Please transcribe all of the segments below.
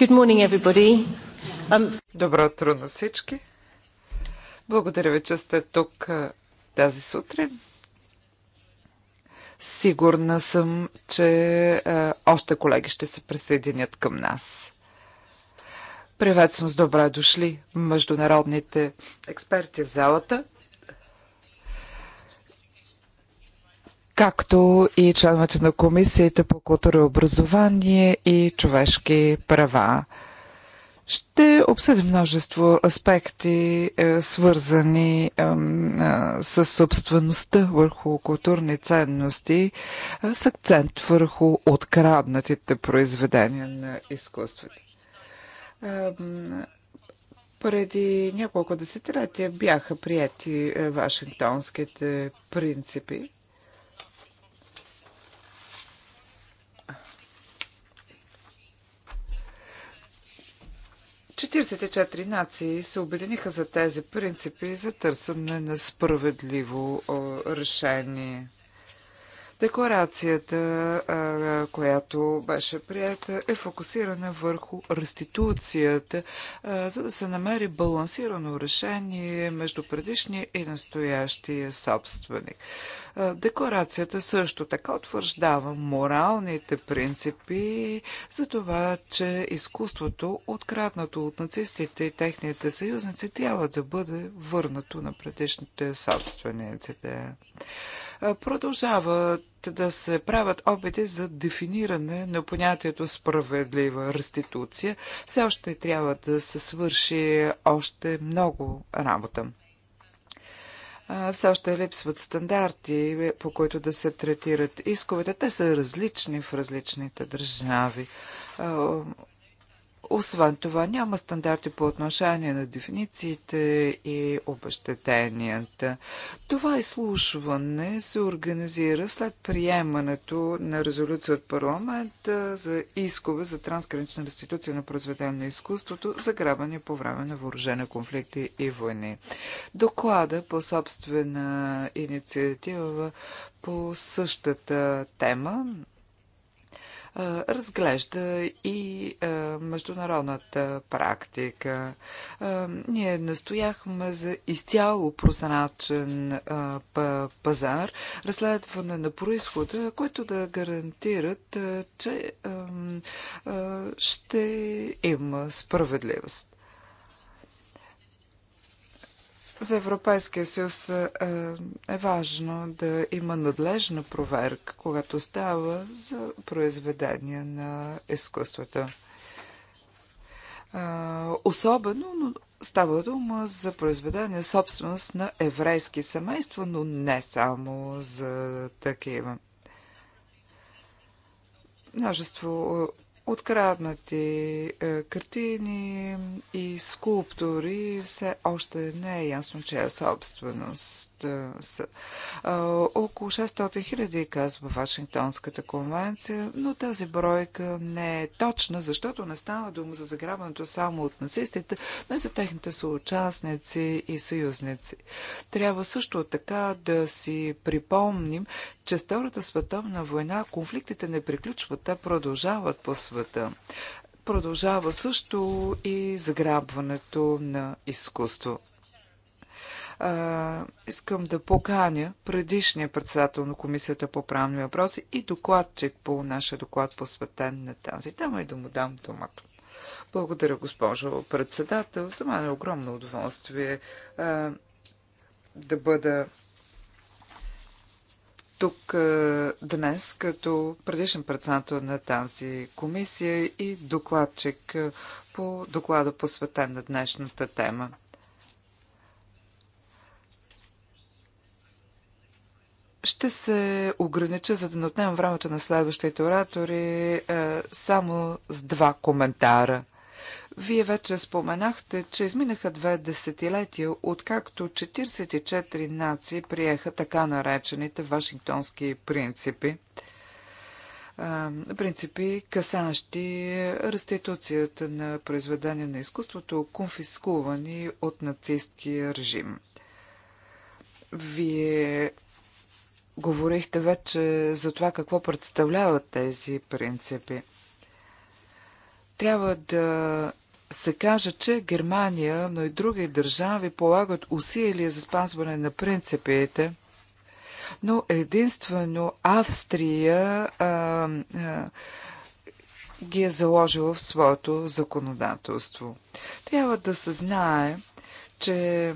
Good morning, everybody. Um... Добро утро на всички. Благодаря ви, че сте тук тази сутрин. Сигурна съм, че а, още колеги ще се присъединят към нас. Приветствам с добре дошли международните експерти в залата – както и членовете на комисията по култура и образование и човешки права. Ще обсъдим множество аспекти, е, свързани е, с собствеността върху културни ценности, е, с акцент върху откраднатите произведения на изкуството. Преди няколко десетилетия бяха прияти вашингтонските принципи 44 нации се обединиха за тези принципи за търсене на справедливо решение. Декларацията, която беше прията, е фокусирана върху реституцията, за да се намери балансирано решение между предишния и настоящия собственик. Декларацията също така утвърждава моралните принципи за това, че изкуството, откраднато от нацистите и техните съюзници, трябва да бъде върнато на предишните собствениците продължават да се правят опити за дефиниране на понятието справедлива реституция. Все още трябва да се свърши още много работа. Все още липсват стандарти, по които да се третират исковете. Те са различни в различните държави. Освен това, няма стандарти по отношение на дефинициите и обещетенията. Това изслушване се организира след приемането на резолюция от парламента за искове за трансгранична реституция на произведение на изкуството, за грабане по време на въоръжени конфликти и войни. Доклада по собствена инициатива по същата тема разглежда и международната практика. Ние настояхме за изцяло прозрачен пазар, разследване на происхода, което да гарантират, че ще има справедливост. За Европейския съюз е, е важно да има надлежна проверка, когато става за произведения на изкуството. Е, особено но става дума за произведения собственост на еврейски семейства, но не само за такива. Множество Откраднати е, картини и скулптури все още не е ясно, че е собственост. Е, са. Е, около 600 хиляди казва Вашингтонската конвенция, но тази бройка не е точна, защото не става дума за заграбването само от нацистите, но и за техните съучастници и съюзници. Трябва също така да си припомним, че Втората световна война конфликтите не приключват, те продължават по света изкуствата. Продължава също и заграбването на изкуство а, искам да поканя предишния председател на Комисията по правни въпроси и докладчик по нашия доклад посветен на тази тема и да му дам думата. Благодаря, госпожо председател. За мен е огромно удоволствие а, да бъда тук е, днес като предишен председател на тази комисия и докладчик е, по доклада посветен на днешната тема. Ще се огранича, за да не отнемам времето на следващите оратори, е, само с два коментара. Вие вече споменахте, че изминаха две десетилетия, откакто 44 нации приеха така наречените вашингтонски принципи. Принципи, касащи реституцията на произведения на изкуството, конфискувани от нацистския режим. Вие говорихте вече за това какво представляват тези принципи трябва да се каже, че Германия, но и други държави полагат усилия за спазване на принципите, но единствено Австрия а, а, ги е заложила в своето законодателство. Трябва да се знае, че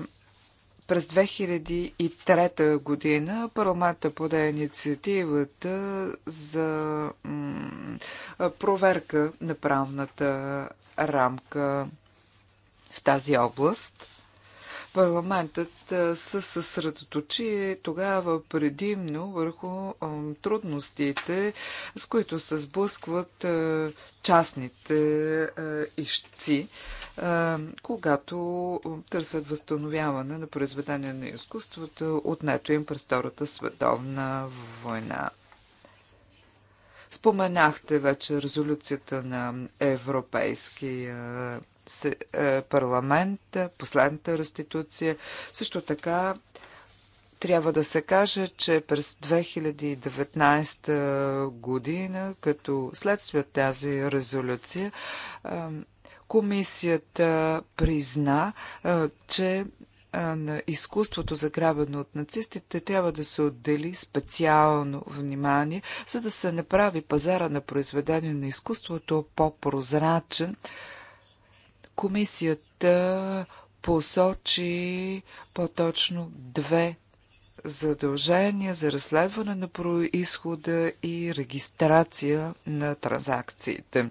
през 2003 година парламента поде инициативата за проверка на правната рамка в тази област. Парламентът се съсредоточи тогава предимно върху трудностите, с които се сблъскват частните ищци, когато търсят възстановяване на произведение на изкуството, отнето им през Втората световна война. Споменахте вече резолюцията на Европейския е, е, парламент, последната реституция. Също така трябва да се каже, че през 2019 година, като следствие от тази резолюция, е, комисията призна, че на изкуството, заграбено от нацистите, трябва да се отдели специално внимание, за да се направи пазара на произведение на изкуството по-прозрачен. Комисията посочи по-точно две задължения за разследване на происхода и регистрация на транзакциите.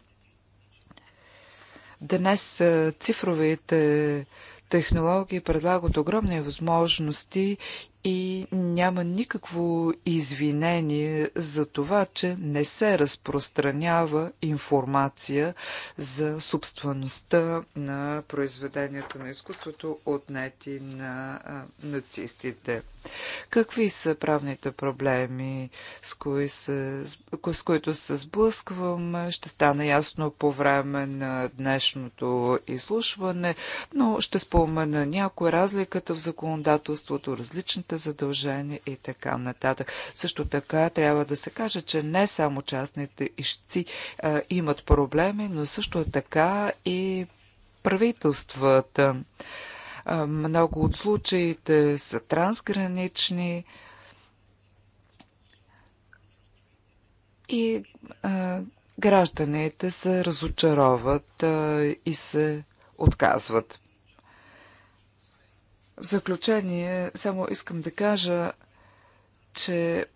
Днес цифровите технологии предлагат огромни възможности и няма никакво извинение за това, че не се разпространява информация за собствеността на произведенията на изкуството, отнети на нацистите. Какви са правните проблеми, с, кои са, с които се сблъсквам, ще стане ясно по време на днешното изслушване, но ще спомена някои разликата в законодателството, различните задължения и така нататък. Също така трябва да се каже, че не само частните ищци а, имат проблеми, но също така и правителствата. Много от случаите са трансгранични. И а, гражданите се разочароват а, и се отказват. В заключение, само искам да кажа, че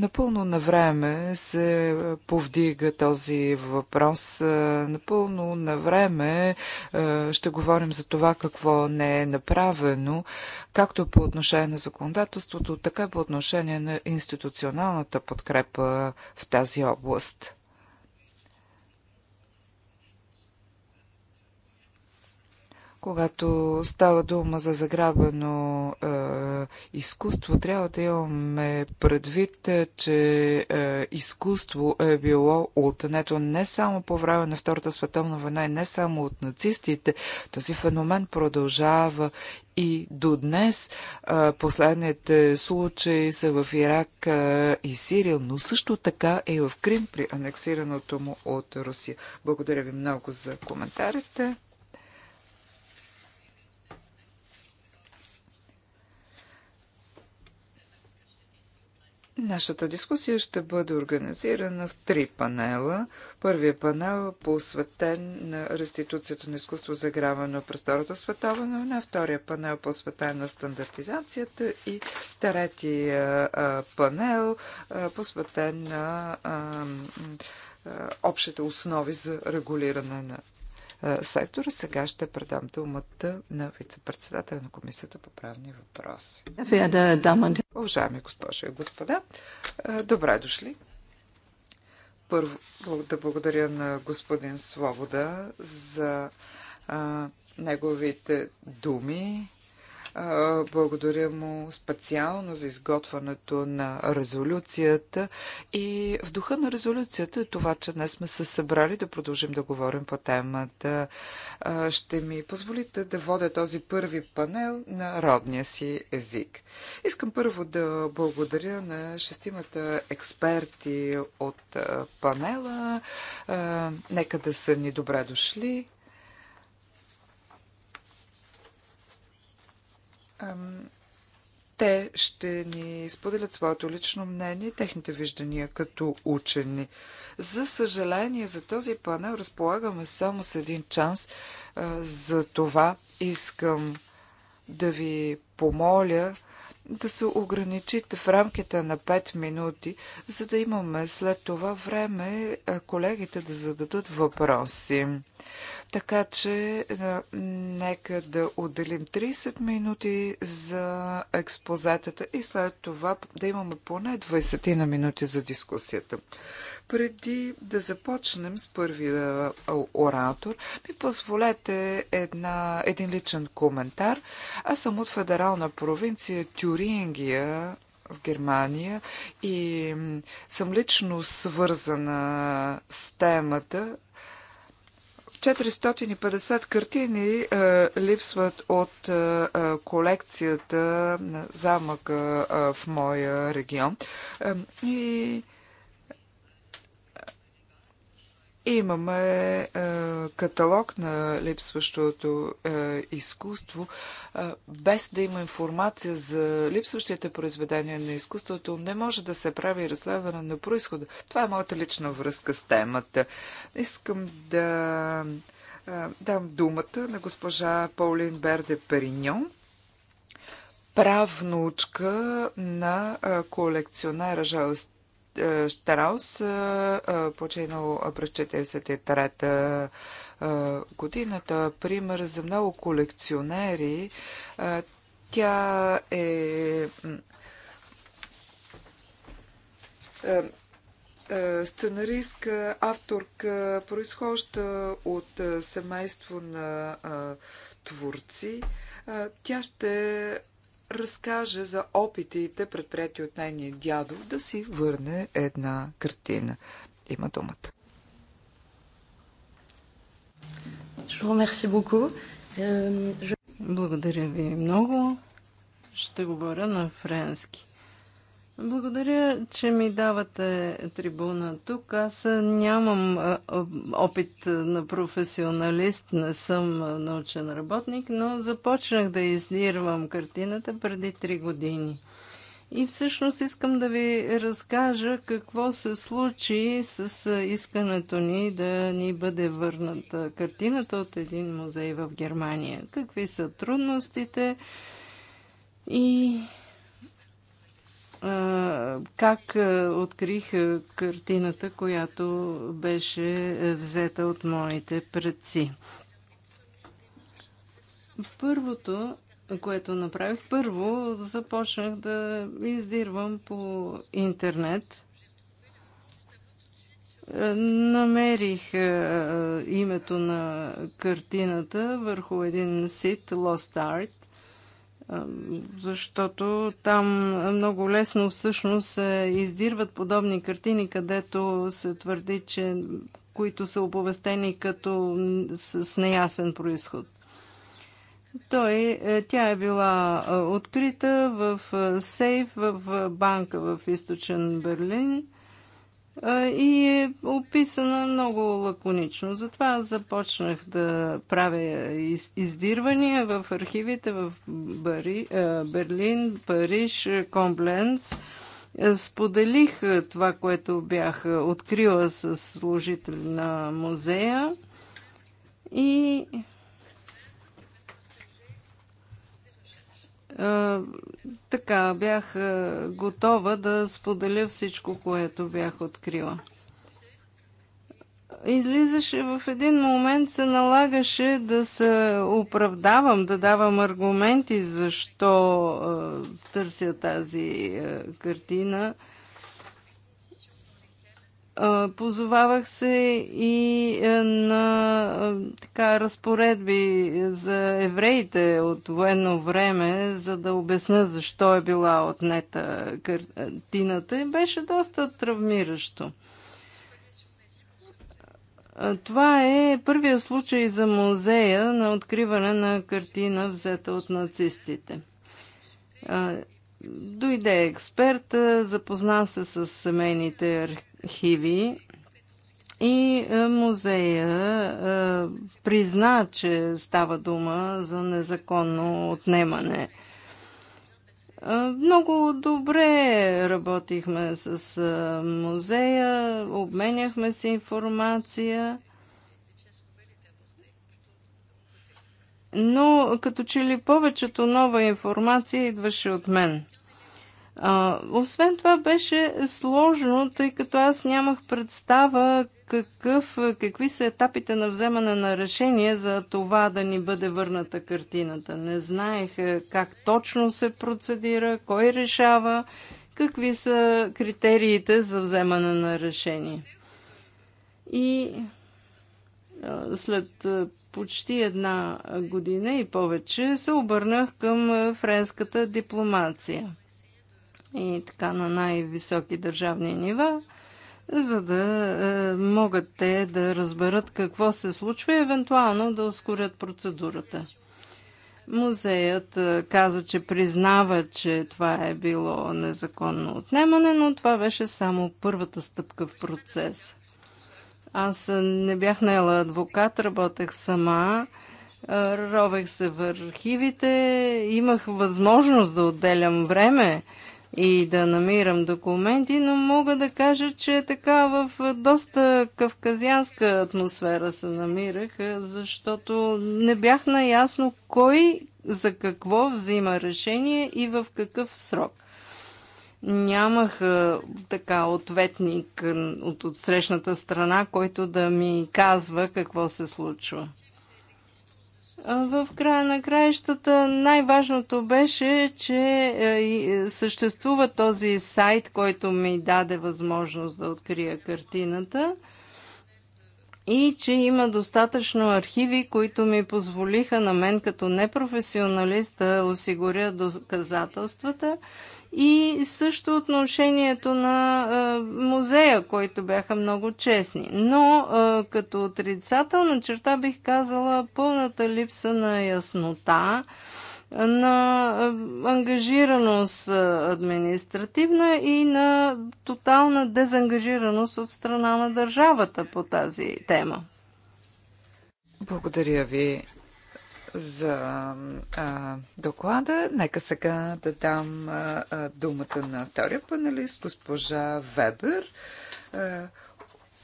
Напълно на време се повдига този въпрос. Е, напълно на време е, ще говорим за това какво не е направено, както по отношение на законодателството, така и по отношение на институционалната подкрепа в тази област. Когато става дума за заграбено е, изкуство, трябва да имаме предвид, е, че е, изкуство е било отнето не само по време на Втората световна война и не само от нацистите. Този феномен продължава и до днес. Е, последните случаи са в Ирак е, и Сирия, но също така е и в Крим при анексираното му от Русия. Благодаря ви много за коментарите. Нашата дискусия ще бъде организирана в три панела. Първият панел е посветен на реституцията на изкуство, за загравено през Втората световна война. Втория панел е посветен на стандартизацията и третия панел е посветен на общите основи за регулиране на е, сектора. Сега ще предам думата на вице-председателя на Комисията по правни въпроси. Уважаеми госпожи и господа, е, добре дошли. Първо да благодаря на господин Свобода за е, неговите думи благодаря му специално за изготвянето на резолюцията и в духа на резолюцията е това, че днес сме се събрали да продължим да говорим по темата. Ще ми позволите да водя този първи панел на родния си език. Искам първо да благодаря на шестимата експерти от панела. Нека да са ни добре дошли. те ще ни споделят своето лично мнение, техните виждания като учени. За съжаление, за този панел разполагаме само с един шанс. За това искам да ви помоля да се ограничите в рамките на 5 минути, за да имаме след това време колегите да зададат въпроси. Така че нека да отделим 30 минути за експозатата и след това да имаме поне 20 на минути за дискусията. Преди да започнем с първия оратор, ми позволете една, един личен коментар. Аз съм от федерална провинция Тюрингия, в Германия и съм лично свързана с темата 450 картини е, липсват от е, е, колекцията на замъка е, в моя регион. Е, и Имаме е, каталог на липсващото е, изкуство, е, без да има информация за липсващите произведения на изкуството, не може да се прави разследване на происхода. Това е моята лична връзка с темата. Искам да е, дам думата на госпожа Паулин Берде Периньон, правнучка на е, колекционера Жалст е, Штраус, е, е, починал през 43-та година. Той е пример за много колекционери. Тя е сценаристка, авторка, произхожда от семейство на творци. Тя ще разкаже за опитите, предприяти от нейния дядо, да си върне една картина. Има думата. Euh, Благодаря ви много. Ще говоря на френски. Благодаря, че ми давате трибуна тук. Аз нямам опит на професионалист, не съм научен работник, но започнах да издирвам картината преди три години. И всъщност искам да ви разкажа какво се случи с искането ни да ни бъде върната картината от един музей в Германия. Какви са трудностите и как открих картината, която беше е, взета от моите предци. Първото, което направих, първо започнах да издирвам по интернет. Намерих е, името на картината върху един сит Lost Art защото там много лесно всъщност се издирват подобни картини, където се твърди, че които са оповестени като с неясен происход. Той, е, тя е била открита в сейф в банка в източен Берлин и е описана много лаконично. Затова започнах да правя издирвания в архивите в Бари, Берлин, Париж, Комбленц. Е, споделих това, което бях открила с служители на музея и Е, така, бях е, готова да споделя всичко, което бях открила. Излизаше в един момент, се налагаше да се оправдавам, да давам аргументи защо е, търся тази картина. Позовавах се и е, на е, така, разпоредби за евреите от военно време, за да обясна защо е била отнета картината и беше доста травмиращо. Това е първия случай за музея на откриване на картина, взета от нацистите. Дойде експерт, запозна се с семейните архитекти архиви и е, музея е, призна, че става дума за незаконно отнемане. Е, много добре работихме с музея, обменяхме се информация. Но като че ли повечето нова информация идваше от мен. А, освен това беше сложно, тъй като аз нямах представа какъв, какви са етапите на вземане на решение за това да ни бъде върната картината. Не знаех как точно се процедира, кой решава, какви са критериите за вземане на решение. И след почти една година и повече се обърнах към френската дипломация – и така на най-високи държавни нива, за да е, могат те да разберат какво се случва и евентуално да ускорят процедурата. Музеят е, каза, че признава, че това е било незаконно отнемане, но това беше само първата стъпка в процеса. Аз не бях наела адвокат, работех сама, е, ровех се в архивите, имах възможност да отделям време и да намирам документи, но мога да кажа, че е така в е, доста кавказианска атмосфера се намирах, е, защото не бях наясно кой за какво взима решение и в какъв срок. Нямах така ответник от отсрещната страна, който да ми казва какво се случва. В края на краищата най-важното беше, че е, е, съществува този сайт, който ми даде възможност да открия картината и че има достатъчно архиви, които ми позволиха на мен като непрофесионалист да осигуря доказателствата и също отношението на музея, които бяха много честни. Но като отрицателна черта бих казала пълната липса на яснота, на ангажираност административна и на тотална дезангажираност от страна на държавата по тази тема. Благодаря ви за а, доклада. Нека сега да дам а, думата на втория панелист, госпожа Вебер, а,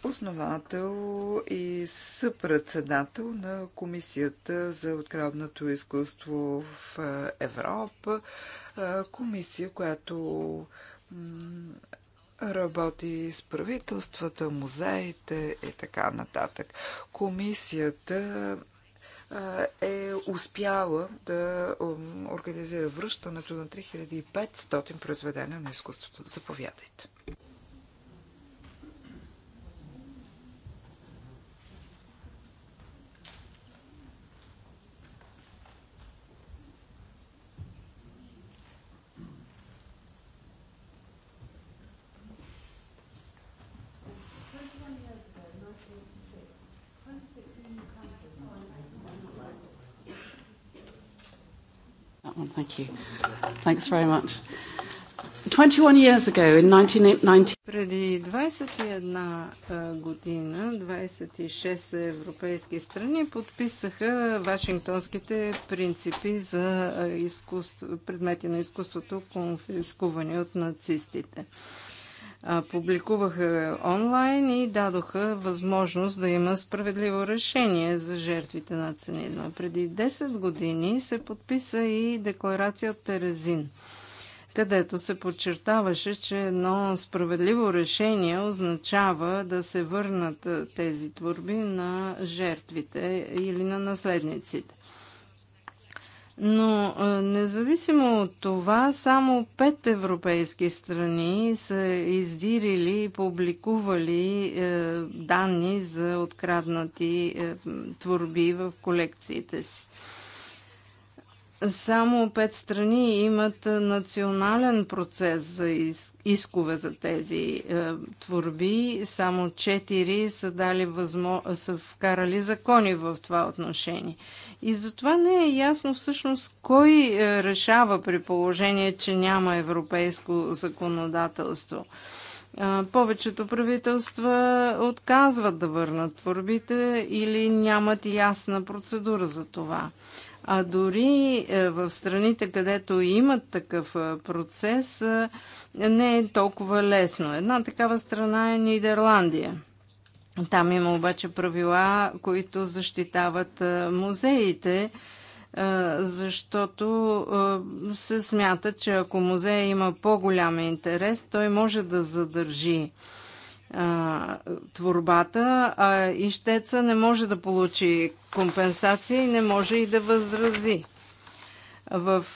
основател и съпредседател на Комисията за откровното изкуство в Европа. А, комисия, която работи с правителствата, музеите и така нататък. Комисията е успяла да организира връщането на 3500 произведения на изкуството. Заповядайте. Thank you. Thanks very much. 21 years ago in 1990... Преди 21 година 26 европейски страни подписаха Вашингтонските принципи за изкуство, предмети на изкуството, конфискувани от нацистите публикуваха онлайн и дадоха възможност да има справедливо решение за жертвите на Ценидма. Преди 10 години се подписа и декларация от Терезин, където се подчертаваше, че едно справедливо решение означава да се върнат тези творби на жертвите или на наследниците. Но независимо от това, само пет европейски страни са издирили и публикували е, данни за откраднати е, творби в колекциите си. Само пет страни имат национален процес за искове за тези е, творби. Само четири са, дали възмо... са вкарали закони в това отношение. И затова не е ясно всъщност кой е, решава при положение, че няма европейско законодателство. Е, повечето правителства отказват да върнат творбите или нямат ясна процедура за това. А дори е, в страните, където имат такъв е, процес, е, не е толкова лесно. Една такава страна е Нидерландия. Там има обаче правила, които защитават музеите, защото се смята, че ако музея има по-голям интерес, той може да задържи а, творбата, а ищеца не може да получи компенсация и не може и да възрази. В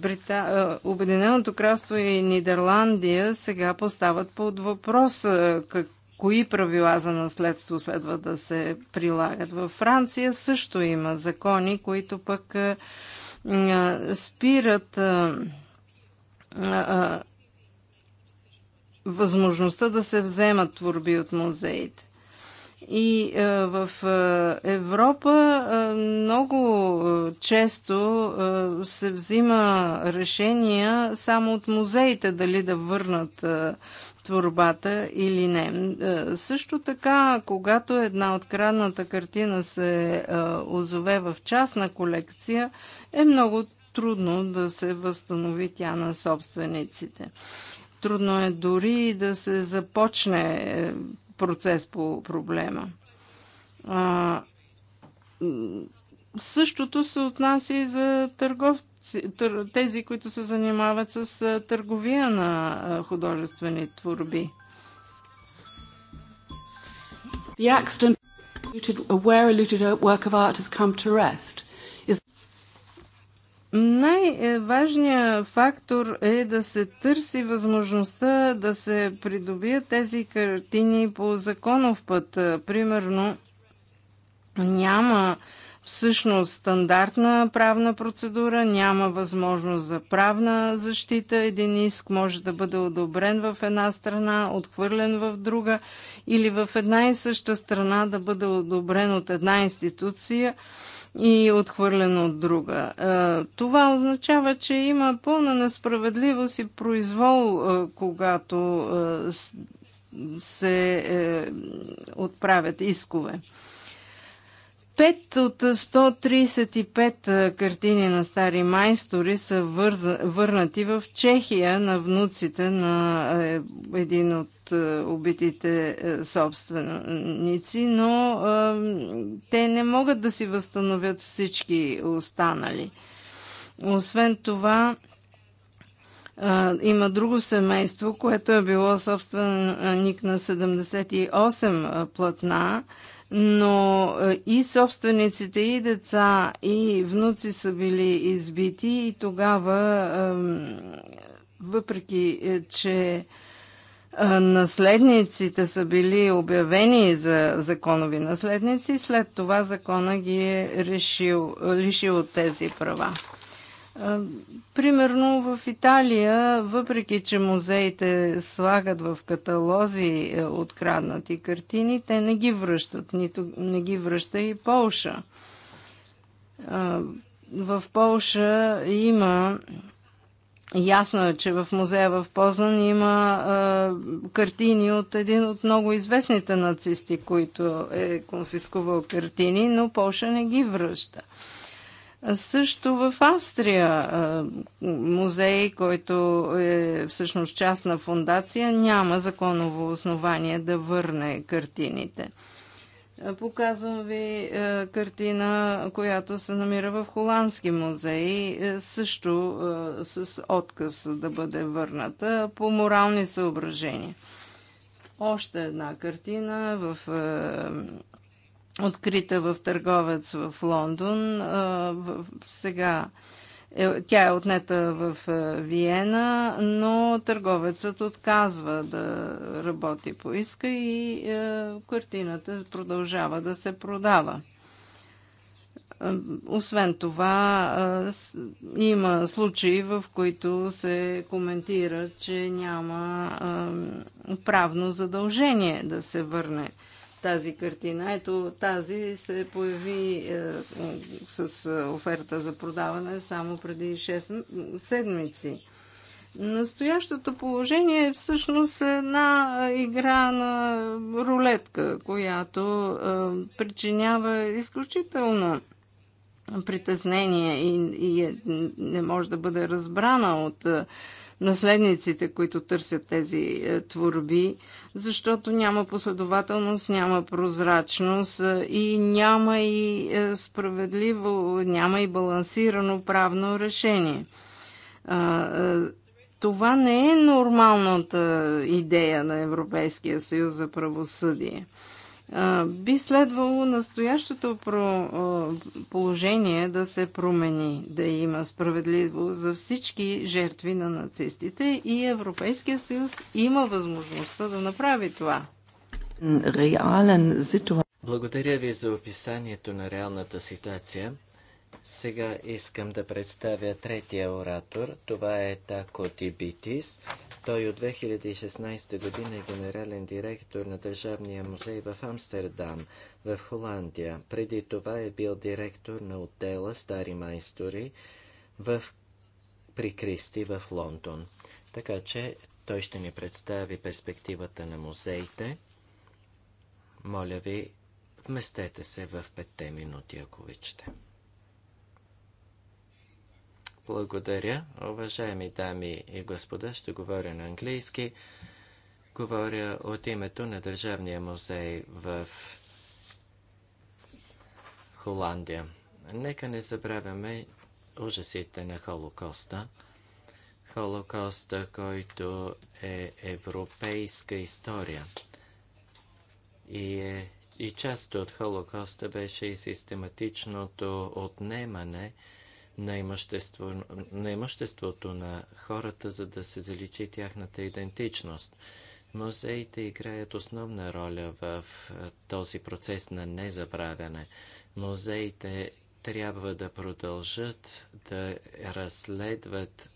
Брита... Обединеното кралство и Нидерландия сега поставят под въпрос как... кои правила за наследство следва да се прилагат. Във Франция също има закони, които пък спират възможността да се вземат творби от музеите. И е, в е, Европа е, много е, често е, се взима решения само от музеите дали да върнат е, творбата или не. Също така, когато една открадната картина се озове в частна колекция, е много трудно да се възстанови тя на собствениците. Трудно е дори да се започне е, процес по проблема. А, същото се отнася и за търговци, тър, тези, които се занимават с е, търговия на е, художествени творби. The accident aware eluded work of art has come to rest. Най-важният фактор е да се търси възможността да се придобият тези картини по законов път. Примерно, няма всъщност стандартна правна процедура, няма възможност за правна защита. Един иск може да бъде одобрен в една страна, отхвърлен в друга или в една и съща страна да бъде одобрен от една институция – и отхвърлен от друга. Това означава, че има пълна несправедливост и произвол, когато се е, отправят искове. Пет от 135 картини на стари майстори са върза, върнати в Чехия на внуците на е, един от убитите собственици, но те не могат да си възстановят всички останали. Освен това, има друго семейство, което е било собственик на 78 платна но е, и собствениците, и деца, и внуци са били избити и тогава, въпреки е, че наследниците са били обявени за законови наследници, след това закона ги е решил, лишил от тези права. Примерно в Италия, въпреки че музеите слагат в каталози е, откраднати картини, те не ги връщат, нито не ги връща и Полша. В Полша има Ясно е, че в музея в Познан има картини от един от много известните нацисти, които е конфискувал картини, но Полша не ги връща. Също в Австрия музей, който е всъщност част на фундация, няма законово основание да върне картините. Показвам ви картина, която се намира в Холандски музей, е, също с отказ да бъде върната по морални съображения. Още една картина в открита в търговец в Лондон. Сега е, тя е отнета в Виена, но търговецът отказва да работи по иска и картината продължава да се продава. Освен това, има случаи, в които се коментира, че няма правно задължение да се върне тази картина. Ето тази се появи е, с е, оферта за продаване само преди 6 седмици. Настоящото положение е всъщност една игра на рулетка, която е, причинява изключително притеснение и, и е, не може да бъде разбрана от е, наследниците, които търсят тези е, творби, защото няма последователност, няма прозрачност е, и няма и е, справедливо, няма и балансирано правно решение. Това не е нормалната идея на Европейския съюз за правосъдие. Би следвало настоящото положение да се промени, да има справедливо за всички жертви на нацистите и Европейския съюз има възможността да направи това. Благодаря ви за описанието на реалната ситуация. Сега искам да представя третия оратор. Това е Тако Тибитис. Битис той от 2016 година е генерален директор на Държавния музей в Амстердам, в Холандия. Преди това е бил директор на отдела Стари майстори в при Кристи в Лондон. Така че той ще ни представи перспективата на музеите. Моля ви, вместете се в петте минути, ако обичате. Благодаря, уважаеми дами и господа, ще говоря на английски. Говоря от името на Държавния музей в Холандия. Нека не забравяме ужасите на Холокоста. Холокоста, който е европейска история. И, е, и част от Холокоста беше и систематичното отнемане на, имущество, на имуществото на хората, за да се заличи тяхната идентичност. Музеите играят основна роля в този процес на незабравяне. Музеите трябва да продължат да разследват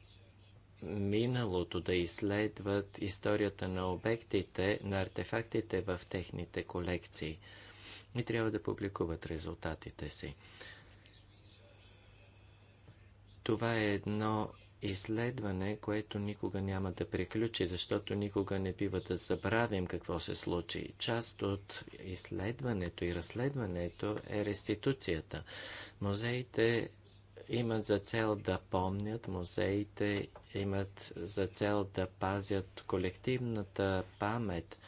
миналото, да изследват историята на обектите, на артефактите в техните колекции и трябва да публикуват резултатите си. Това е едно изследване, което никога няма да приключи, защото никога не бива да забравим какво се случи. Част от изследването и разследването е реституцията. Музеите имат за цел да помнят, музеите имат за цел да пазят колективната памет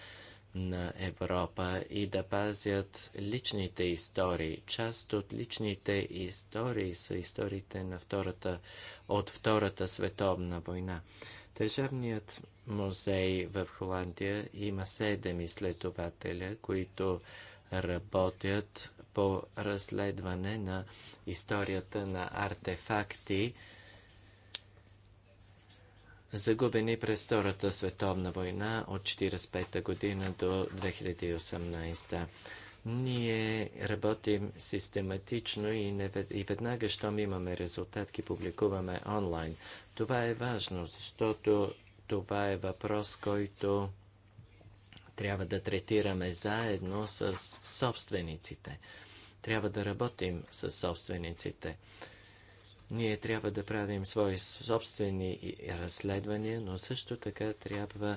на Европа и да пазят личните истории. Част от личните истории са историите на втората, от Втората световна война. Държавният музей в Холандия има седем изследователя, които работят по разследване на историята на артефакти, загубени през Втората световна война от 1945 година до 2018. Ние работим систематично и, не, и веднага, щом имаме резултат, ги публикуваме онлайн. Това е важно, защото това е въпрос, който трябва да третираме заедно с собствениците. Трябва да работим с собствениците. Ние трябва да правим свои собствени разследвания, но също така трябва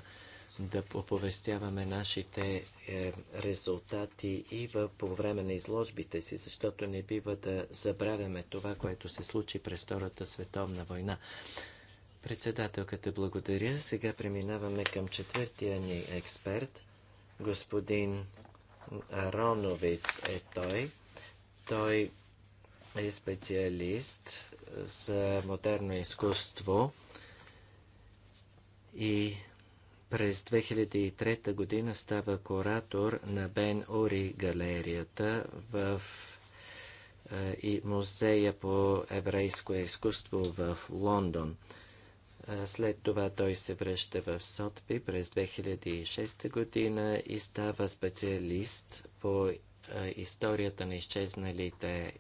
да оповестяваме нашите е, резултати и в, по време на изложбите си, защото не бива да забравяме това, което се случи през Втората световна война. Председателката благодаря. Сега преминаваме към четвъртия ни експерт. Господин Ароновиц е той. Той е специалист за модерно изкуство и през 2003 година става куратор на Бен Ури галерията в е, и музея по еврейско изкуство в Лондон. Е, след това той се връща в Сотби през 2006 година и става специалист по е, историята на изчезналите е,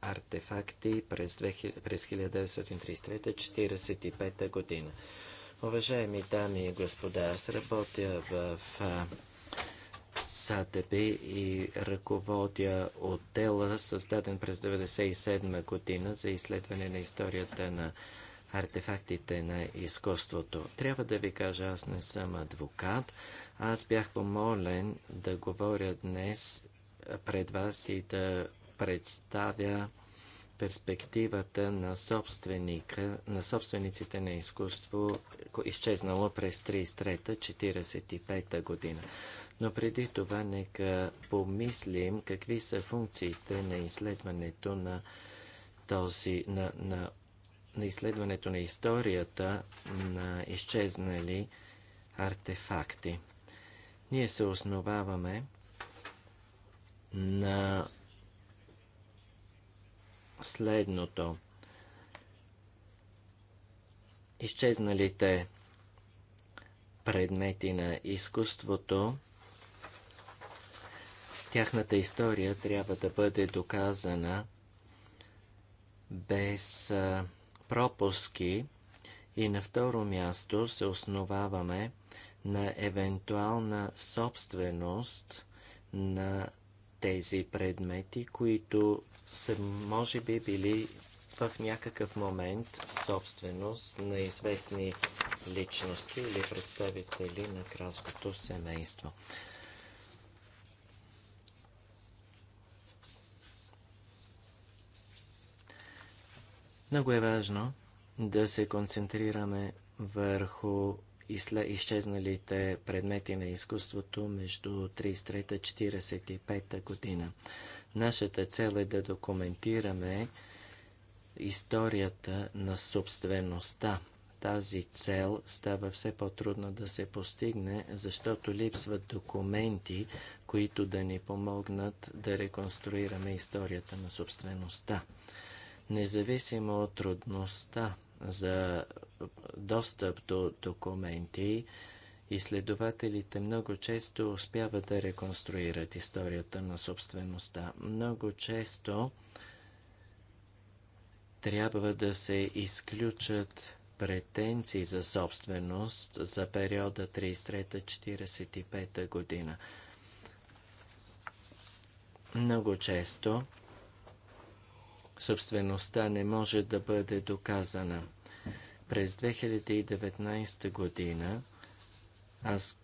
артефакти през 1933-1945 година. Уважаеми дами и господа, аз работя в САТБ и ръководя отдела, създаден през 1997 година за изследване на историята на артефактите на изкуството. Трябва да ви кажа, аз не съм адвокат. Аз бях помолен да говоря днес пред вас и да представя перспективата на, собственика, на собствениците на изкуство, изчезнало през 33-45 година. Но преди това нека помислим какви са функциите на изследването на този, на, на, на изследването на историята на изчезнали артефакти. Ние се основаваме на следното. Изчезналите предмети на изкуството, тяхната история трябва да бъде доказана без пропуски и на второ място се основаваме на евентуална собственост на тези предмети, които са, може би, били в някакъв момент собственост на известни личности или представители на кралското семейство. Много е важно да се концентрираме върху изчезналите предмети на изкуството между 33-45 година. Нашата цел е да документираме историята на собствеността. Тази цел става все по-трудно да се постигне, защото липсват документи, които да ни помогнат да реконструираме историята на собствеността. Независимо от трудността за достъп до документи, изследователите много често успяват да реконструират историята на собствеността. Много често трябва да се изключат претенции за собственост за периода 33-45 година. Много често собствеността не може да бъде доказана. През 2019 година аз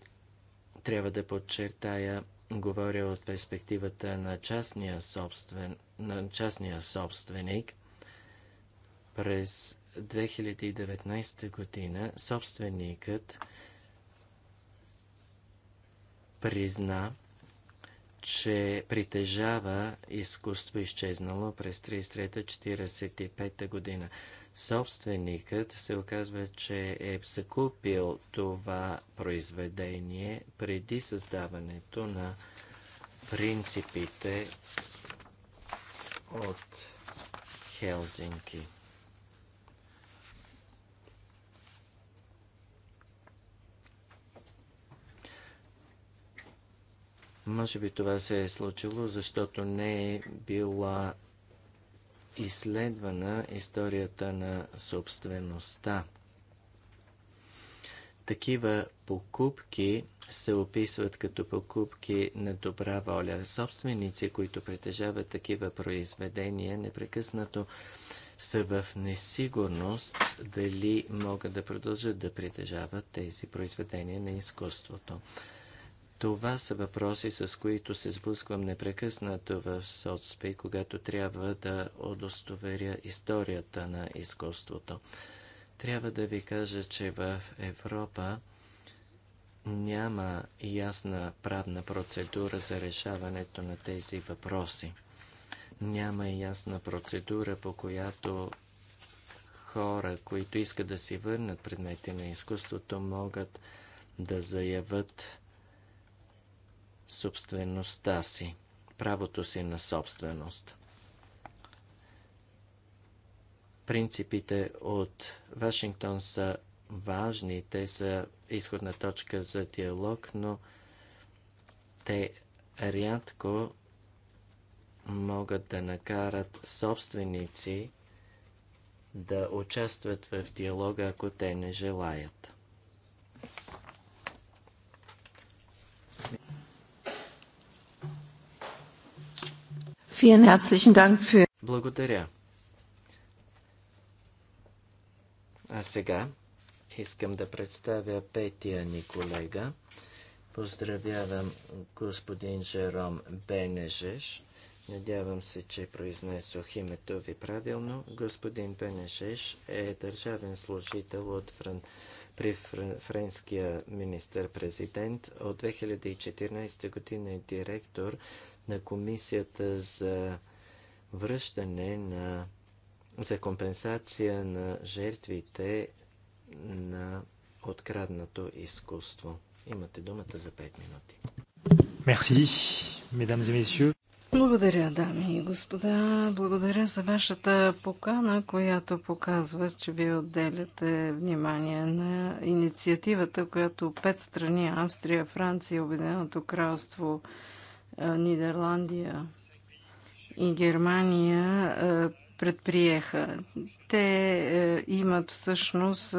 трябва да подчертая, говоря от перспективата на частния, собствен, на частния собственик. През 2019 година собственикът призна, че притежава изкуство изчезнало през 33-45 година. Собственикът се оказва, че е закупил това произведение преди създаването на принципите от Хелзинки. Може би това се е случило, защото не е била изследвана историята на собствеността. Такива покупки се описват като покупки на добра воля. Собственици, които притежават такива произведения, непрекъснато са в несигурност дали могат да продължат да притежават тези произведения на изкуството. Това са въпроси, с които се сблъсквам непрекъснато в соцпи, когато трябва да удостоверя историята на изкуството. Трябва да ви кажа, че в Европа няма ясна правна процедура за решаването на тези въпроси. Няма ясна процедура, по която хора, които искат да си върнат предмети на изкуството, могат да заявят собствеността си, правото си на собственост. Принципите от Вашингтон са важни, те са изходна точка за диалог, но те рядко могат да накарат собственици да участват в диалога, ако те не желаят. Благодаря. А сега искам да представя петия ни колега. Поздравявам господин Жером Бенежеш. Надявам се, че произнесох името ви правилно. Господин Бенежеш е държавен служител от Фран... при френския министър-президент. От 2014 година е директор на комисията за връщане на за компенсация на жертвите на откраднато изкуство. Имате думата за 5 минути. Мерси, mesdames et messieurs. Благодаря, дами и господа. Благодаря за вашата покана, която показва, че вие отделяте внимание на инициативата, която пет страни Австрия, Франция, и Обединеното кралство, Нидерландия и Германия предприеха. Те имат всъщност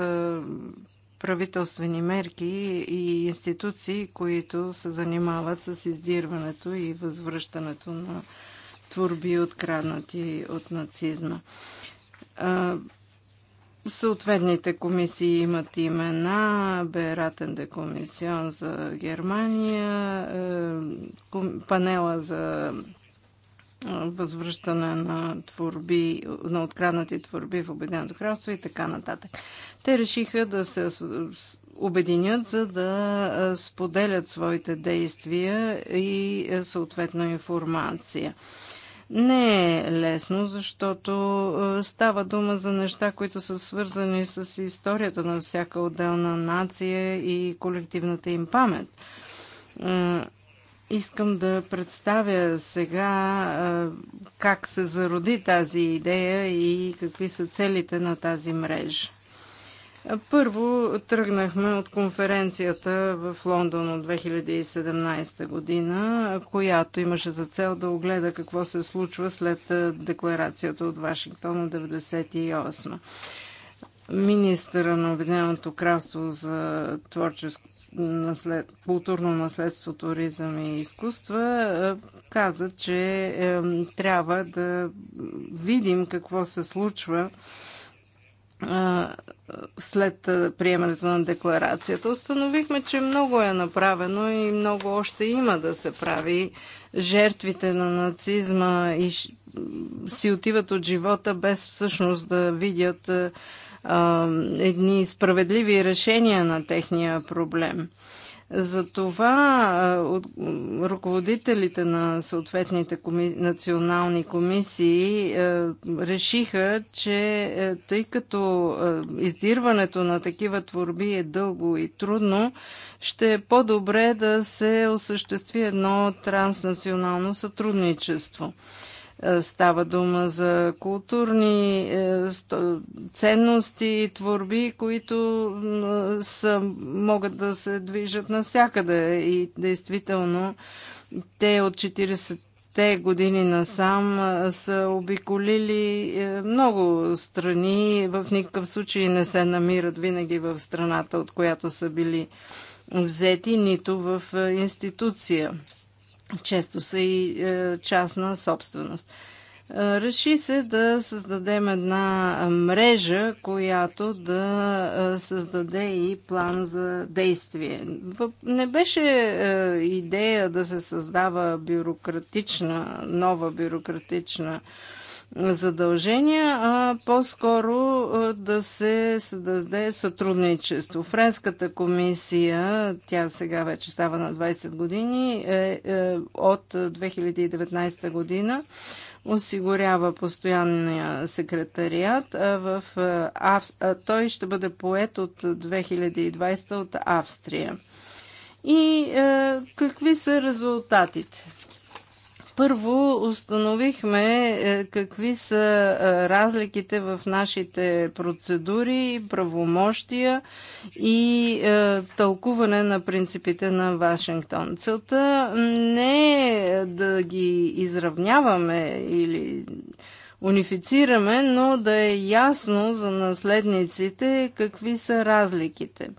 правителствени мерки и институции, които се занимават с издирването и възвръщането на творби, откраднати от нацизма. Съответните комисии имат имена. Бератен де комисион за Германия, е, панела за е, възвръщане на творби, на откраднати творби в Обединеното кралство и така нататък. Те решиха да се обединят, за да е, споделят своите действия и съответно информация не е лесно, защото е, става дума за неща, които са свързани с историята на всяка отделна нация и колективната им памет. Е, искам да представя сега е, как се зароди тази идея и какви са целите на тази мрежа. Първо тръгнахме от конференцията в Лондон от 2017 година, която имаше за цел да огледа какво се случва след декларацията от Вашингтон от 1998. Министъра на Обединеното кралство за творческо наслед, културно наследство, туризъм и изкуства, каза, че е, трябва да видим какво се случва след приемането на декларацията. Установихме, че много е направено и много още има да се прави. Жертвите на нацизма и си отиват от живота без всъщност да видят а, едни справедливи решения на техния проблем. Затова ръководителите на съответните коми... национални комисии е, решиха, че е, тъй като е, издирването на такива творби е дълго и трудно, ще е по-добре да се осъществи едно транснационално сътрудничество. Е, става дума за културни е, ценности и творби, които са, могат да се движат навсякъде. И действително, те от 40-те години насам е, са обиколили много страни. В никакъв случай не се намират винаги в страната, от която са били взети, нито в институция често са и е, частна собственост. Е, реши се да създадем една мрежа, която да е, създаде и план за действие. Не беше идея да се създава бюрократична, нова бюрократична задължения, а по-скоро да се създаде сътрудничество. Френската комисия, тя сега вече става на 20 години, е, е, от 2019 година осигурява постоянния секретариат. А в, Ав... а той ще бъде поет от 2020 от Австрия. И е, какви са резултатите? Първо установихме е, какви са е, разликите в нашите процедури, правомощия и е, тълкуване на принципите на Вашингтон. Целта не е да ги изравняваме или унифицираме, но да е ясно за наследниците какви са разликите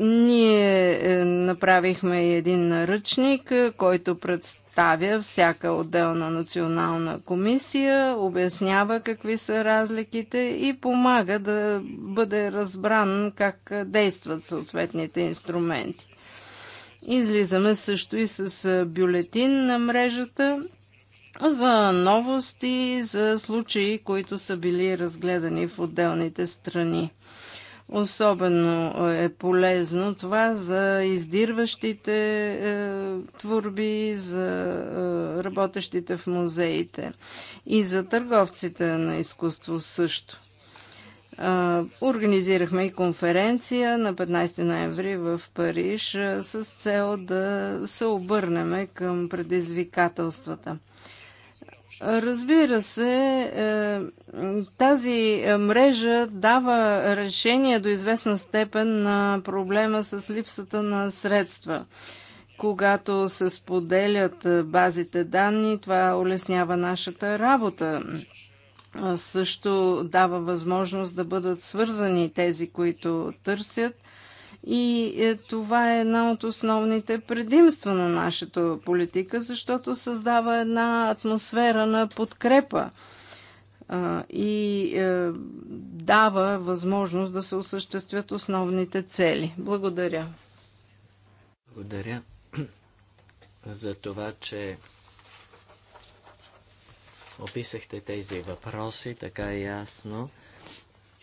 ние е, направихме един наръчник, е, който представя всяка отделна национална комисия, обяснява какви са разликите и помага да бъде разбран как е, действат съответните инструменти. Излизаме също и с бюлетин на мрежата за новости, за случаи, които са били разгледани в отделните страни. Особено е, е полезно това за издирващите е, творби, за е, работещите в музеите и за търговците на изкуство също. Е, организирахме и конференция на 15 ноември в Париж с цел да се обърнем към предизвикателствата – Разбира се, е, тази е, мрежа дава решение до известна степен на проблема с липсата на средства. Когато се споделят е, базите данни, това улеснява нашата работа. Също дава възможност да бъдат свързани тези, които търсят – и е, това е една от основните предимства на нашата политика, защото създава една атмосфера на подкрепа и е, дава възможност да се осъществят основните цели. Благодаря. Благодаря за това, че описахте тези въпроси така ясно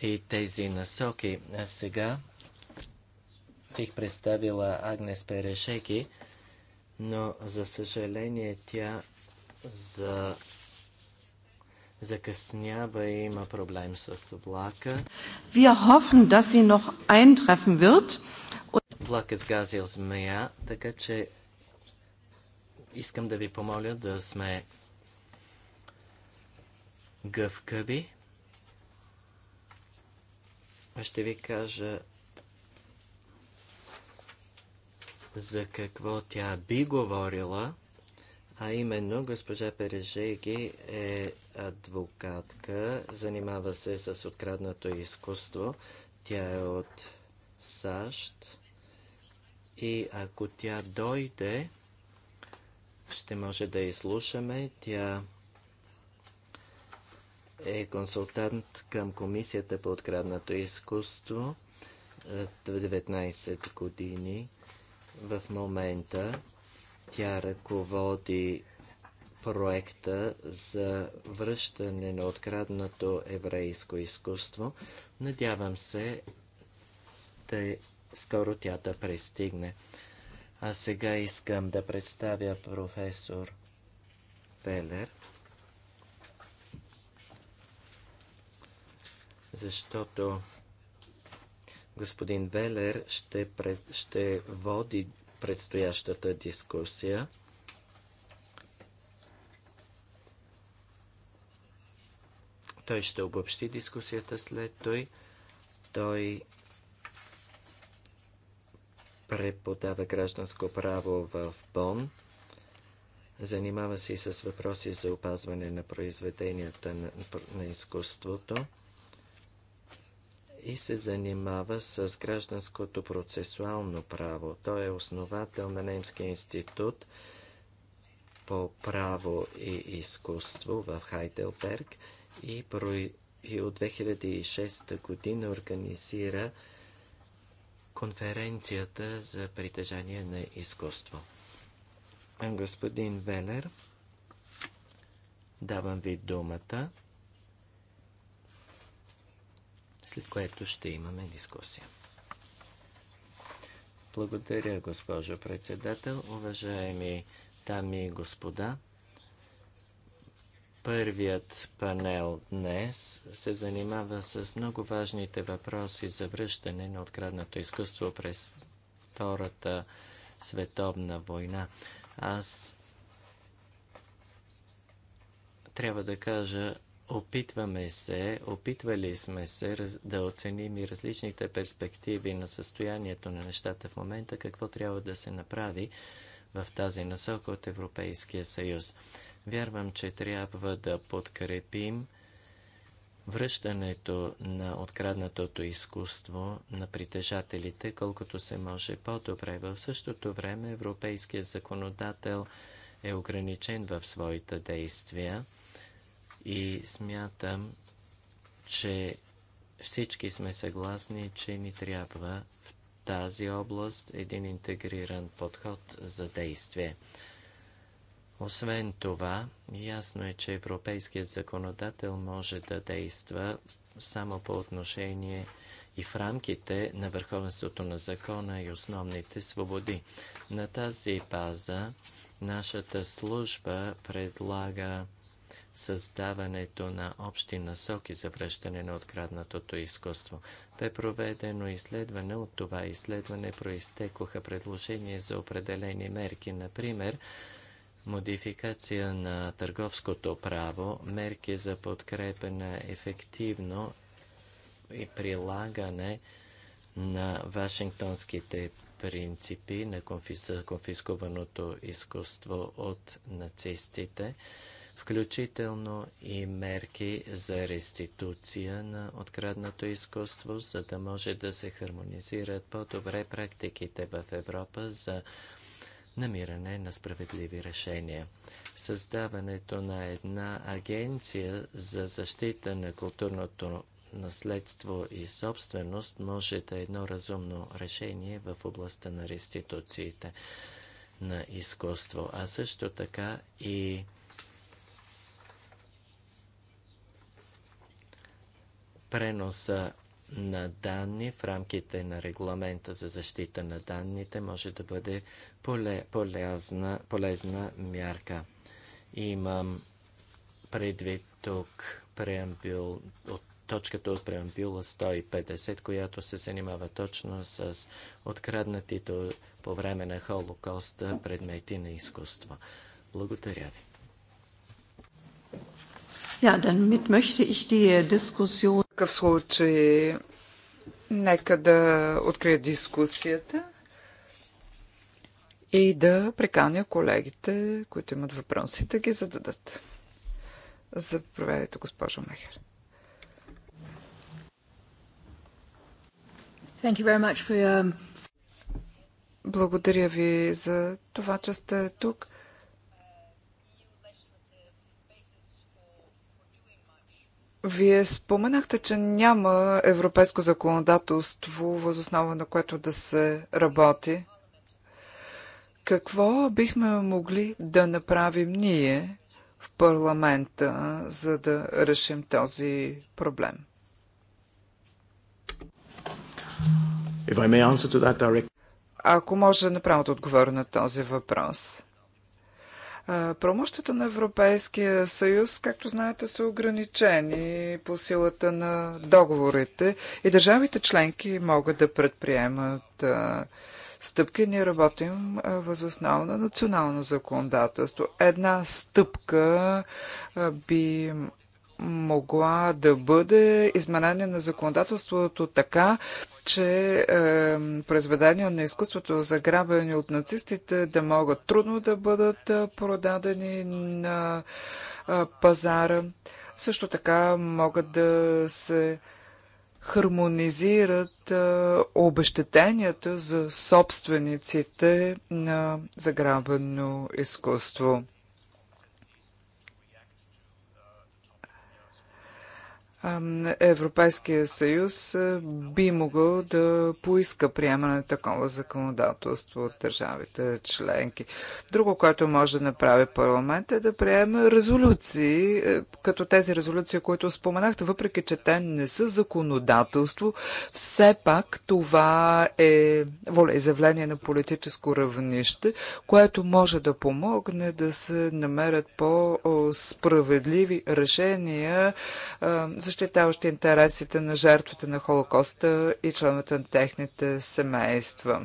и тези насоки. А сега бих представила Агнес Перешеки, но за съжаление тя за... закъснява и има проблем с влака. hoffen, eintreffen wird. Влак е сгазил змея, така че искам да ви помоля да сме гъвкави. Ще ви кажа за какво тя би говорила, а именно госпожа Пережеги е адвокатка, занимава се с откраднато изкуство. Тя е от САЩ и ако тя дойде, ще може да изслушаме. Тя е консултант към Комисията по откраднато изкуство 19 години. В момента тя ръководи проекта за връщане на откраднато еврейско изкуство. Надявам се да е- скоро тя да пристигне. А сега искам да представя професор Велер, защото Господин Велер ще, пред, ще води предстоящата дискусия. Той ще обобщи дискусията след той. Той преподава гражданско право в Бон. Занимава се и с въпроси за опазване на произведенията на, на изкуството и се занимава с гражданското процесуално право. Той е основател на Немския институт по право и изкуство в Хайделберг и, от 2006 година организира конференцията за притежание на изкуство. Господин Велер, давам ви думата. след което ще имаме дискусия. Благодаря, госпожо председател, уважаеми дами и господа. Първият панел днес се занимава с много важните въпроси за връщане на откраднато изкуство през Втората световна война. Аз трябва да кажа, Опитваме се, опитвали сме се да оценим и различните перспективи на състоянието на нещата в момента, какво трябва да се направи в тази насока от Европейския съюз. Вярвам, че трябва да подкрепим връщането на откраднатото изкуство на притежателите, колкото се може по-добре. В същото време европейският законодател е ограничен в своите действия и смятам, че всички сме съгласни, че ни трябва в тази област един интегриран подход за действие. Освен това, ясно е, че европейският законодател може да действа само по отношение и в рамките на върховенството на закона и основните свободи. На тази база нашата служба предлага създаването на общи насоки за връщане на откраднатото изкуство. Бе проведено изследване. От това изследване проистекоха предложения за определени мерки, например модификация на търговското право, мерки за подкрепа на ефективно и прилагане на Вашингтонските принципи на конфискованото конфискуваното изкуство от нацистите, включително и мерки за реституция на откраднато изкуство, за да може да се хармонизират по-добре практиките в Европа за намиране на справедливи решения. Създаването на една агенция за защита на културното наследство и собственост може да е едно разумно решение в областта на реституциите на изкуство, а също така и Преноса на данни в рамките на регламента за защита на данните може да бъде поле, полезна, полезна мярка. Имам предвид тук преамбюл, от точката от преамбюла 150, която се занимава точно с откраднатите по време на Холокоста предмети на изкуство. Благодаря ви. Ja, damit möchte ich die Diskussion... В такъв случай, нека да открия дискусията и да приканя колегите, които имат въпроси, да ги зададат. Заповядайте, госпожо Мехер. Your... Um, Благодаря ви за това, че сте тук. Вие споменахте, че няма европейско законодателство, възоснова на което да се работи. Какво бихме могли да направим ние в парламента, за да решим този проблем? If I may answer to that direct... Ако може направо да отговоря на този въпрос. Промощата на Европейския съюз, както знаете, са ограничени по силата на договорите и държавите членки могат да предприемат стъпки. Ние работим възоснова на национално законодателство. Една стъпка би могла да бъде изменение на законодателството така, че е, произведения на изкуството, заграбени от нацистите, да могат трудно да бъдат продадени на е, пазара. Също така могат да се хармонизират е, обещетенията за собствениците на заграбено изкуство. Европейския съюз би могъл да поиска приемане на такова законодателство от държавите членки. Друго, което може да направи парламент е да приеме резолюции, е, като тези резолюции, които споменахте, въпреки че те не са законодателство, все пак това е волеизявление на политическо равнище, което може да помогне да се намерят по-справедливи решения защото защитаващи интересите на жертвите на Холокоста и членовете на техните семейства.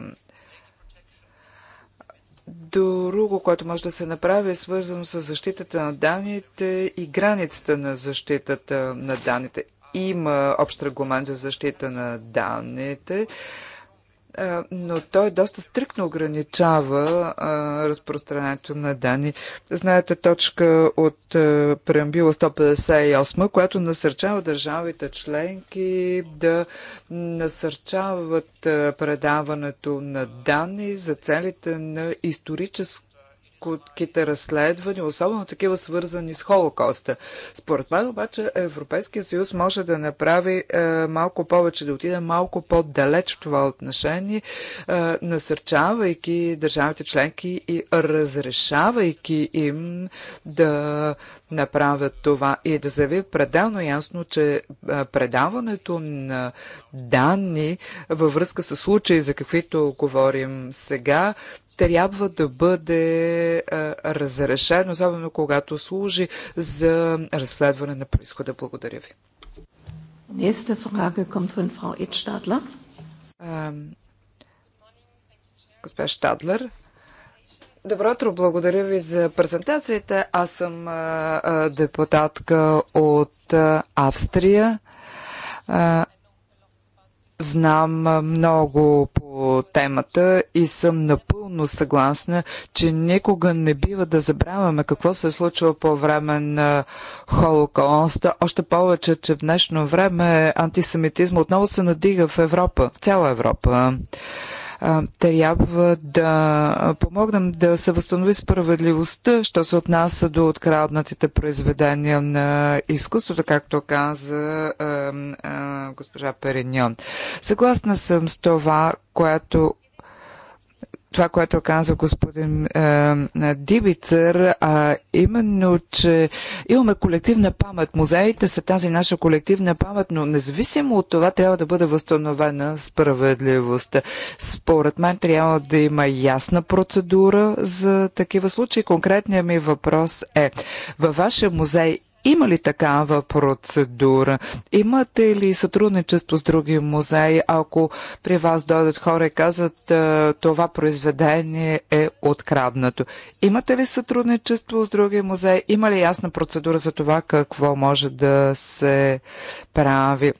Друго, което може да се направи, е свързано с защитата на данните и границата на защитата на данните. Има общ регламент за защита на данните е, но той доста стрикно ограничава е, разпространението на данни. Знаете точка от е, преамбила 158, която насърчава държавите членки да насърчават предаването на данни за целите на историческо всичките разследвания, особено такива свързани с Холокоста. Според мен обаче Европейския съюз може да направи е, малко повече, да отиде малко по-далеч в това отношение, е, насърчавайки държавите членки и разрешавайки им да направят това и да заяви пределно ясно, че е, предаването на данни във връзка с случаи, за каквито говорим сега, трябва да бъде разрешен, особено когато служи за разследване на происхода. Благодаря ви. Nächste Frage kommt von Frau Госпожа Штадлер. Добро утро, благодаря ви за презентацията. Аз съм депутатка от Австрия. Знам много по темата и съм напълно съгласна, че никога не бива да забравяме какво се е случило по време на Холокоста. Още повече, че в днешно време антисемитизма отново се надига в Европа, в цяла Европа. Трябва да помогнем да се възстанови справедливостта, що се отнася до откраднатите произведения на изкуството, както каза госпожа Периньон. Съгласна съм с това, което това, което каза господин е, Дибицър, а именно, че имаме колективна памет. Музеите са тази наша колективна памет, но независимо от това трябва да бъде възстановена справедливостта. Според мен трябва да има ясна процедура за такива случаи. Конкретният ми въпрос е, във вашия музей има ли такава процедура? Имате ли сътрудничество с други музеи, ако при вас дойдат хора и казват това произведение е откраднато? Имате ли сътрудничество с други музеи? Има ли ясна процедура за това какво може да се прави?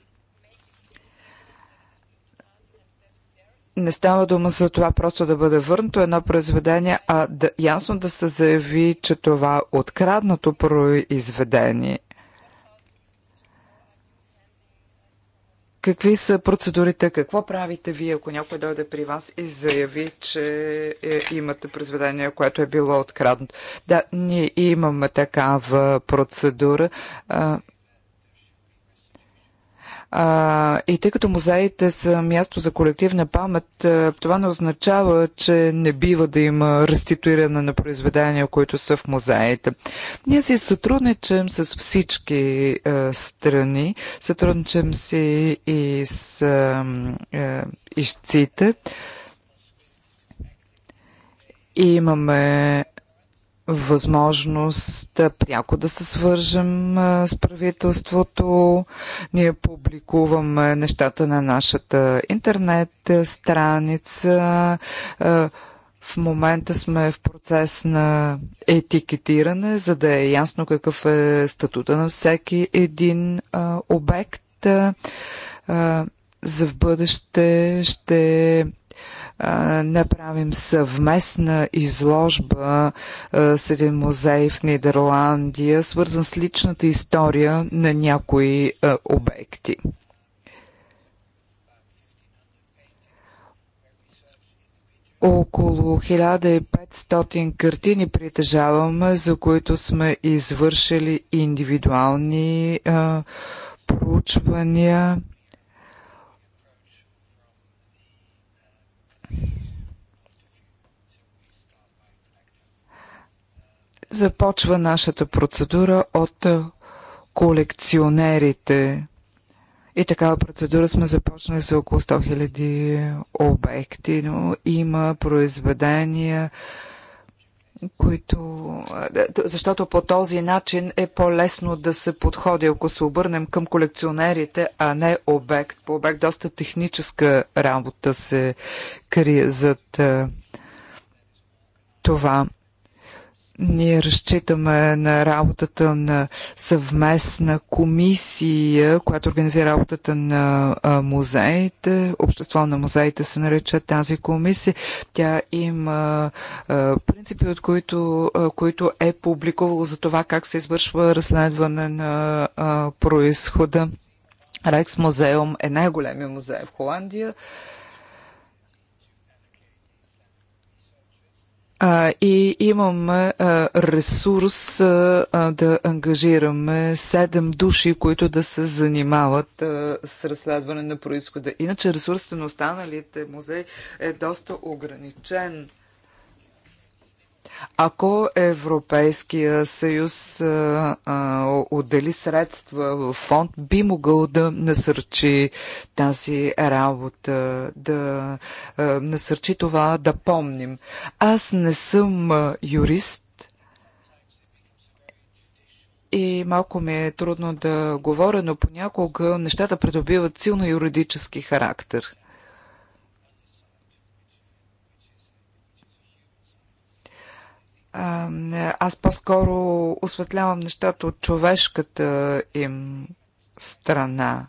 не става дума за това просто да бъде върнато едно произведение, а да, ясно да се заяви, че това е откраднато произведение. Какви са процедурите? Какво правите вие, ако някой дойде при вас и заяви, че е, имате произведение, което е било откраднато? Да, ние имаме такава процедура. А, а, и тъй като музеите са място за колективна памет, това не означава, че не бива да има реституиране на произведения, които са в музеите. Ние си сътрудничим с всички страни, сътрудничим си и с е, ищците. И имаме възможност пряко да се свържем с правителството. Ние публикуваме нещата на нашата интернет страница. В момента сме в процес на етикетиране, за да е ясно какъв е статута на всеки един обект. за в бъдеще ще направим съвместна изложба с един музей в Нидерландия, свързан с личната история на някои обекти. Около 1500 картини притежаваме, за които сме извършили индивидуални а, проучвания. Започва нашата процедура от е, колекционерите. И такава процедура сме започнали за около 100 000 обекти, но има произведения, които... Е, е, защото по този начин е по-лесно да се подходи, ако се обърнем към колекционерите, а не обект. По обект доста техническа работа се крие зад това. Ние разчитаме на работата на съвместна комисия, която организира работата на музеите. Общество на музеите се нарича тази комисия. Тя има принципи, от които, които е публикувала за това как се извършва разследване на происхода. Рекс музеум е най-големия музей в Холандия. а, и имаме а, ресурс а, да ангажираме седем души, които да се занимават а, с разследване на происхода. Иначе ресурсът на останалите музеи е доста ограничен. Ако Европейския съюз а, а, отдели средства в фонд, би могъл да насърчи тази работа, да а, насърчи това да помним. Аз не съм юрист, и малко ми е трудно да говоря, но понякога нещата придобиват силно юридически характер. аз по-скоро осветлявам нещата от човешката им страна.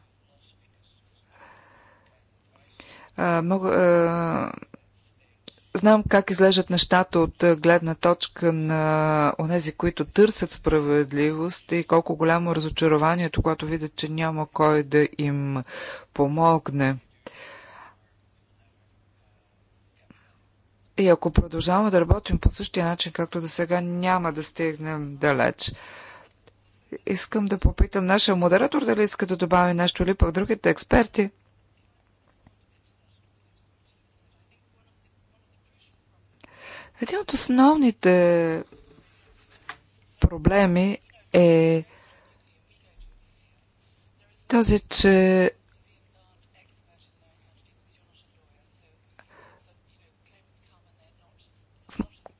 А, мога, а, знам как излежат нещата от гледна точка на онези, които търсят справедливост и колко голямо разочарованието, когато видят, че няма кой да им помогне. И ако продължаваме да работим по същия начин, както до сега, няма да стигнем далеч. Искам да попитам нашия модератор дали иска да добави нещо или пък другите експерти. Един от основните проблеми е този, че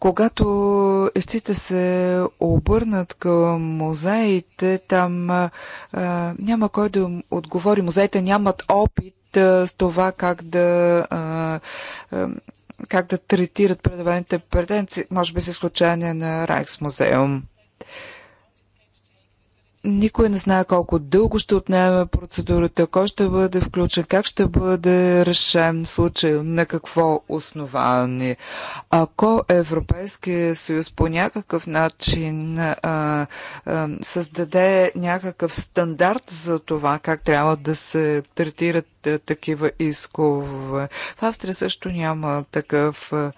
Когато естите се обърнат към музеите, там а, няма кой да отговори. Музеите нямат опит а, с това как да. А, а, как да третират предаваните претенции, може би с изключение на музеум. Никой не знае колко дълго ще отнеме процедурата, кой ще бъде включен, как ще бъде решен случай, на какво основание. Ако Европейския съюз по някакъв начин а, а, създаде някакъв стандарт за това как трябва да се третират а, такива искове, в Австрия също няма такъв а,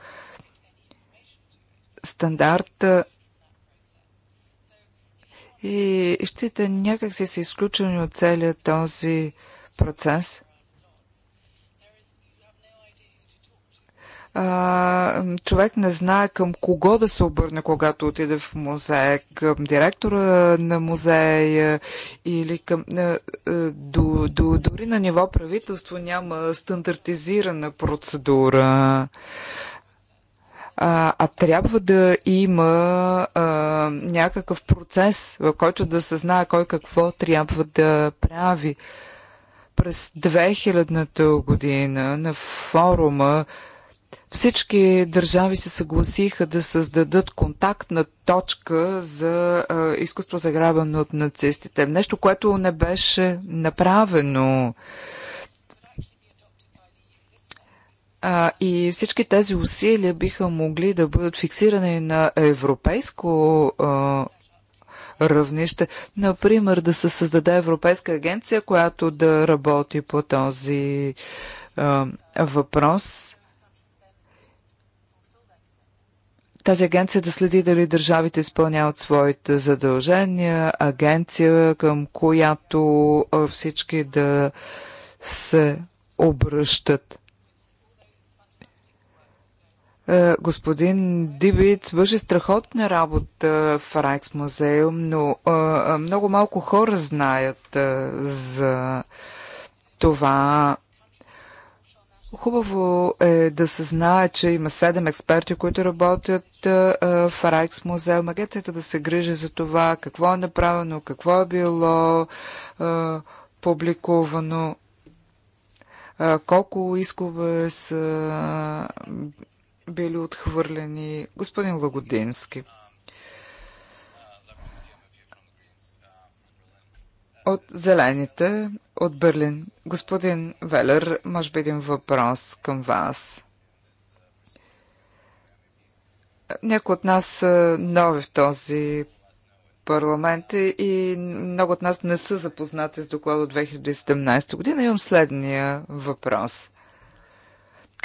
стандарт. А, и някак си са изключени от целият този процес. А, човек не знае към кого да се обърне, когато отиде в музея, към директора на музея или към... А, до, до, дори на ниво правителство няма стандартизирана процедура а, а трябва да има а, някакъв процес, в който да се знае кой какво трябва да прави. През 2000-та година на форума всички държави се съгласиха да създадат контактна точка за а, изкуство заграбено от нацистите. Нещо, което не беше направено. А, А, и всички тези усилия биха могли да бъдат фиксирани на европейско а, равнище. Например, да се създаде Европейска агенция, която да работи по този а, въпрос. Тази агенция да следи дали държавите изпълняват своите задължения, агенция към която всички да се обръщат. Е, господин Дибиц върши страхотна работа в Райкс музеум, но е, е, много малко хора знаят за това. Хубаво е да се знае, че има седем експерти, които работят в Райкс музеум. Агенцията да се грижи за това, какво е направено, какво е било публикувано колко искове са били отхвърлени. Господин Лагодински. От зелените, от Берлин. Господин Велер, може би един въпрос към вас. Някои от нас са нови в този парламент и много от нас не са запознати с доклада от 2017 година. Имам следния въпрос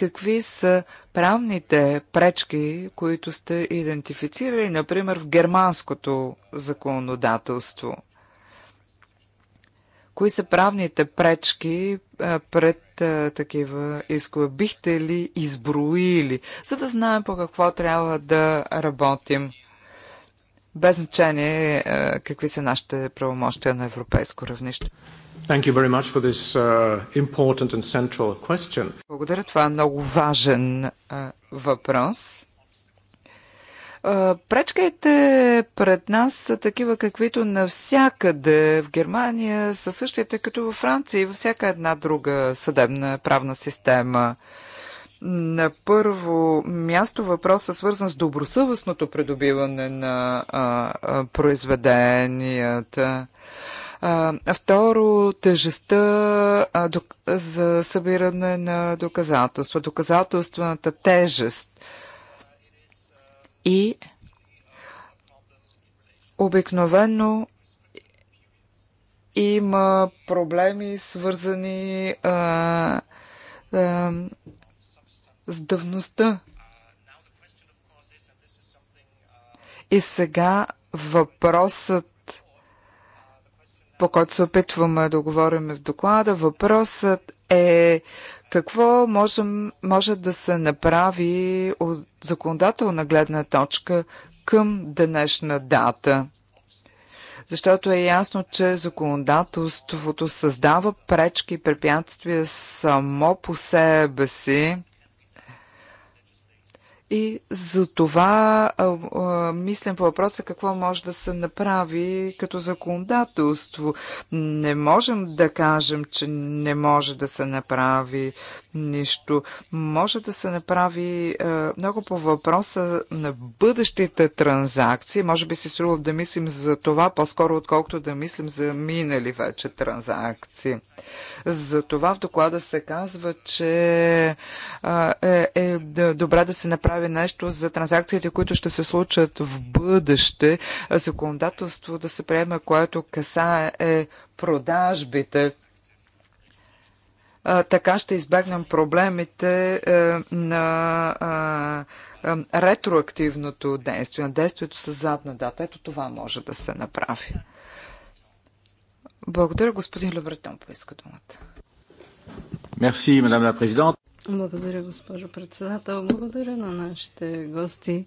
какви са правните пречки, които сте идентифицирали, например, в германското законодателство? Кои са правните пречки пред такива искове? Бихте ли изброили, за да знаем по какво трябва да работим? Без значение какви са нашите правомощия на европейско равнище. Thank you very much for this uh, important and central question. Благодаря, това е много важен uh, въпрос. Пречките пред нас са такива, каквито навсякъде в Германия са същите, като във Франция и във всяка една друга съдебна правна система. На първо място въпросът е свързан с добросъвестното придобиване на а, а, произведенията. А, второ, тежестта а, до, за събиране на доказателства, доказателствената тежест и обикновено има проблеми, свързани а, а, с давността. И сега въпросът по който се опитваме да говорим в доклада. Въпросът е какво можем, може да се направи от законодателна гледна точка към днешна дата. Защото е ясно, че законодателството създава пречки и препятствия само по себе си и за това а, а, мислям по въпроса какво може да се направи като законодателство. Не можем да кажем, че не може да се направи нищо. Може да се направи е, много по въпроса на бъдещите транзакции. Може би си струва да мислим за това по-скоро, отколкото да мислим за минали вече транзакции. За това в доклада се казва, че е, е, е добре да се направи нещо за транзакциите, които ще се случат в бъдеще. Законодателство да се приеме, което касае е, продажбите така ще избегнем проблемите е, на ретроактивното действие, на действието с задна дата. Ето това може да се направи. Благодаря, господин Лебретон, поиска думата. Мерси, мадам ла президент. Благодаря, госпожо председател. Благодаря на нашите гости.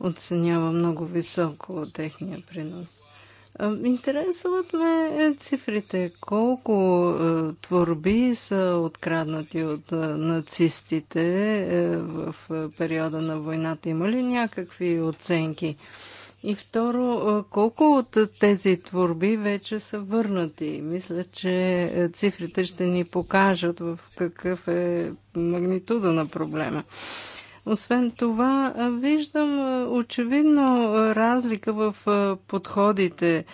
Оценява много високо техния принос. Интересуват ме е, цифрите. Колко е, творби са откраднати от е, нацистите в периода на войната? Има ли някакви оценки? И второ, колко от тези творби вече са върнати? Мисля, че цифрите ще ни покажат в какъв е магнитуда на проблема. Освен това, виждам очевидно разлика в подходите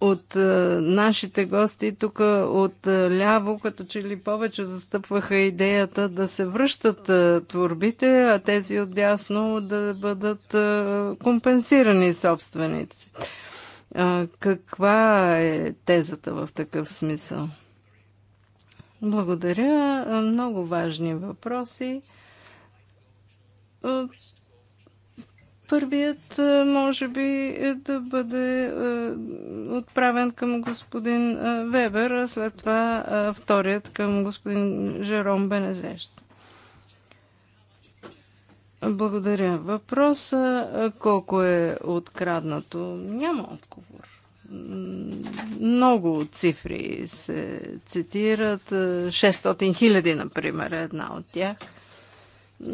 от нашите гости тук от ляво, като че ли повече застъпваха идеята да се връщат творбите, а тези от дясно да бъдат компенсирани собственици. Каква е тезата в такъв смисъл? Благодаря. Е, много важни въпроси. Е, първият е, може би е да бъде отправен към господин Вебер, а след това вторият към господин Жером Бенезещ. Благодаря. Въпроса колко е откраднато? Няма отговор много цифри се цитират. 600 хиляди, например, е една от тях.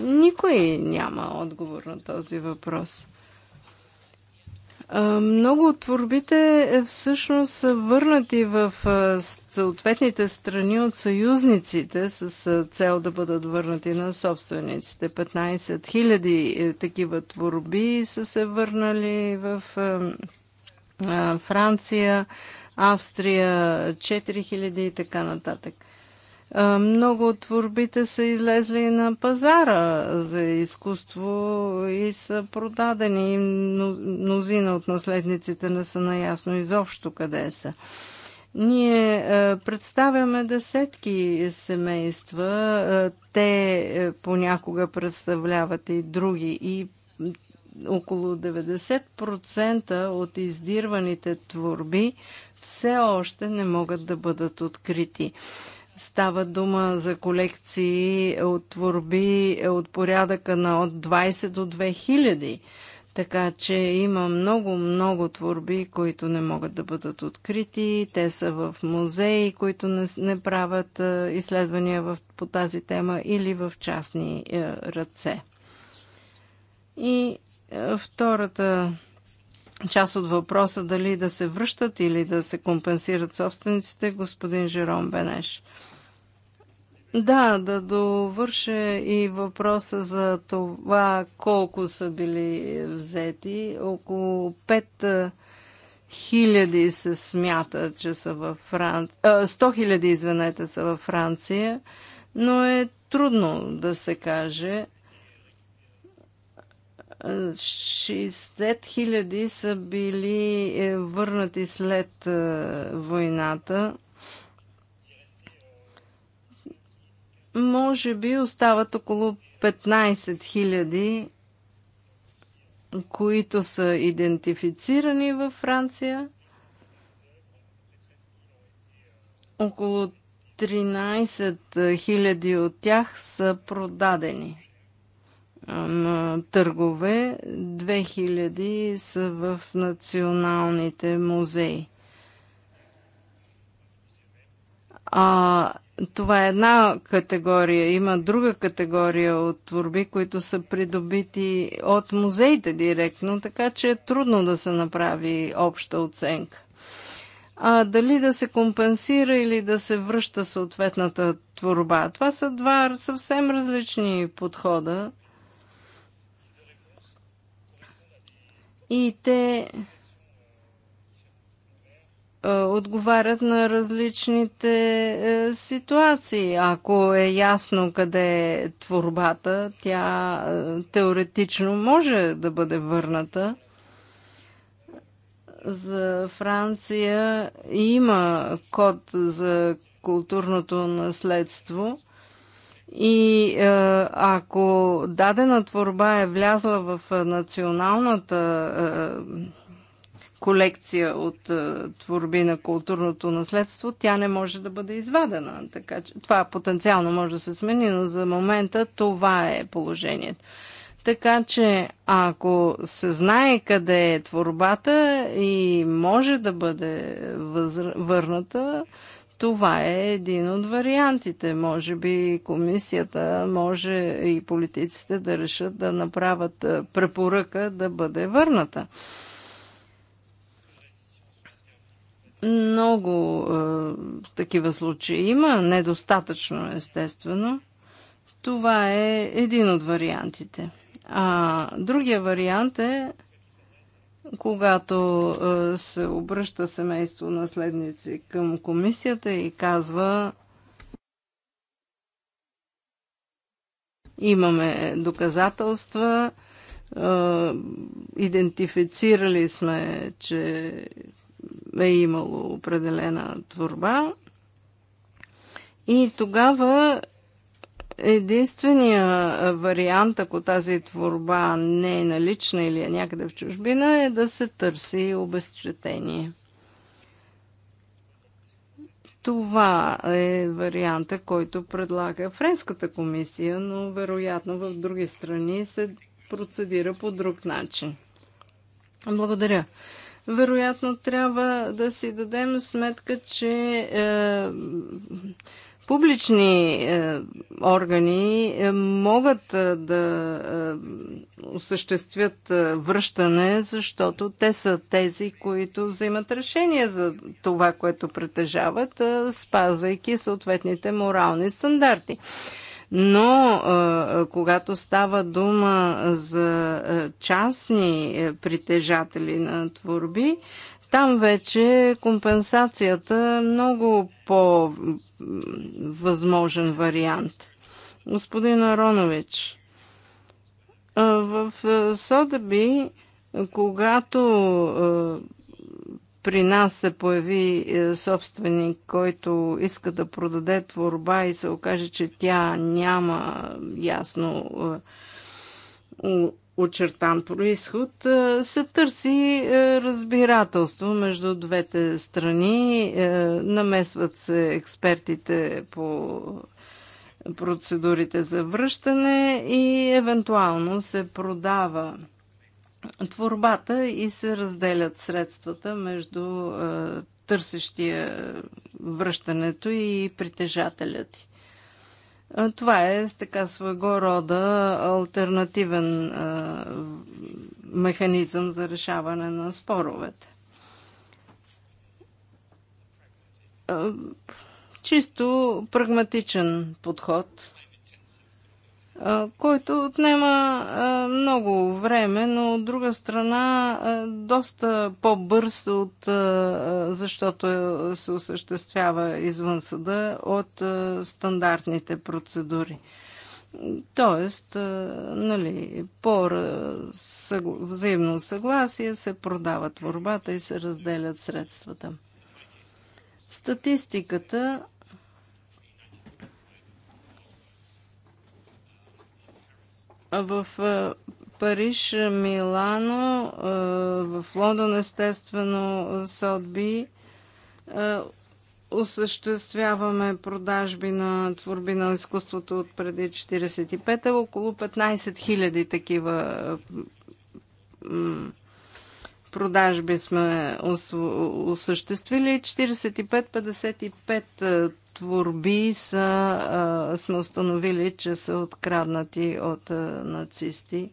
Никой няма отговор на този въпрос. Много от творбите е, всъщност са върнати в съответните страни от съюзниците с цел да бъдат върнати на собствениците. 15 000 е, такива творби са се върнали в Франция, Австрия 4000 и така нататък. Много от творбите са излезли на пазара за изкуство и са продадени. Мнозина от наследниците не са наясно изобщо къде са. Ние представяме десетки семейства. Те понякога представляват и други. И около 90% от издирваните творби все още не могат да бъдат открити. Става дума за колекции от творби от порядъка на от 20 до 2000. Така че има много, много творби, които не могат да бъдат открити. Те са в музеи, които не, не правят а, изследвания в, по тази тема или в частни а, е, ръце. И е, втората част от въпроса дали да се връщат или да се компенсират собствениците, господин Жером Бенеш. Да, да довърша и въпроса за това колко са били взети. Около 5 е, хиляди се смята, че са във Франция. 100 хиляди, извинете, са във Франция, но е трудно да се каже. 60 хиляди са били е, върнати след е, войната. Може би остават около 15 хиляди, които са идентифицирани във Франция. Около 13 000 е, от тях са продадени на търгове, 2000 са в националните музеи. А, това е една категория. Има друга категория от творби, които са придобити от музеите директно, така че е трудно да се направи обща оценка. А дали да се компенсира или да се връща съответната творба, това са два съвсем различни подхода. и те отговарят на различните е, ситуации. Ако е ясно къде е творбата, тя е, теоретично може да бъде върната. За Франция има код за културното наследство и е, ако дадена творба е влязла в е, националната е, е, колекция от е, творби на културното наследство, тя не може да бъде извадена. Така че това потенциално може да се смени, но за момента това е положението. Така че ако се знае къде е творбата и може да бъде възр... върната, това е един от вариантите. Може би комисията, може и политиците да решат да направят препоръка да бъде върната. Много е, такива случаи има, недостатъчно естествено. Това е един от вариантите. А другия вариант е когато е, се обръща семейство наследници към комисията и казва имаме доказателства, е, идентифицирали сме, че е имало определена творба и тогава Единствения вариант, ако тази творба не е налична или е някъде в чужбина, е да се търси обезщетение. Това е варианта, който предлага Френската комисия, но вероятно в други страни се процедира по друг начин. Благодаря. Вероятно трябва да си дадем сметка, че е, публични е, органи е, могат е, да е, осъществят е, връщане, защото те са тези, които взимат решение за това, което притежават, е, спазвайки съответните морални стандарти. Но когато става дума за частни притежатели на творби, там вече компенсацията е много по-възможен вариант. Господин Аронович, в Содеби, когато при нас се появи е, собственик, който иска да продаде творба и се окаже, че тя няма ясно очертан происход, се търси разбирателство между двете страни, намесват се експертите по процедурите за връщане и евентуално се продава творбата и се разделят средствата между търсещия връщането и притежателят. Това е така своего рода альтернативен механизъм за решаване на споровете. Чисто прагматичен подход – който отнема много време, но от друга страна доста по-бърз от, защото се осъществява извън съда от стандартните процедури. Тоест, нали, по взаимно съгласие се продава творбата и се разделят средствата. Статистиката в Париж, Милано, в Лондон естествено, Сотби. Осъществяваме продажби на творби на изкуството от преди 45-та, около 15 000 такива продажби сме осъществили. 45-55 творби са, а, сме установили, че са откраднати от а, нацисти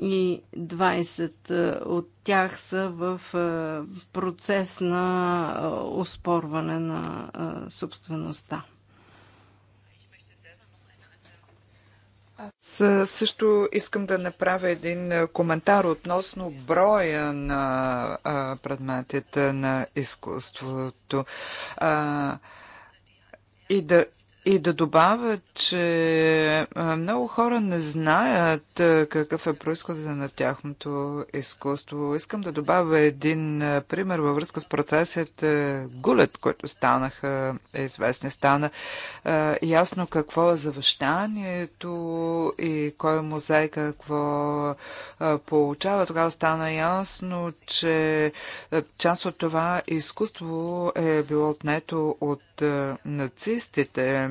и 20 от тях са в процес на оспорване на собствеността. Аз също искам да направя един коментар относно броя на предметите на изкуството. И да, и да добавя, че много хора не знаят какъв е происходът на тяхното изкуство. Искам да добавя един пример във връзка с процесите Гулет, който станаха е известни. Стана ясно какво е завещанието и кой е музей какво получава. Тогава стана ясно, че част от това изкуство е било отнето от от нацистите.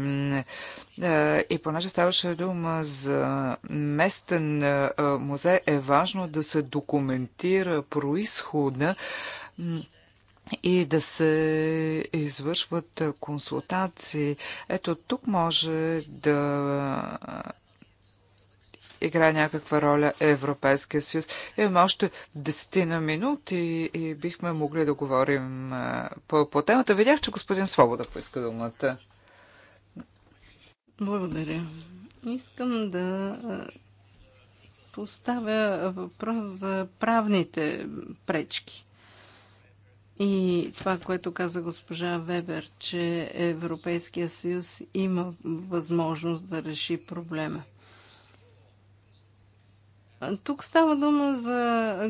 И понеже ставаше дума за местен музей, е важно да се документира происхода и да се извършват консултации. Ето тук може да играе някаква роля Европейския съюз. Имаме още десетина минути и бихме могли да говорим по, по темата. Видях, че господин Свобода поиска думата. Благодаря. Искам да поставя въпрос за правните пречки. И това, което каза госпожа Вебер, че Европейския съюз има възможност да реши проблема – тук става дума за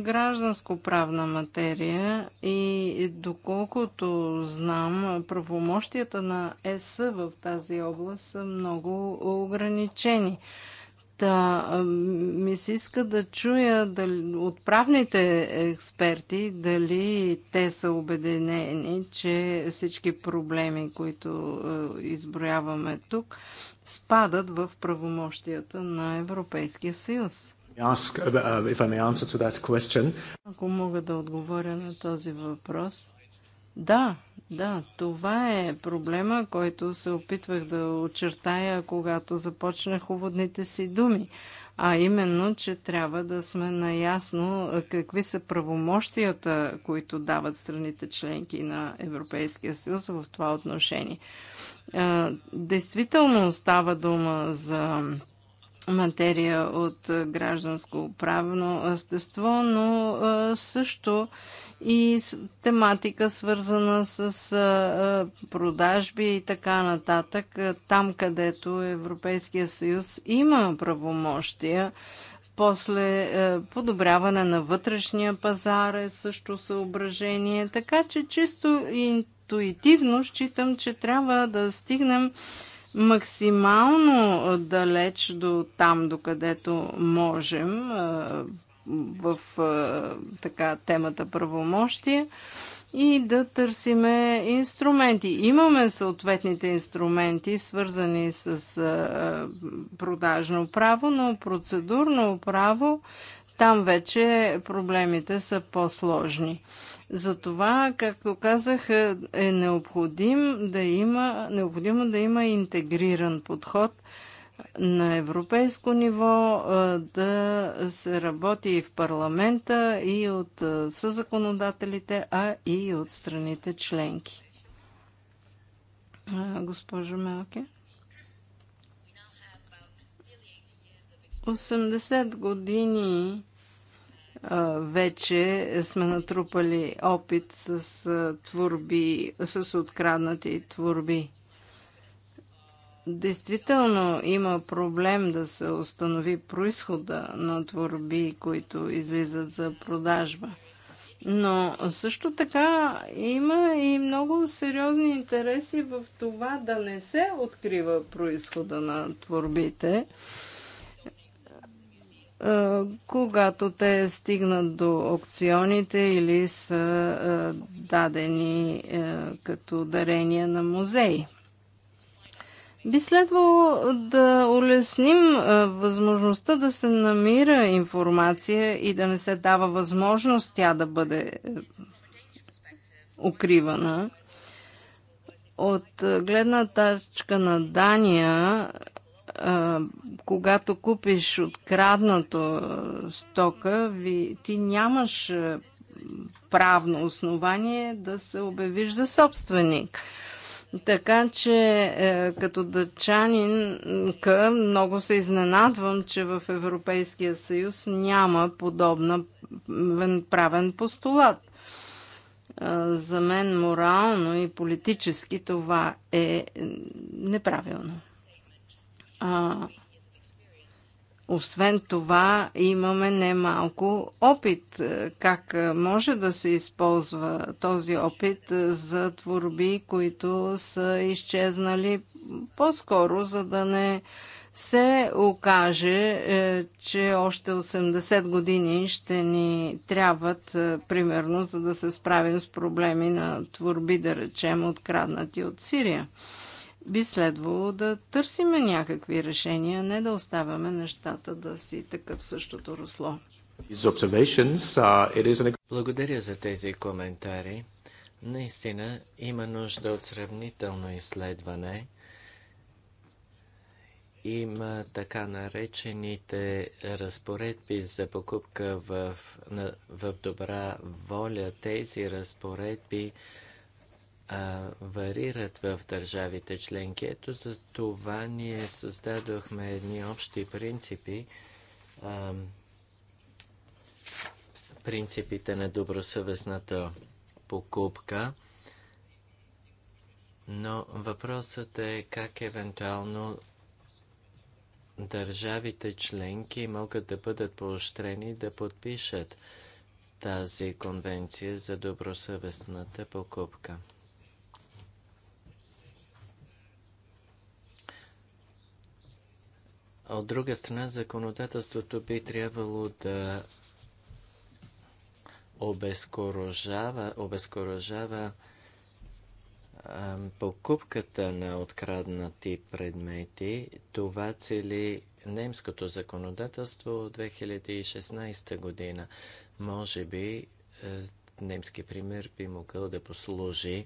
гражданско-правна материя и доколкото знам, правомощията на ЕС в тази област са много ограничени. Та, ми се иска да чуя дали, от правните експерти дали те са убедени, че всички проблеми, които изброяваме тук, спадат в правомощията на Европейския съюз. Ask, uh, uh Ако мога да отговоря на този въпрос. Да, да, това е проблема, който се опитвах да очертая, когато започнах уводните си думи. А именно, че трябва да сме наясно какви са правомощията, които дават страните членки на Европейския съюз в това отношение. Действително става дума за материя от гражданско правно естество, но също и тематика свързана с продажби и така нататък. Там, където Европейския съюз има правомощия, после подобряване на вътрешния пазар е също съображение. Така че чисто интуитивно считам, че трябва да стигнем максимално далеч до там, докъдето можем в така темата правомощие и да търсиме инструменти. Имаме съответните инструменти, свързани с продажно право, но процедурно право там вече проблемите са по-сложни. Затова, както казах, е, е необходим да има, необходимо да има интегриран подход на европейско ниво, е, да се работи и в парламента, и от е, съзаконодателите, а и от страните членки. Госпожо Мелке. 80 години вече сме натрупали опит с творби, с откраднати творби. Действително има проблем да се установи происхода на творби, които излизат за продажба. Но също така има и много сериозни интереси в това да не се открива происхода на творбите когато те стигнат до аукционите или са дадени като дарения на музеи. Би следвало да улесним възможността да се намира информация и да не се дава възможност тя да бъде е, укривана. От гледна точка на Дания когато купиш откраднато стока, ви, ти нямаш правно основание да се обявиш за собственик. Така че е, като дъчанинка много се изненадвам, че в Европейския съюз няма подобна правен постулат. За мен морално и политически това е неправилно. А, освен това, имаме немалко опит. Е, как е, може да се използва този опит е, за творби, които са изчезнали по-скоро, за да не се окаже, че още 80 години ще ни трябват, примерно, за да се справим с проблеми на творби, да речем, откраднати от Сирия би следвало да търсиме някакви решения, не да оставяме нещата да си такъв същото росло. Uh, Благодаря за тези коментари. Наистина има нужда от сравнително изследване. Има така наречените разпоредби за покупка в, в добра воля. Тези разпоредби а, варират в държавите членки. Ето за това ние създадохме едни общи принципи, а, принципите на добросъвестната покупка. Но въпросът е как евентуално държавите членки могат да бъдат поощрени да подпишат тази конвенция за добросъвестната покупка. А от друга страна, законодателството би трябвало да обезкоръжава, обезкоръжава а, покупката на откраднати предмети. Това цели немското законодателство от 2016 година. Може би а, немски пример би могъл да послужи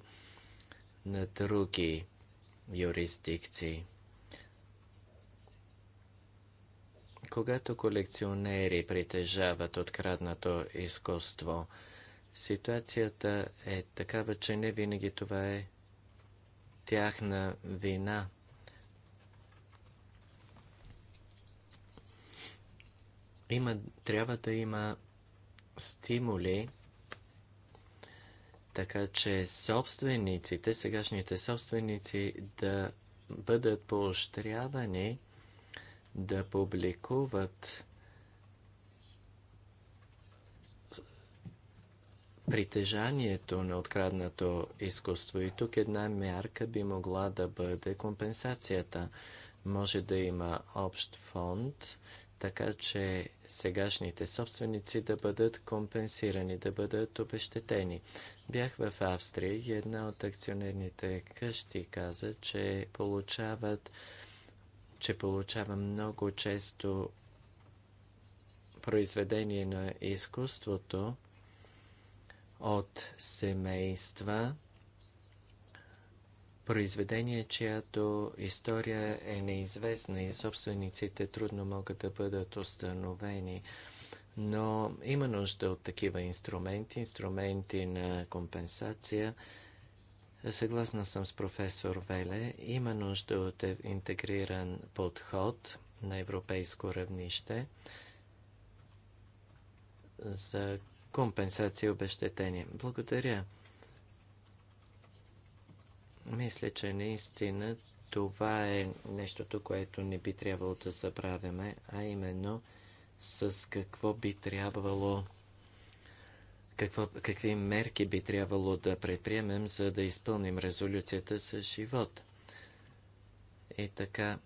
на други юрисдикции. Когато колекционери притежават откраднато изкуство, ситуацията е такава, че не винаги това е тяхна вина. Има, трябва да има стимули, така че собствениците, сегашните собственици да бъдат поощрявани да публикуват притежанието на откраднато изкуство. И тук една мярка би могла да бъде компенсацията. Може да има общ фонд, така че сегашните собственици да бъдат компенсирани, да бъдат обещетени. Бях в Австрия и една от акционерните къщи каза, че получават че получавам много често произведение на изкуството от семейства, произведение, чиято история е неизвестна и собствениците трудно могат да бъдат установени. Но има нужда от такива инструменти, инструменти на компенсация – Съгласна съм с професор Веле. Има нужда от интегриран подход на европейско равнище за компенсация и обещетение. Благодаря. Мисля, че наистина това е нещото, което не би трябвало да забравяме, а именно с какво би трябвало какво, какви мерки би трябвало да предприемем, за да изпълним резолюцията с живот. И така,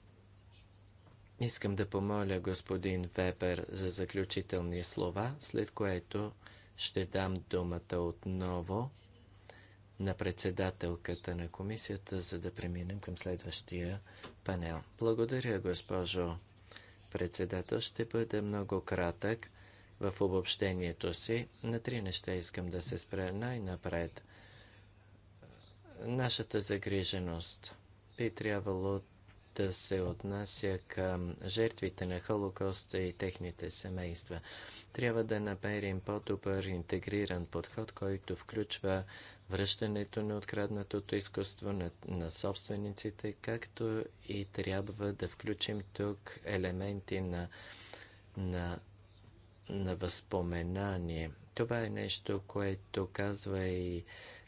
искам да помоля господин Вебер за заключителни слова, след което ще дам думата отново на председателката на комисията, за да преминем към следващия панел. Благодаря, госпожо председател. Ще бъде много кратък в обобщението си. На три неща искам да се спра най-напред. Нашата загриженост би трябвало да се отнася към жертвите на Холокоста и техните семейства. Трябва да намерим по-добър интегриран подход, който включва връщането на откраднатото изкуство на, на собствениците, както и трябва да включим тук елементи на, на на възпоменание. Това е нещо, което казва и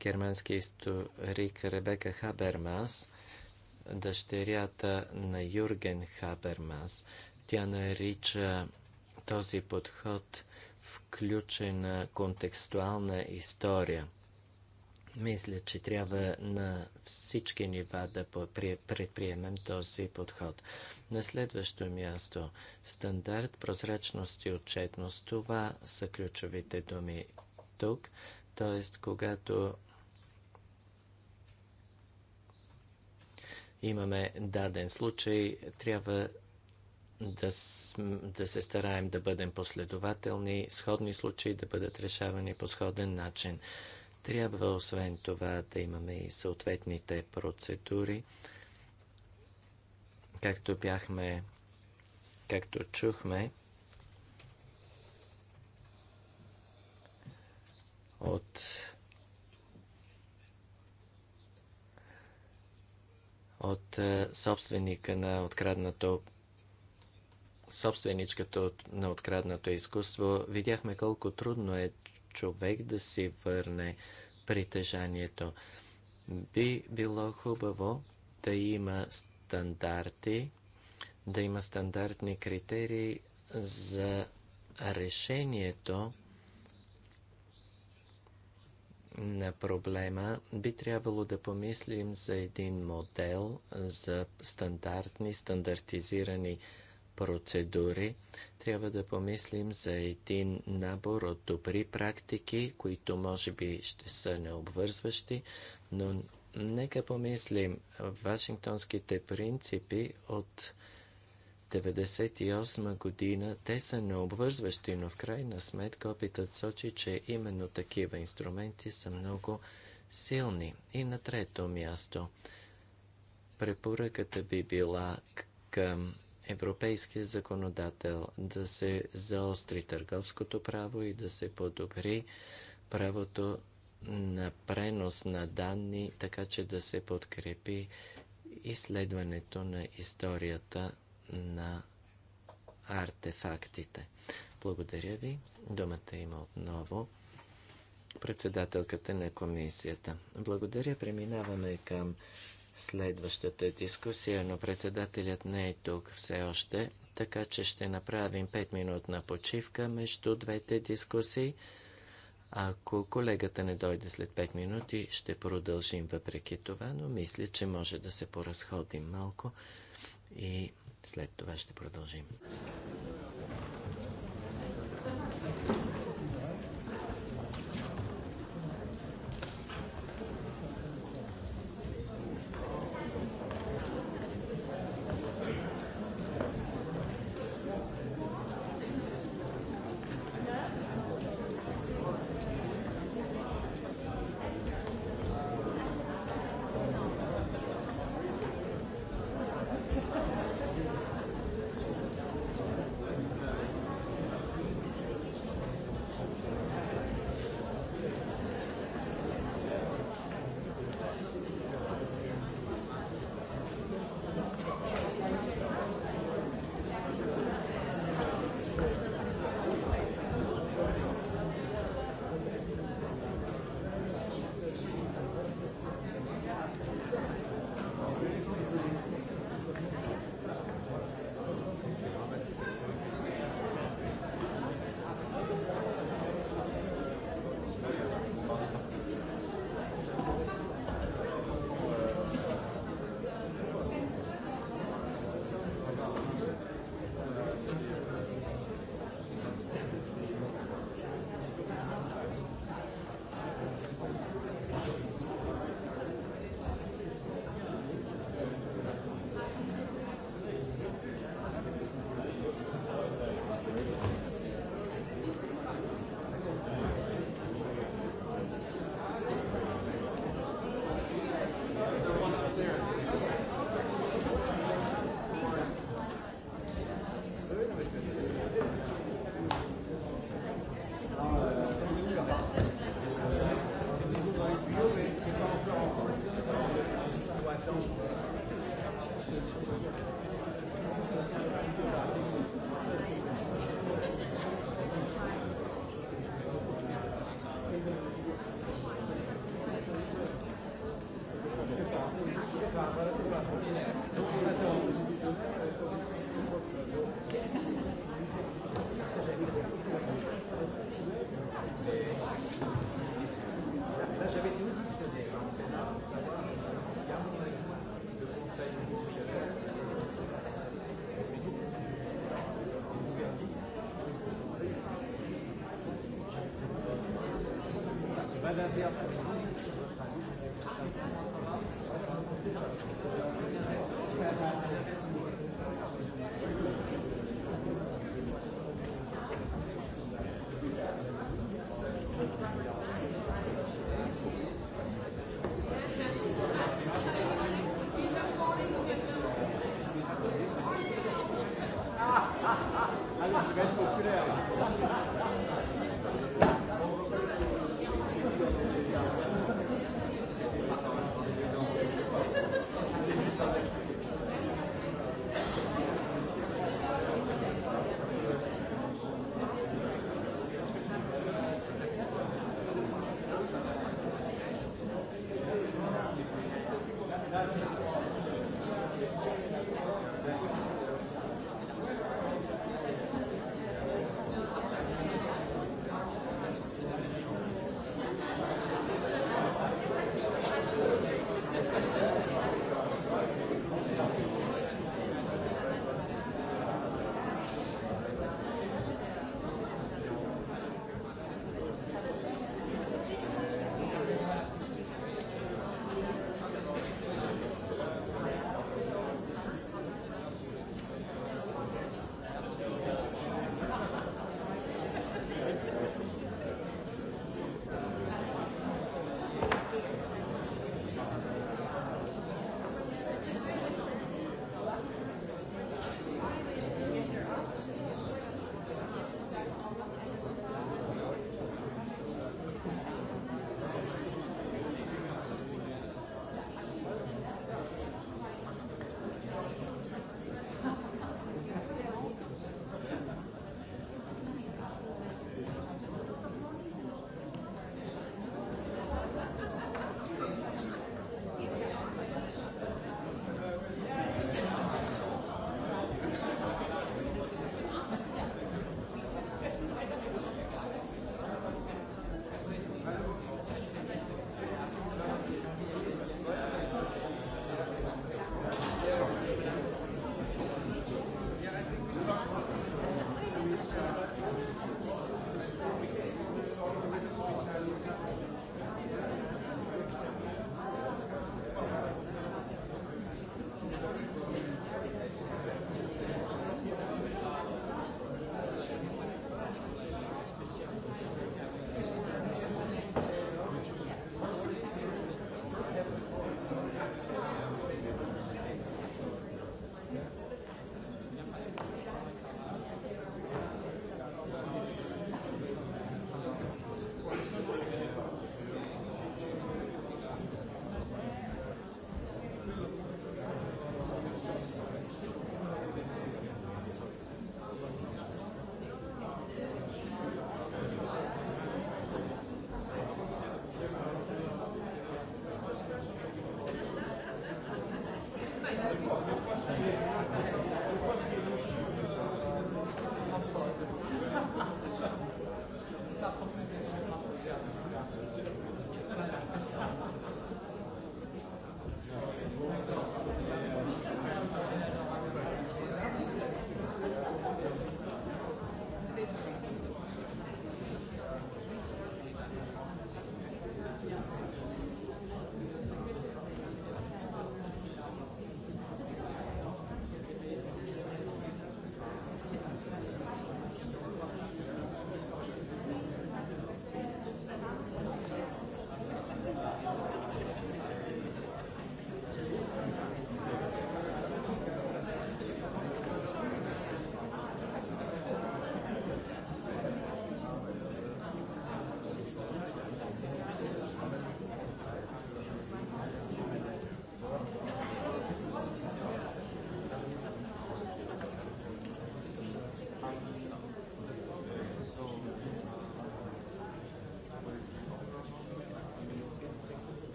германски историк Ребека Хабермас, дъщерята на Юрген Хабермас. Тя нарича този подход включена контекстуална история – мисля, че трябва на всички нива да предприемем този подход. На следващо място стандарт, прозрачност и отчетност. Това са ключовите думи тук. Тоест, когато имаме даден случай, трябва да, да се стараем да бъдем последователни, сходни случаи да бъдат решавани по сходен начин. Трябва освен това да имаме и съответните процедури. Както бяхме, както чухме от от е, собственика на откраднато собственичката на откраднато изкуство, видяхме колко трудно е човек да си върне притежанието. Би било хубаво да има стандарти, да има стандартни критерии за решението на проблема, би трябвало да помислим за един модел за стандартни, стандартизирани процедури, трябва да помислим за един набор от добри практики, които може би ще са необвързващи, но нека помислим вашингтонските принципи от 1998 година. Те са необвързващи, но в крайна сметка опитът сочи, че именно такива инструменти са много силни. И на трето място, препоръката би била към европейския законодател, да се заостри търговското право и да се подобри правото на пренос на данни, така че да се подкрепи изследването на историята на артефактите. Благодаря ви. Думата има отново председателката на комисията. Благодаря. Преминаваме към следващата дискусия, но председателят не е тук все още, така че ще направим 5-минутна почивка между двете дискусии. Ако колегата не дойде след 5 минути, ще продължим въпреки това, но мисля, че може да се поразходим малко и след това ще продължим.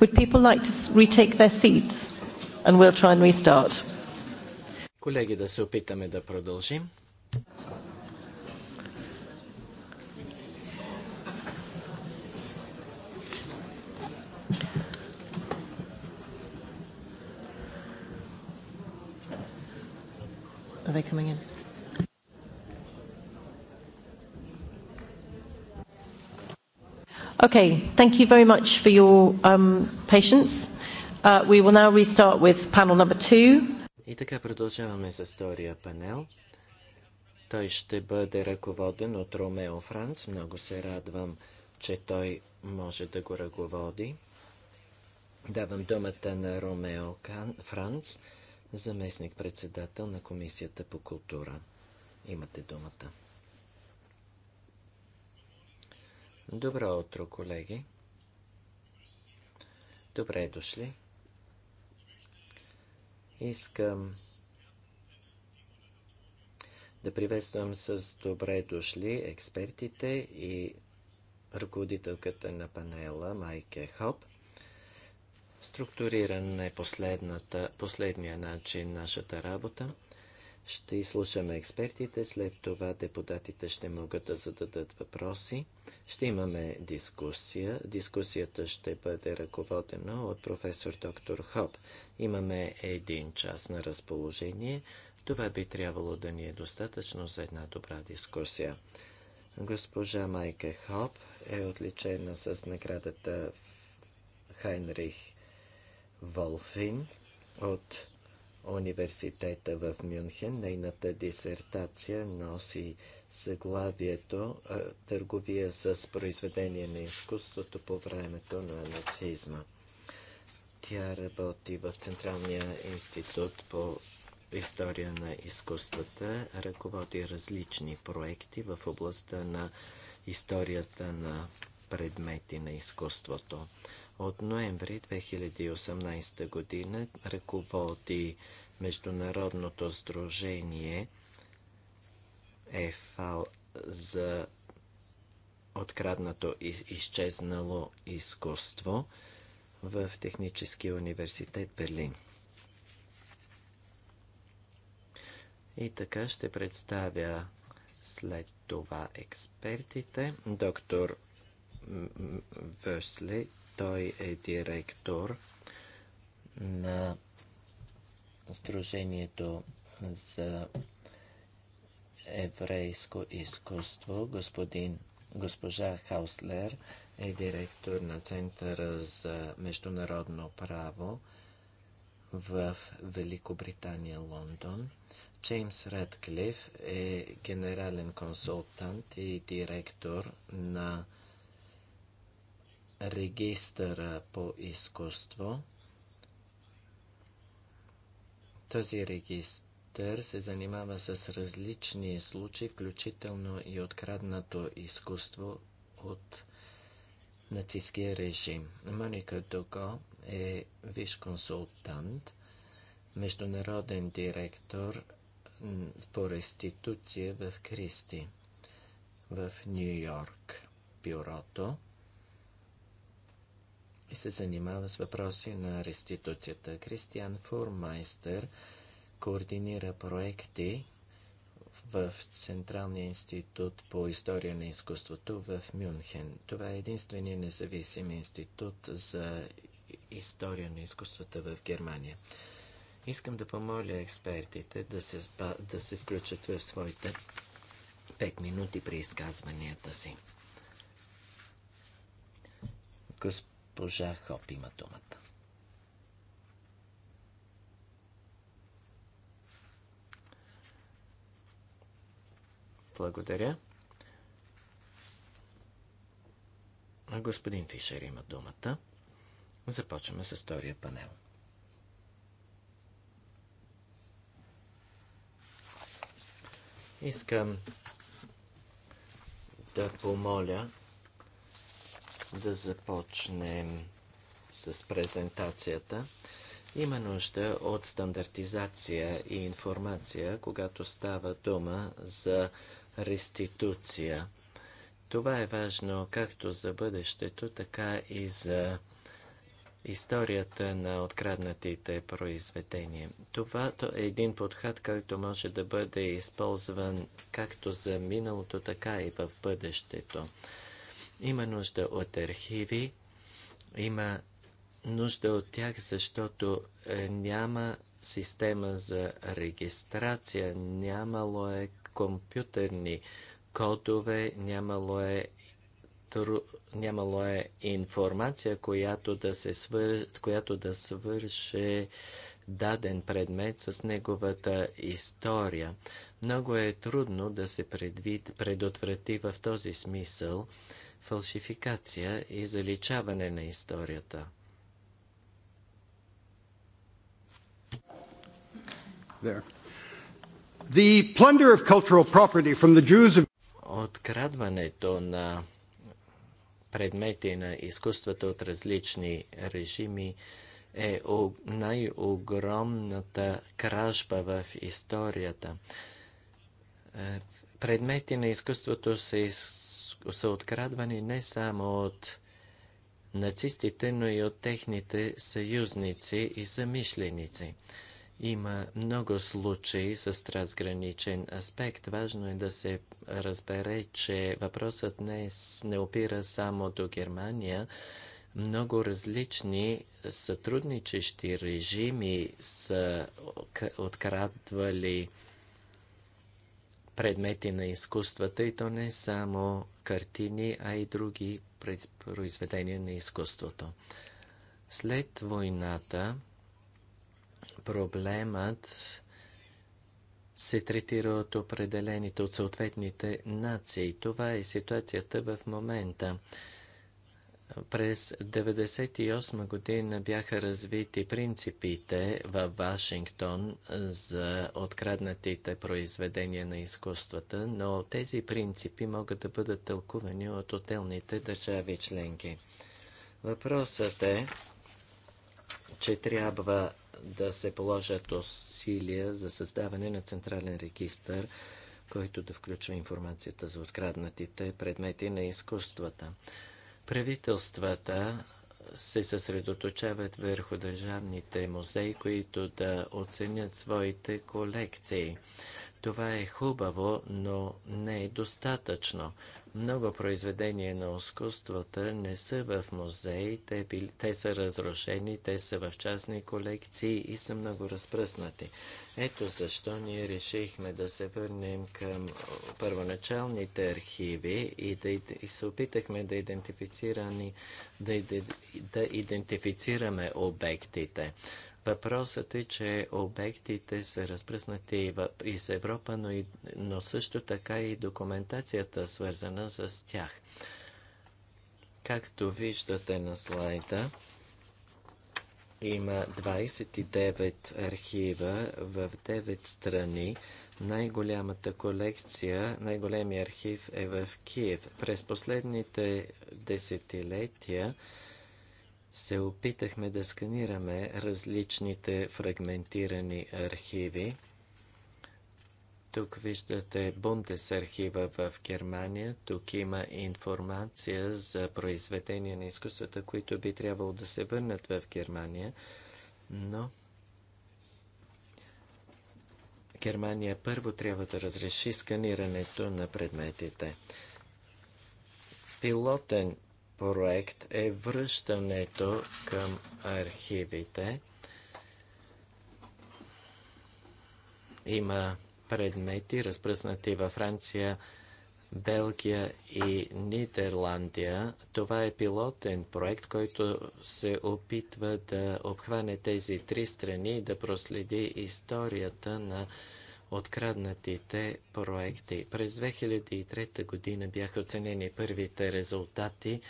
Would people like to retake their seats? And we'll try and restart. Колеги, да се опитаме да продължим. Okay, thank you very much for your um, patience. Uh, we will now restart with panel number two. И така продължаваме с втория панел. Той ще бъде ръководен от Ромео Франц. Много се радвам, че той може да го ръководи. Давам думата на Ромео Франц, заместник-председател на Комисията по култура. Имате думата. Добро утро, колеги! Добре дошли! Искам да приветствам с добре дошли експертите и ръководителката на панела Майке Хоп. Структуриран е последния начин нашата работа. Ще изслушаме експертите, след това депутатите ще могат да зададат въпроси. Ще имаме дискусия. Дискусията ще бъде ръководена от професор доктор Хоп. Имаме един час на разположение. Това би трябвало да ни е достатъчно за една добра дискусия. Госпожа Майка Хоп е отличена с наградата Хайнрих Волфин от университета в Мюнхен. Нейната дисертация носи заглавието Търговия с произведение на изкуството по времето на нацизма. Тя работи в Централния институт по история на изкуствата, ръководи различни проекти в областта на историята на предмети на изкуството. От ноември 2018 година ръководи Международното сдружение ЕФАЛ за откраднато и изчезнало изкуство в Техническия университет Берлин. И така ще представя след това експертите. Доктор Весле той е директор на Сдружението за еврейско изкуство. Господин, госпожа Хауслер е директор на Центъра за международно право в Великобритания, Лондон. Джеймс Редклиф е генерален консултант и директор на регистъра по изкуство. Този регистър се занимава с различни случаи, включително и откраднато изкуство от нацистския режим. Моника Дуго е виш консултант, международен директор по реституция в Кристи в Нью Йорк бюрото и се занимава с въпроси на реституцията. Кристиан Фурмайстер координира проекти в Централния институт по история на изкуството в Мюнхен. Това е единствения независим институт за история на изкуството в Германия. Искам да помоля експертите да се, спа, да се включат в своите 5 минути при изказванията си. Господин Госпожа Хоп има думата. Благодаря. А господин Фишер има думата. Започваме с втория панел. Искам да помоля да започнем с презентацията. Има нужда от стандартизация и информация, когато става дума за реституция. Това е важно както за бъдещето, така и за историята на откраднатите произведения. Това е един подход, който може да бъде използван както за миналото, така и в бъдещето. Има нужда от архиви, има нужда от тях, защото е, няма система за регистрация, нямало е компютърни кодове, нямало е, тру... нямало е информация, която да, се свър... която да свърши даден предмет с неговата история. Много е трудно да се предвид... предотврати в този смисъл фалшификация и заличаване на историята. There. The plunder of cultural property from the Jews of... Открадването на предмети на изкуствата от различни режими е най-огромната кражба в историята. Е, предмети на изкуството се из са открадвани не само от нацистите, но и от техните съюзници и замишленици. Има много случаи с трансграничен аспект. Важно е да се разбере, че въпросът не, е не опира само до Германия. Много различни сътрудничещи режими са открадвали предмети на изкуствата и то не само картини, а и други произведения на изкуството. След войната проблемът се третира от определените, от съответните нации. Това е ситуацията в момента. През 1998 година бяха развити принципите във Вашингтон за откраднатите произведения на изкуствата, но тези принципи могат да бъдат тълкувани от отделните държави членки. Въпросът е, че трябва да се положат усилия за създаване на централен регистр, който да включва информацията за откраднатите предмети на изкуствата. Правителствата се съсредоточават върху държавните музеи, които да оценят своите колекции. Това е хубаво, но не е достатъчно. Много произведения на изкуствата не са в музеи, те, били, те са разрушени, те са в частни колекции и са много разпръснати. Ето защо ние решихме да се върнем към първоначалните архиви и, да, и се опитахме да, да, да идентифицираме обектите. Въпросът е, че обектите са разпръснати из Европа, но, и, но също така и документацията свързана с тях. Както виждате на слайда, има 29 архива в 9 страни. Най-голямата колекция, най-големият архив е в Киев. През последните десетилетия се опитахме да сканираме различните фрагментирани архиви. Тук виждате Бунтес архива в Германия. Тук има информация за произведения на изкуствата, които би трябвало да се върнат в Германия. Но Германия първо трябва да разреши сканирането на предметите. Пилотен проект е връщането към архивите. Има предмети, разпръснати във Франция, Белгия и Нидерландия. Това е пилотен проект, който се опитва да обхване тези три страни и да проследи историята на откраднатите проекти. През 2003 година бяха оценени първите резултати.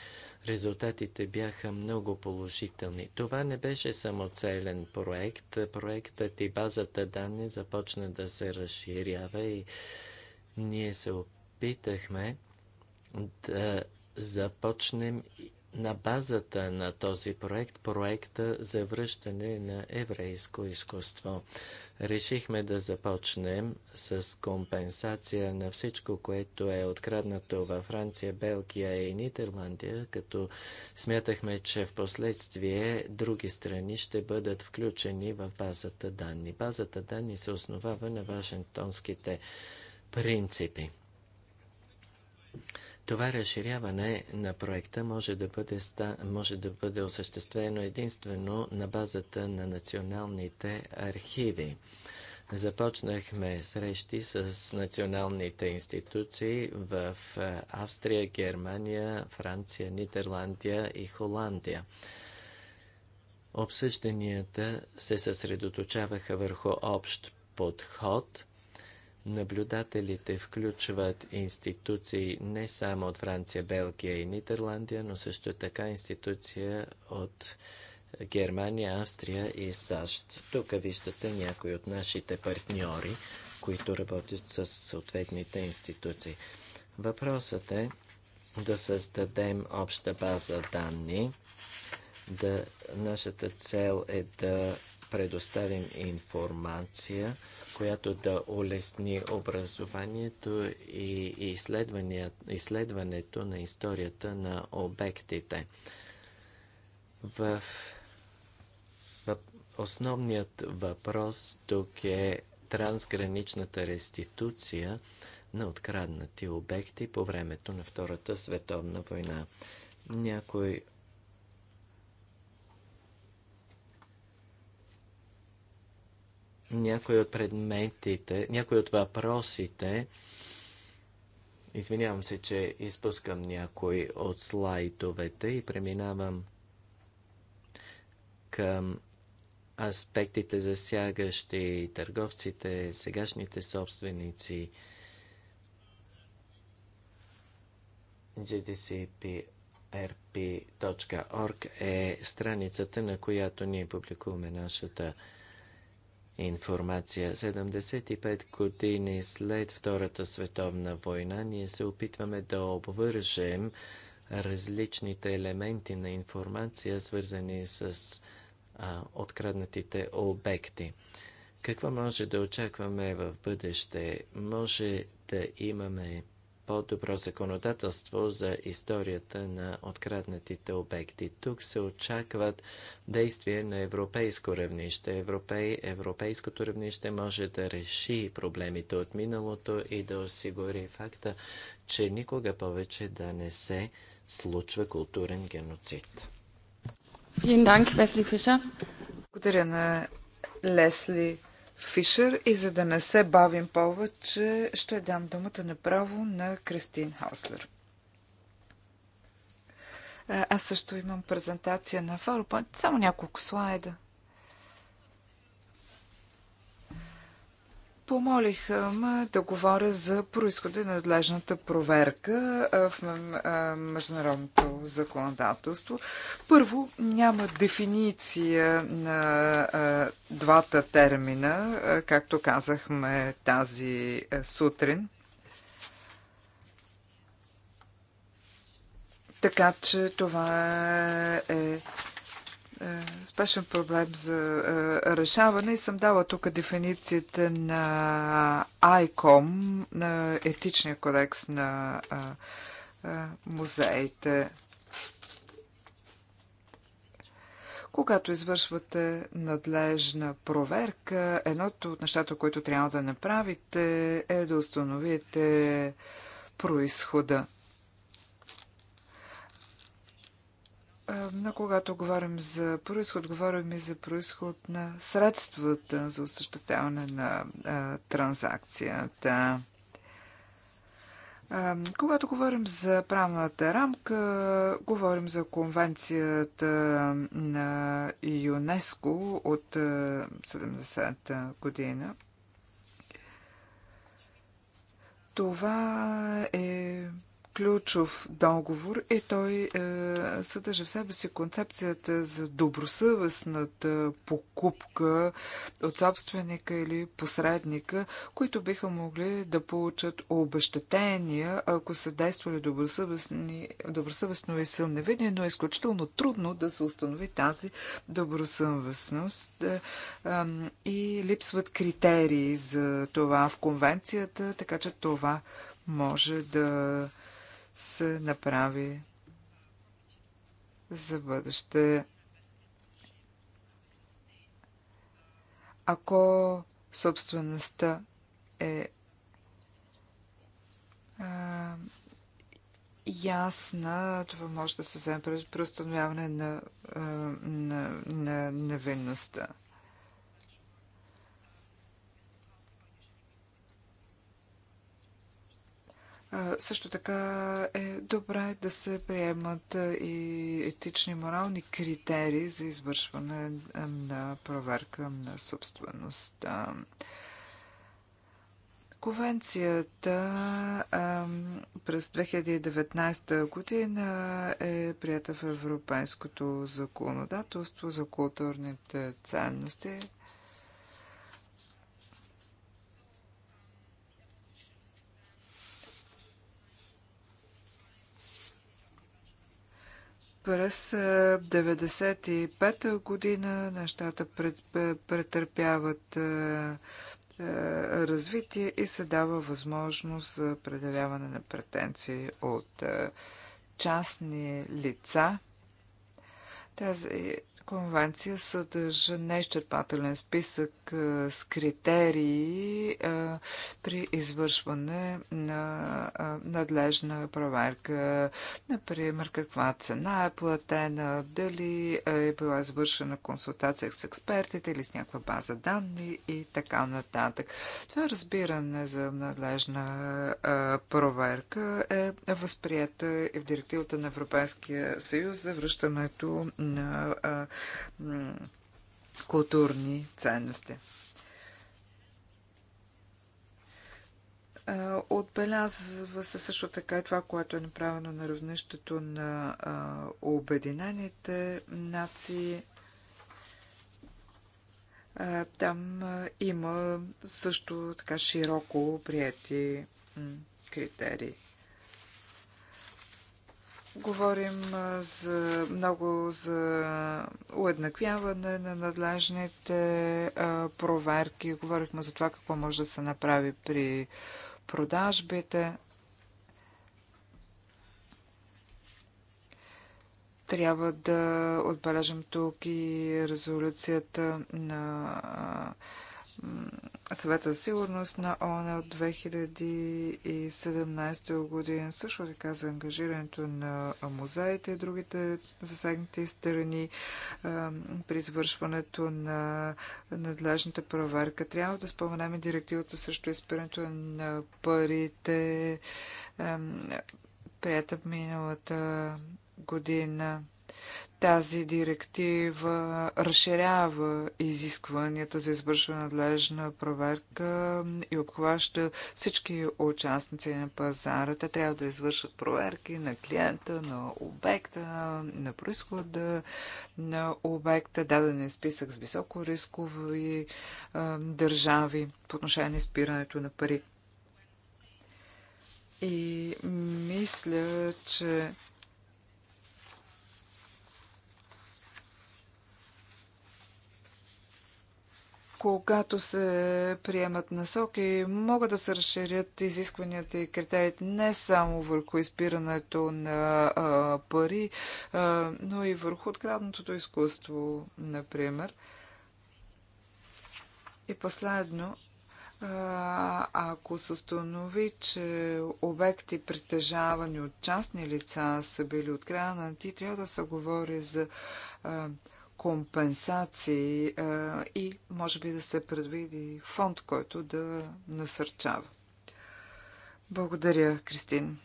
Резултатите бяха много положителни. Това не беше самоцелен проект. Проектът и базата данни започна да се разширява и ние се опитахме да започнем на базата на този проект, проекта за връщане на еврейско изкуство. Решихме да започнем с компенсация на всичко, което е откраднато във Франция, Белгия и Нидерландия, като смятахме, че в последствие други страни ще бъдат включени в базата данни. Базата данни се основава на вашингтонските принципи. Това разширяване на проекта може да бъде, може да бъде осъществено единствено на базата на националните архиви. Започнахме срещи с националните институции в Австрия, Германия, Франция, Нидерландия и Холандия. Обсъжданията се съсредоточаваха върху общ подход – Наблюдателите включват институции не само от Франция, Белгия и Нидерландия, но също така институция от Германия, Австрия и САЩ. Тук виждате някои от нашите партньори, които работят с съответните институции. Въпросът е да създадем обща база данни. Да, нашата цел е да предоставим информация която да улесни образованието и изследването на историята на обектите. В Основният въпрос тук е трансграничната реституция на откраднати обекти по времето на Втората световна война. Някой някои от предметите, някои от въпросите, извинявам се, че изпускам някои от слайдовете и преминавам към аспектите засягащи търговците, сегашните собственици, gdcprp.org е страницата, на която ние публикуваме нашата информация. 75 години след Втората световна война ние се опитваме да обвържем различните елементи на информация, свързани с а, откраднатите обекти. Какво може да очакваме в бъдеще? Може да имаме по-добро законодателство за историята на откраднатите обекти. Тук се очакват действия на европейско равнище. Европей, европейското равнище може да реши проблемите от миналото и да осигури факта, че никога повече да не се случва културен геноцид. Благодаря на Лесли Фишер и за да не се бавим повече, ще дам думата направо на Кристин Хауслер. Е, аз също имам презентация на PowerPoint, само няколко слайда. Помолиха ме да говоря за происхода на надлежната проверка в международното законодателство. Първо, няма дефиниция на двата термина, както казахме тази сутрин. Така че това е е, спешен проблем за е, решаване и съм дала тук дефиницията на ICOM, на етичния кодекс на е, музеите. Когато извършвате надлежна проверка, едното от нещата, които трябва да направите, е да установите происхода. Но когато говорим за происход, говорим и за происход на средствата за осъществяване на а, транзакцията. А, когато говорим за правната рамка, говорим за конвенцията на ЮНЕСКО от 70-та година. Това е ключов договор и той е, съдържа в себе си концепцията за добросъвестната покупка от собственика или посредника, които биха могли да получат обещетения, ако са действали добросъвестно и са невидни, но е изключително трудно да се установи тази добросъвестност е, е, и липсват критерии за това в конвенцията, така че това може да се направи за бъдеще. Ако собствеността е а, ясна, това може да се вземе през преустановяване на, на, на, на невинността. Също така е добре да се приемат и етични морални критерии за извършване на проверка на собствеността. Конвенцията през 2019 година е прията в европейското законодателство за културните ценности. През 1995 е, година нещата претърпяват е, е, развитие и се дава възможност за предявяване на претенции от частни лица. Тази конвенция съдържа неизчерпателен списък с критерии при извършване на надлежна проверка. Например, каква цена е платена, дали е била извършена консултация с експертите или с някаква база данни и така нататък. Това разбиране за надлежна проверка е възприята и в директивата на Европейския съюз за връщането на културни ценности. Отбелязва се също така и това, което е направено на равнището на Обединените нации. Там има също така широко прияти критерии. Говорим за, много за уеднаквяване на надлежните проверки. Говорихме за това какво може да се направи при продажбите. Трябва да отбележим тук и резолюцията на а, съвета за сигурност на ООН от 2017 година. Също така за ангажирането на музеите и другите засегнати страни при извършването на надлежната проверка. Трябва да споменаме директивата срещу изпирането на парите, прията миналата година. Тази директива разширява изискванията за извършване на надлежна проверка и обхваща всички участници на пазара. Те трябва да извършат проверки на клиента, на обекта, на происхода на обекта, даден е списък с високо рискови държави по отношение на спирането на пари. И мисля, че когато се приемат насоки, могат да се разширят изискванията и критериите не само върху изпирането на а, пари, а, но и върху откраднатото изкуство, например. И последно, а, ако се установи, че обекти притежавани от частни лица са били откраднати, трябва да се говори за а, компенсации а, и може би да се предвиди фонд, който да насърчава. Благодаря, Кристин.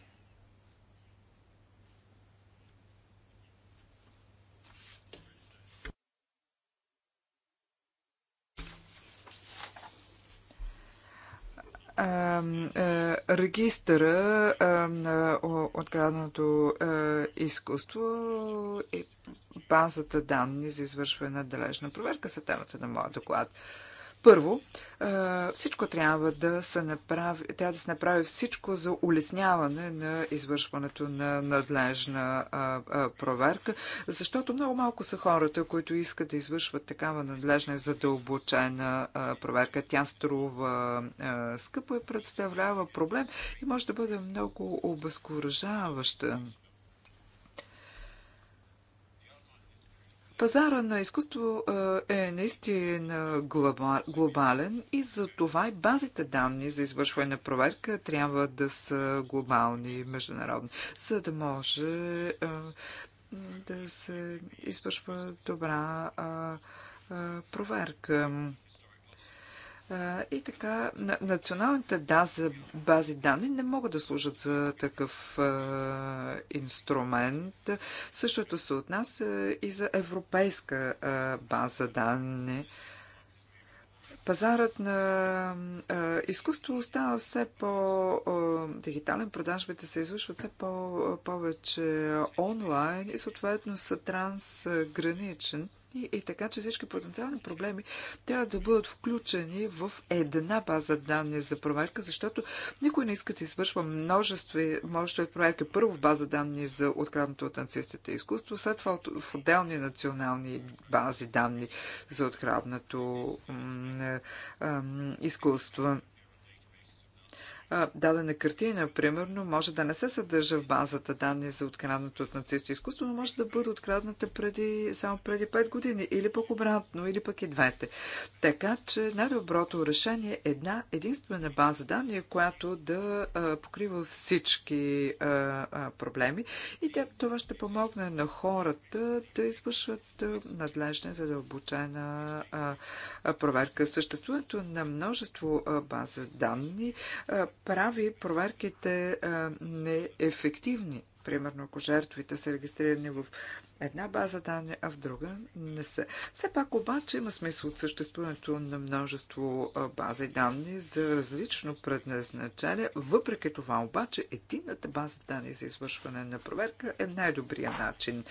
регистъра на отграденото изкуство и е базата данни за извършване на далечна проверка са темата на моя доклад. Първо, всичко трябва да се направи, трябва да се направи всичко за улесняване на извършването на надлежна проверка, защото много малко са хората, които искат да извършват такава надлежна задълбочена проверка. Тя струва скъпо и представлява проблем и може да бъде много обезкуражаваща. Пазара на изкуство е, е наистина глобален и за това и базите данни за извършване на проверка трябва да са глобални и международни, за да може е, да се извършва добра е, проверка. И така, националните дази, бази данни не могат да служат за такъв инструмент. Същото се отнася и за европейска база данни. Пазарът на а, изкуство става все по-дигитален, продажбите се извършват все по-повече онлайн и съответно са трансграничен и, и така, че всички потенциални проблеми трябва да бъдат включени в една база данни за проверка, защото никой не иска да извършва множество, множество проверки. Първо в база данни за откраднато от нацистите изкуство, след това в отделни национални бази данни за откраднато е, изкуство дадена картина, примерно, може да не се съдържа в базата данни за откраднато от нацисти изкуство, но може да бъде открадната преди, само преди 5 години, или пък обратно, или пък и двете. Така че най-доброто решение е една единствена база данни, която да покрива всички проблеми и това ще помогне на хората да извършват надлежна задълбочена проверка. Съществуването на множество база данни прави проверките неефективни. Примерно, ако жертвите са регистрирани в една база данни, а в друга не са. Все пак обаче има смисъл от съществуването на множество бази данни за различно предназначение. Въпреки това обаче, единната база данни за извършване на проверка е най-добрия начин.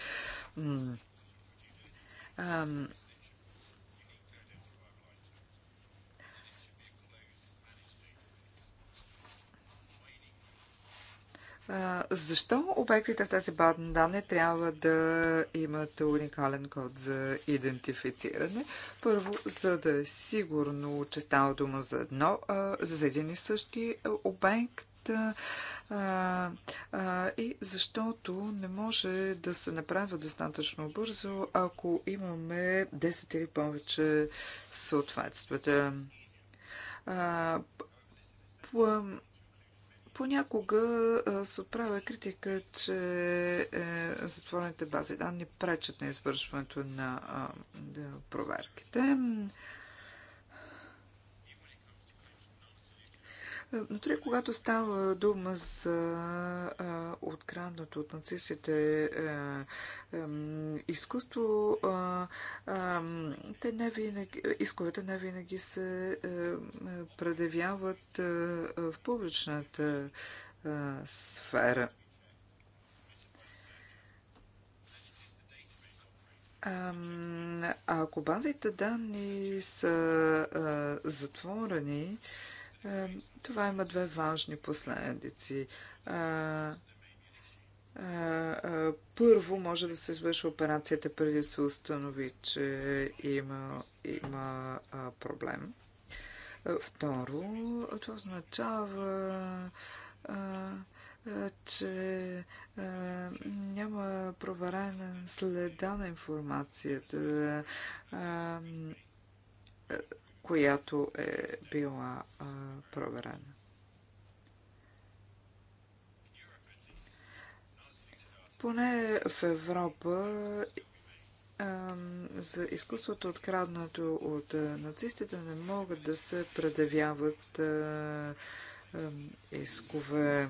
Защо обектите в тази базни данни трябва да имат уникален код за идентифициране? Първо, за да е сигурно, че става дума за едно, за един и същи обект, а, а, и защото не може да се направя достатъчно бързо, ако имаме 10 или повече съответствата. А, Понякога се отправя критика, че е, затворените бази данни пречат на извършването на проверките. Но когато става дума за откраднато от нацистите е, е, изкуство, те не винаги, исковете не винаги се е, предявяват в публичната сфера. А ако базите данни са затворени, е, това има две важни последици. Е, е, първо, може да се извърши операцията преди да се установи, че има, има проблем. Второ, това означава, че няма проверена следа на информацията която е била а, проверена. Поне в Европа а, за изкуството откраднато от нацистите не могат да се предявяват а, искове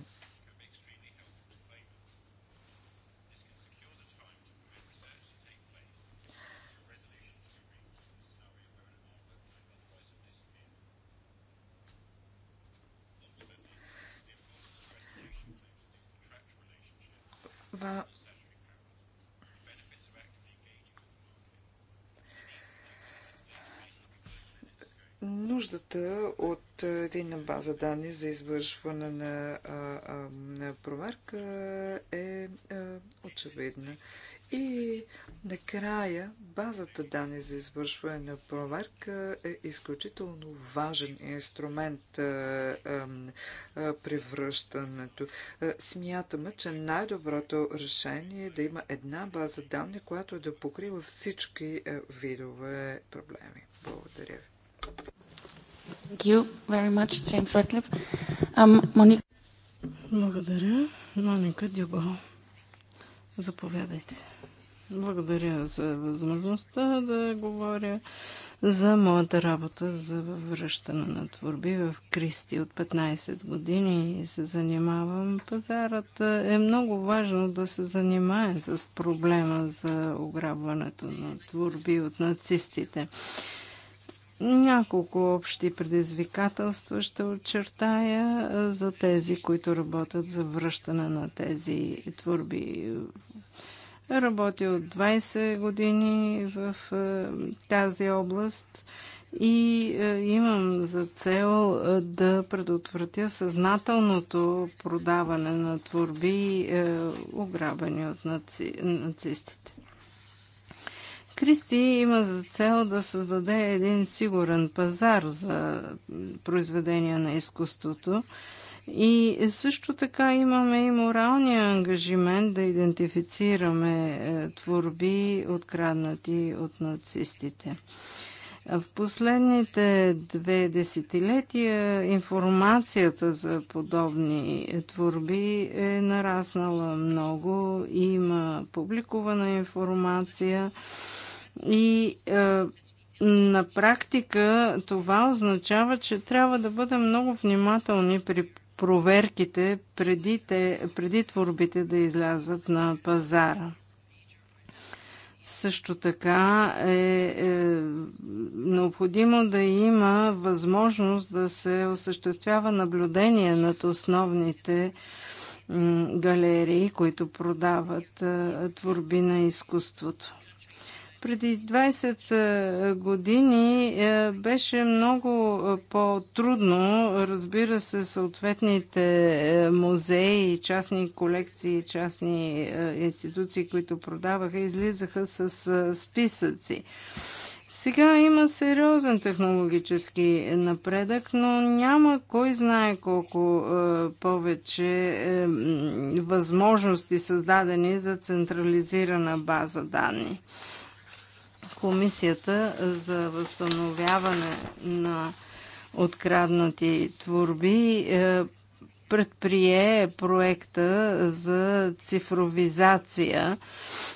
va нуждата от единна база данни за извършване на, а, а, на проверка е а, очевидна. И накрая базата данни за извършване на проверка е изключително важен инструмент при връщането. Смятаме, че най-доброто решение е да има една база данни, която да покрива всички видове проблеми. Благодаря ви. Thank you very much, James Ratliff. Um, Monique... Благодаря. Моника Дюбо. Заповядайте. Благодаря за възможността да говоря за моята работа за връщане на творби в Кристи от 15 години и се занимавам. Пазарът е много важно да се занимае с проблема за ограбването на творби от нацистите. Няколко общи предизвикателства ще очертая за тези, които работят за връщане на тези творби Работя от 20 години в е, тази област и е, имам за цел е, да предотвратя съзнателното продаване на творби, ограбени от наци... нацистите. Кристи има за цел да създаде един сигурен пазар за произведения на изкуството, и също така имаме и моралния ангажимент да идентифицираме е, творби, откраднати от нацистите. В последните две десетилетия информацията за подобни творби е нараснала много. Има публикувана информация и е, на практика това означава, че трябва да бъдем много внимателни при проверките преди, те, преди творбите да излязат на пазара. Също така е, е необходимо да има възможност да се осъществява наблюдение над основните галерии, които продават е, творби на изкуството преди 20 е, години е, беше много по-трудно. Разбира се, съответните е, музеи, частни колекции, частни институции, които продаваха, излизаха с списъци. Сега има сериозен технологически напредък, но няма кой знае колко е, повече е, възможности създадени за централизирана база данни. Комисията за възстановяване на откраднати творби е, предприе проекта за цифровизация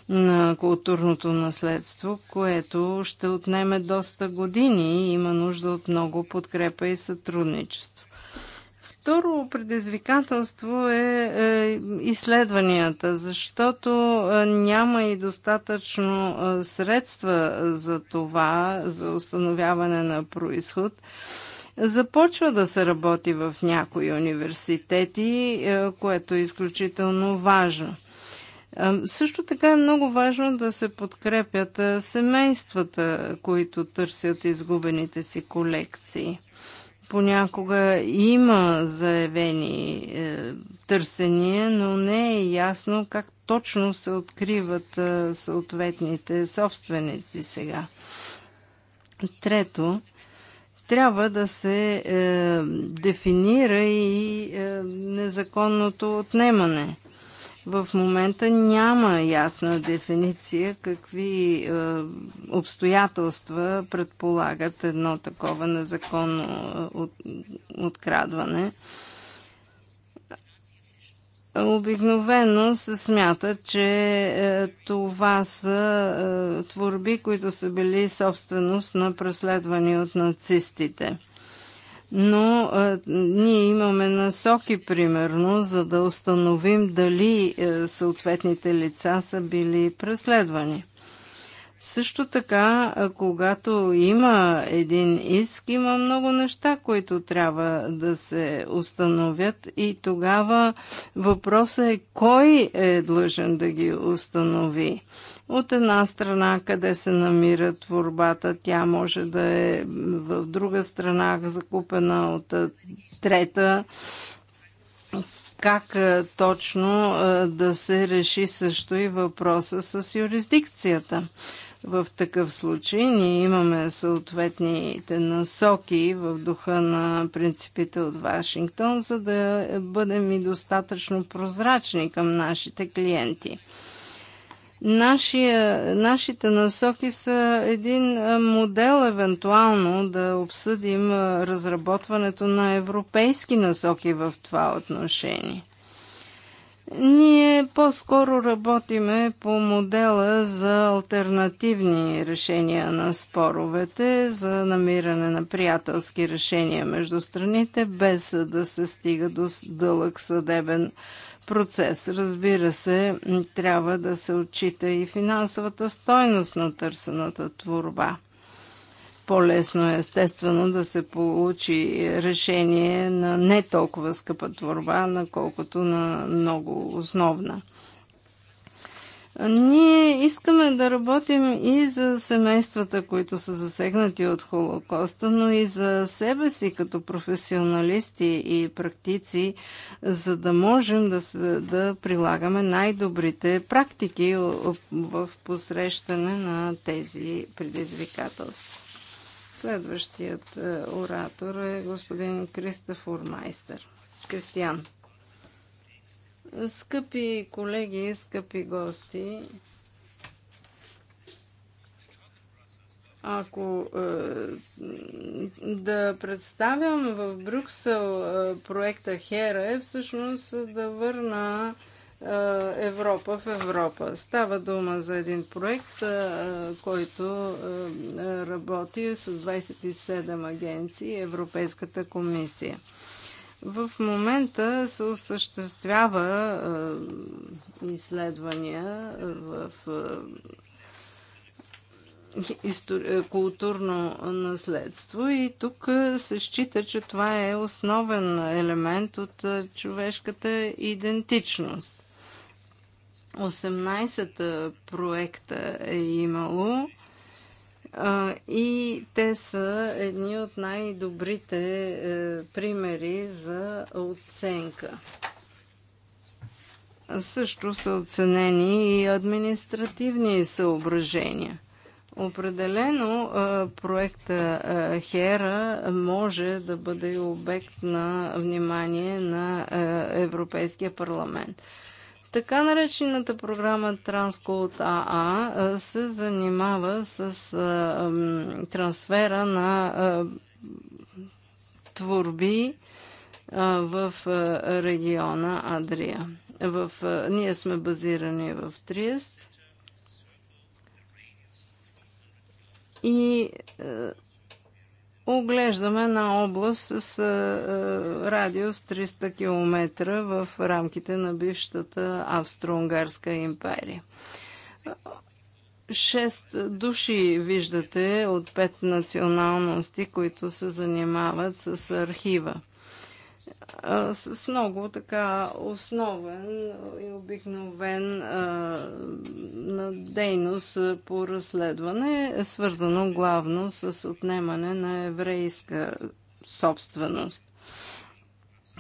на културното наследство, което ще отнеме доста години и има нужда от много подкрепа и сътрудничество. Второ предизвикателство е, е изследванията, защото е, няма и достатъчно е, средства за това, за установяване на происход. Започва да се работи в някои университети, което е изключително важно. Също така е много важно да се подкрепят семействата, които търсят изгубените си колекции. Понякога има заявени е, търсения, но не е ясно как точно се откриват е, съответните собственици сега. Трето, трябва да се е, дефинира и е, незаконното отнемане. В момента няма ясна дефиниция какви е, обстоятелства предполагат едно такова незаконно е, от, открадване. Обикновено се смята, че е, това са е, творби, които са били собственост на преследвани от нацистите но а, ние имаме насоки, примерно, за да установим дали а, е, съответните лица са били преследвани. Също така, а, когато има един иск, има много неща, които трябва да се установят и тогава въпросът е кой е длъжен да ги установи. От една страна, къде се намира творбата, тя може да е в друга страна, закупена от трета. Как точно да се реши също и въпроса с юрисдикцията? В такъв случай ние имаме съответните насоки в духа на принципите от Вашингтон, за да бъдем и достатъчно прозрачни към нашите клиенти. Нашия, нашите насоки са един модел, евентуално да обсъдим разработването на европейски насоки в това отношение. Ние по-скоро работиме по модела за альтернативни решения на споровете, за намиране на приятелски решения между страните, без да се стига до дълъг съдебен процес процес. Разбира се, трябва да се отчита и финансовата стойност на търсената творба. По-лесно е естествено да се получи решение на не толкова скъпа творба, наколкото на много основна. Ние искаме да работим и за семействата, които са засегнати от Холокоста, но и за себе си като професионалисти и практици, за да можем да, се, да прилагаме най-добрите практики в посрещане на тези предизвикателства. Следващият е, оратор е господин Кристофор Майстер. Кристиан. Скъпи колеги, скъпи гости, ако е, да представям в Брюксел е, проекта Хера е всъщност да върна е, Европа в Европа. Става дума за един проект, е, който е, работи с 27 агенции Европейската комисия. В момента се осъществява изследвания в културно наследство и тук се счита, че това е основен елемент от човешката идентичност. 18 проекта е имало и те са едни от най-добрите е, примери за оценка. Също са оценени и административни съображения. Определено е, проекта е, Хера може да бъде обект на внимание на Европейския парламент. Така наречената програма Transcode АА се занимава с а, трансфера на а, творби а, в региона Адрия. В, ние сме базирани в Триест и оглеждаме на област с радиус 300 км в рамките на бившата Австро-Унгарска империя. Шест души виждате от пет националности, които се занимават с архива с много така основен и обикновен на дейност по разследване, свързано главно с отнемане на еврейска собственост.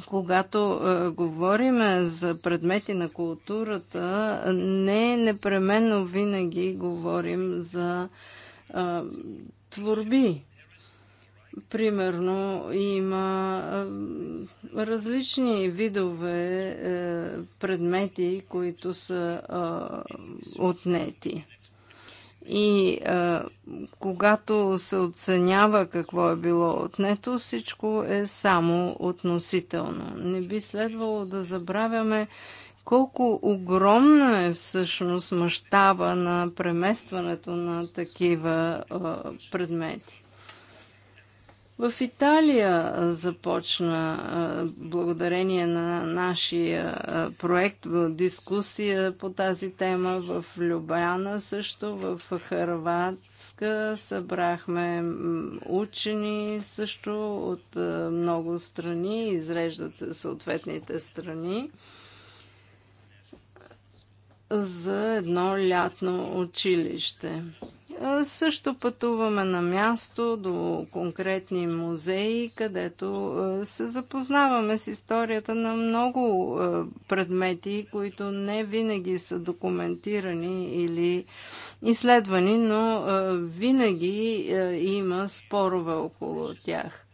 Когато е, говорим за предмети на културата, не непременно винаги говорим за е, творби Примерно има различни видове е, предмети, които са отнети. И когато се оценява какво е било отнето, всичко е само относително. Не би следвало да забравяме колко огромна е всъщност мащаба на преместването на такива предмети. В Италия започна благодарение на нашия проект дискусия по тази тема в Любяна също, в Харватска събрахме учени също от много страни, изреждат се съответните страни за едно лятно училище. Също пътуваме на място до конкретни музеи, където се запознаваме с историята на много предмети, които не винаги са документирани или изследвани, но винаги има спорове около тях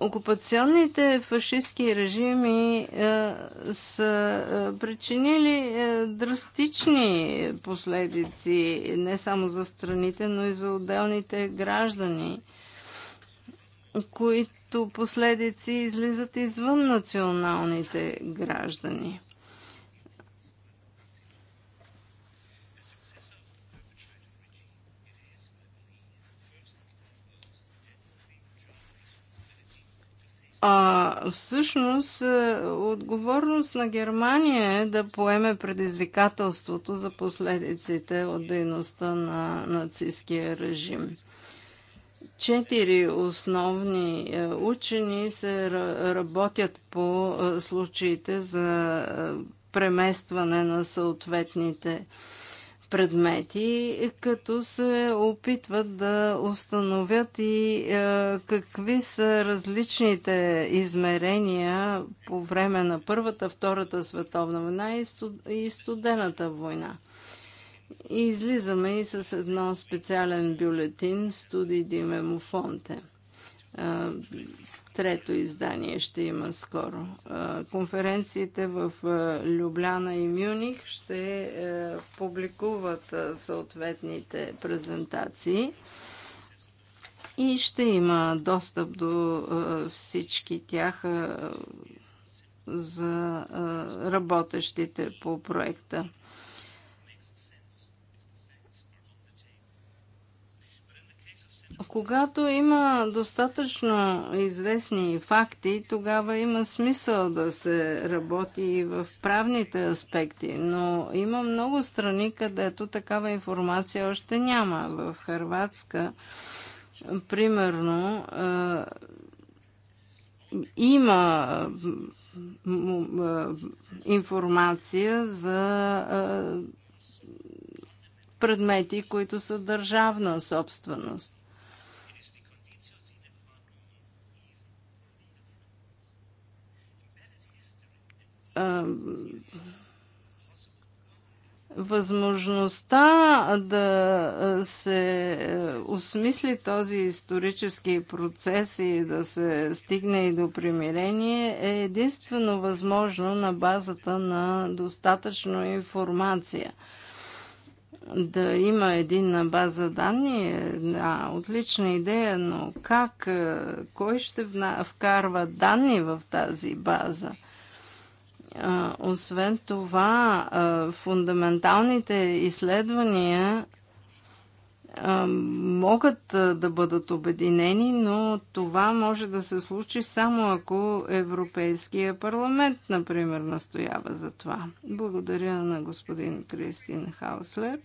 окупационните фашистски режими е, са е, причинили е, драстични последици не само за страните, но и за отделните граждани, които последици излизат извън националните граждани. А всъщност е, отговорност на Германия е да поеме предизвикателството за последиците от дейността на нацистския режим. Четири основни е, учени се работят по е, случаите за преместване на съответните предмети, като се опитват да установят и е, какви са различните измерения по време на Първата, Втората световна война и, студ... и Студената война. И излизаме и с едно специален бюлетин Студии Димемофонте. Е, Трето издание ще има скоро. Конференциите в Любляна и Мюних ще е, публикуват съответните презентации и ще има достъп до всички тях за работещите по проекта. Когато има достатъчно известни факти, тогава има смисъл да се работи и в правните аспекти, но има много страни, където такава информация още няма. В Харватска, примерно, е, има е, информация за е, предмети, които са държавна собственост. възможността да се осмисли този исторически процес и да се стигне и до примирение е единствено възможно на базата на достатъчно информация. Да има на база данни е една отлична идея, но как, кой ще вкарва данни в тази база? Освен това, фундаменталните изследвания могат да бъдат обединени, но това може да се случи само ако Европейския парламент, например, настоява за това. Благодаря на господин Кристин Хауслер.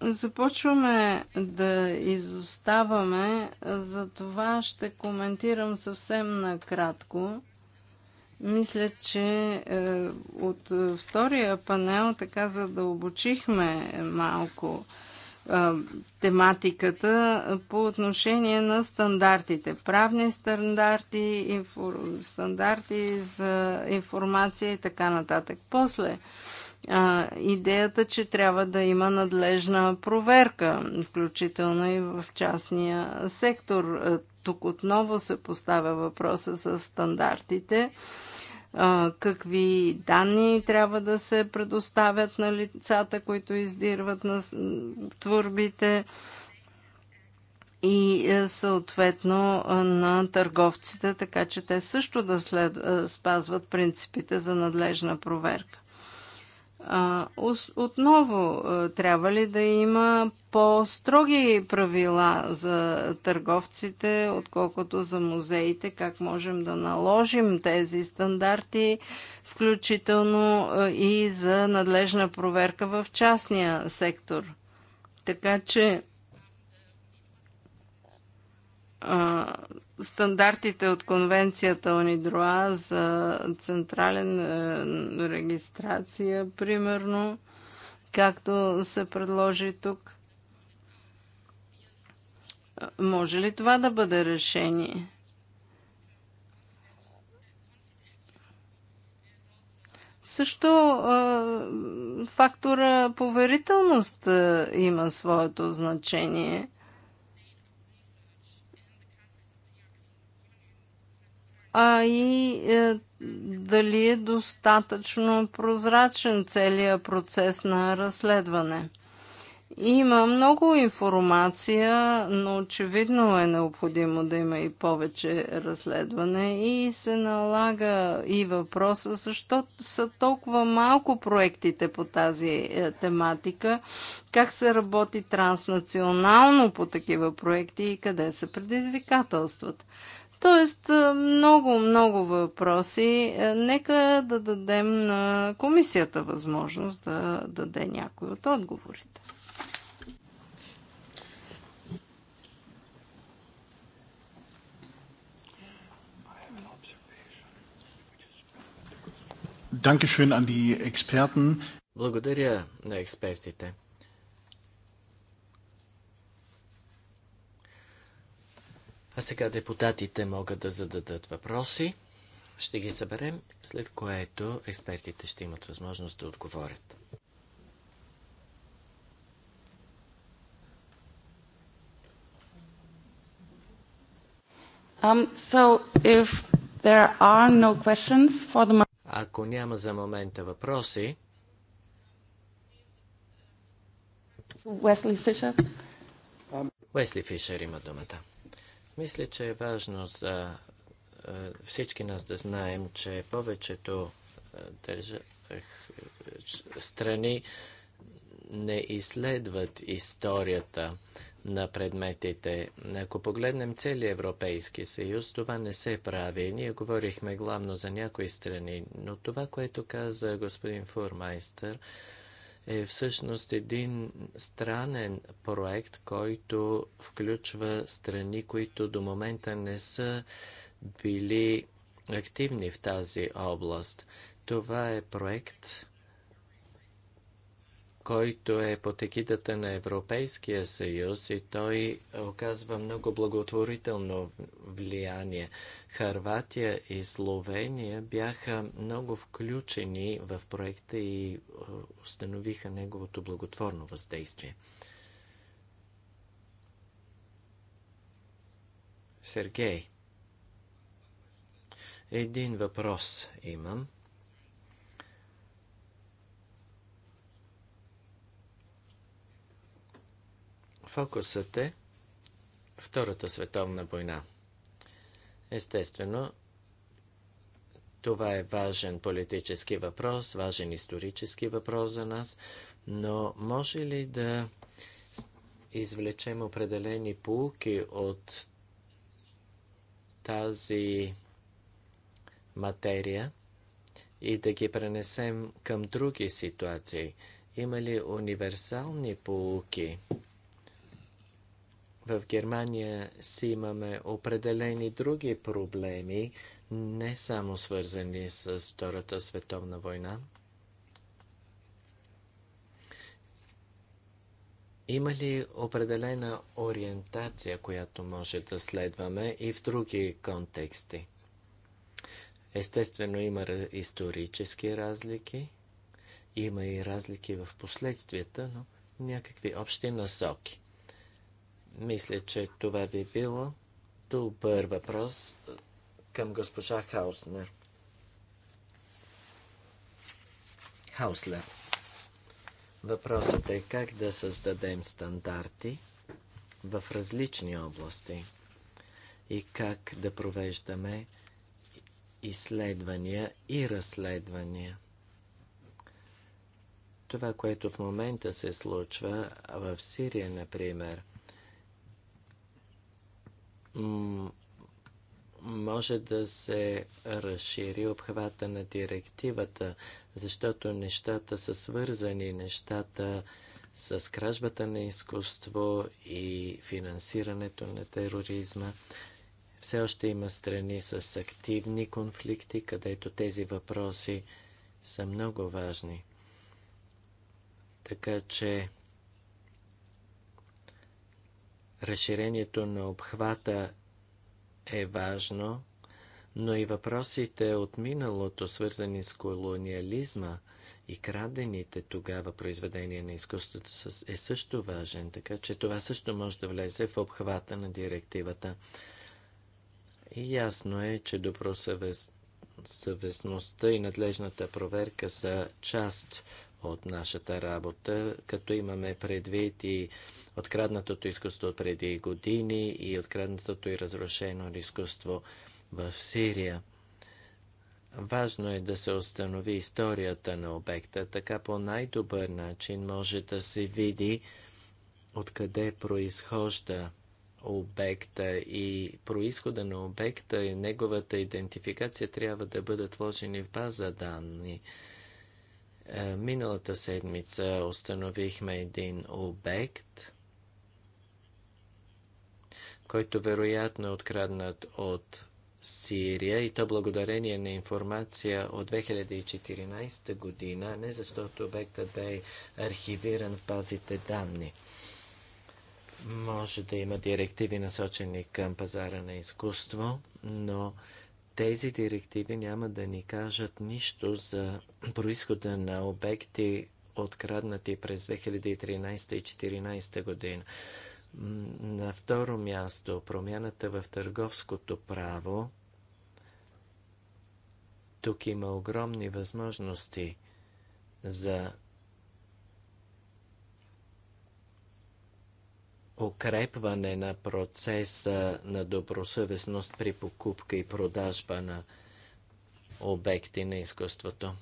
Започваме да изоставаме, за това ще коментирам съвсем накратко. Мисля, че е, от втория панел така за да обучихме малко е, тематиката по отношение на стандартите. Правни стандарти, инфор... стандарти за информация и така нататък. После а, идеята, че трябва да има надлежна проверка, включително и в частния сектор. Тук отново се поставя въпроса с стандартите. А, какви данни трябва да се предоставят на лицата, които издирват на творбите и е, съответно на търговците, така че те също да след, спазват принципите за надлежна проверка отново трябва ли да има по-строги правила за търговците, отколкото за музеите, как можем да наложим тези стандарти, включително и за надлежна проверка в частния сектор. Така че стандартите от конвенцията Онидроа за централен е, регистрация, примерно, както се предложи тук. Може ли това да бъде решение? Също е, фактора поверителност е, има своето значение – а и е, дали е достатъчно прозрачен целият процес на разследване. Има много информация, но очевидно е необходимо да има и повече разследване и се налага и въпроса защо са толкова малко проектите по тази е, тематика, как се работи транснационално по такива проекти и къде са предизвикателствата. Тоест, много, много въпроси. Е, нека да дадем на комисията възможност да даде някой от отговорите. Благодаря на експертите. А сега депутатите могат да зададат въпроси. Ще ги съберем, след което експертите ще имат възможност да отговорят. Um, so if there are no questions for the Ако няма за момента въпроси, Уесли Фишер. Уесли Фишер има думата. Мисля, че е важно за е, всички нас да знаем, че повечето е, държа... Е, страни не изследват историята на предметите. Ако погледнем целият Европейски съюз, това не се прави. Ние говорихме главно за някои страни, но това, което каза господин Фурмайстър, е всъщност един странен проект, който включва страни, които до момента не са били активни в тази област. Това е проект, който е под егидата на Европейския съюз и той оказва много благотворително влияние. Харватия и Словения бяха много включени в проекта и е, установиха неговото благотворно въздействие. Сергей, един въпрос имам. Фокусът е Втората световна война. Естествено, това е важен политически въпрос, важен исторически въпрос за нас, но може ли да извлечем определени полуки от тази материя и да ги пренесем към други ситуации? Има ли универсални полуки? В Германия си имаме определени други проблеми, не само свързани с Втората световна война. Има ли определена ориентация, която може да следваме и в други контексти? Естествено, има исторически разлики, има и разлики в последствията, но някакви общи насоки. Мисля, че това би било добър въпрос към госпожа Хауснер. Хауслер. Въпросът е как да създадем стандарти в различни области и как да провеждаме изследвания и разследвания. Това, което в момента се случва в Сирия, например – може да се разшири обхвата на директивата, защото нещата са свързани, нещата с кражбата на изкуство и финансирането на тероризма. Все още има страни с активни конфликти, където тези въпроси са много важни. Така че разширението на обхвата е важно, но и въпросите от миналото, свързани с колониализма и крадените тогава произведения на изкуството, е също важен, така че това също може да влезе в обхвата на директивата. И ясно е, че добросъвестността и надлежната проверка са част от нашата работа, като имаме предвид и откраднатото изкуство преди години и откраднатото и разрушено изкуство в Сирия. Важно е да се установи историята на обекта, така по най-добър начин може да се види откъде произхожда обекта и происхода на обекта и неговата идентификация трябва да бъдат вложени в база данни. Е, миналата седмица установихме един обект, който вероятно е откраднат от Сирия и то благодарение на информация от 2014 година, не защото обектът бе архивиран в базите данни. Може да има директиви насочени към пазара на изкуство, но тези директиви няма да ни кажат нищо за происхода на обекти, откраднати през 2013 и 2014 година. На второ място, промяната в търговското право. Тук има огромни възможности за укрепване на процеса на добросъвестност при покупка и продажба на обекти на изкуството.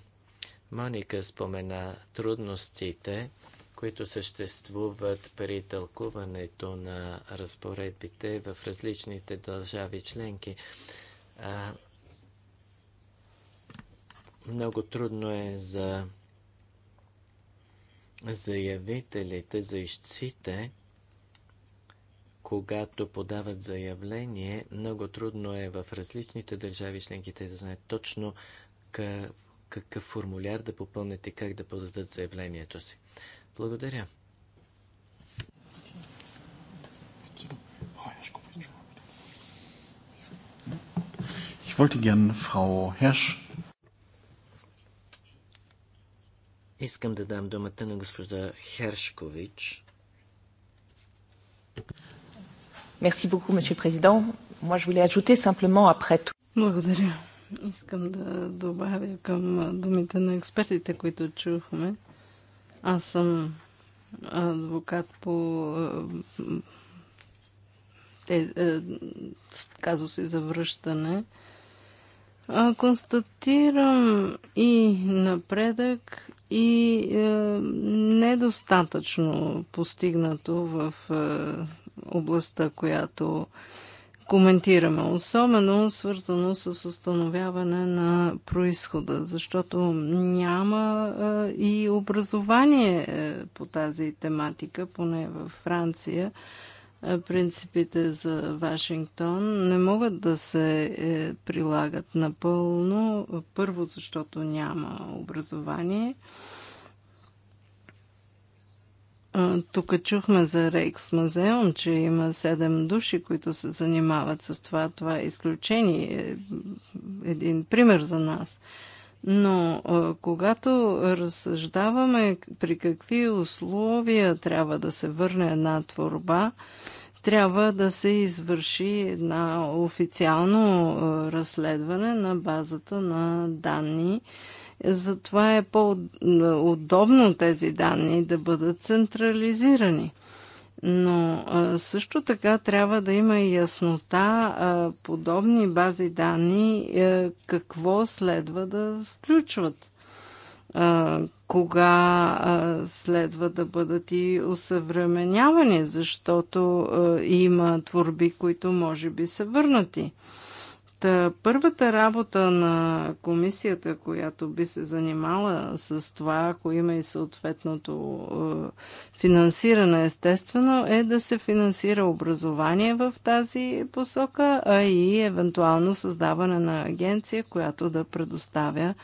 Моника спомена трудностите, които съществуват при тълкуването на разпоредбите в различните държави членки. А, много трудно е за заявителите, за ищците, когато подават заявление, много трудно е в различните държави членките да знаят точно какъв формуляр да попълнят и как да подадат заявлението си. Благодаря. Ich wollte gern Frau Hersch. Искам да дам думата на госпожа Хершкович. je voulais ajouter simplement après tout. Благодаря. Искам да добавя към думите на експертите, които чухме. Аз съм адвокат по те, е, казуси за връщане. Констатирам и напредък, и е, недостатъчно постигнато в е, областта, която коментираме, особено свързано с установяване на происхода, защото няма и образование е, по тази тематика, поне във Франция. Принципите за Вашингтон не могат да се е, прилагат напълно. Първо, защото няма образование. Тук чухме за Рейкс Музеум, че има седем души, които се занимават с това. Това е изключение, е, един пример за нас. Но когато разсъждаваме при какви условия трябва да се върне една творба, трябва да се извърши една официално разследване на базата на данни, затова е по-удобно тези данни да бъдат централизирани. Но също така трябва да има и яснота подобни бази данни какво следва да включват кога следва да бъдат и усъвременявани, защото има творби, които може би са върнати. Та, първата работа на комисията, която би се занимала с това, ако има и съответното е, финансиране, естествено, е да се финансира образование в тази посока, а и евентуално създаване на агенция, която да предоставя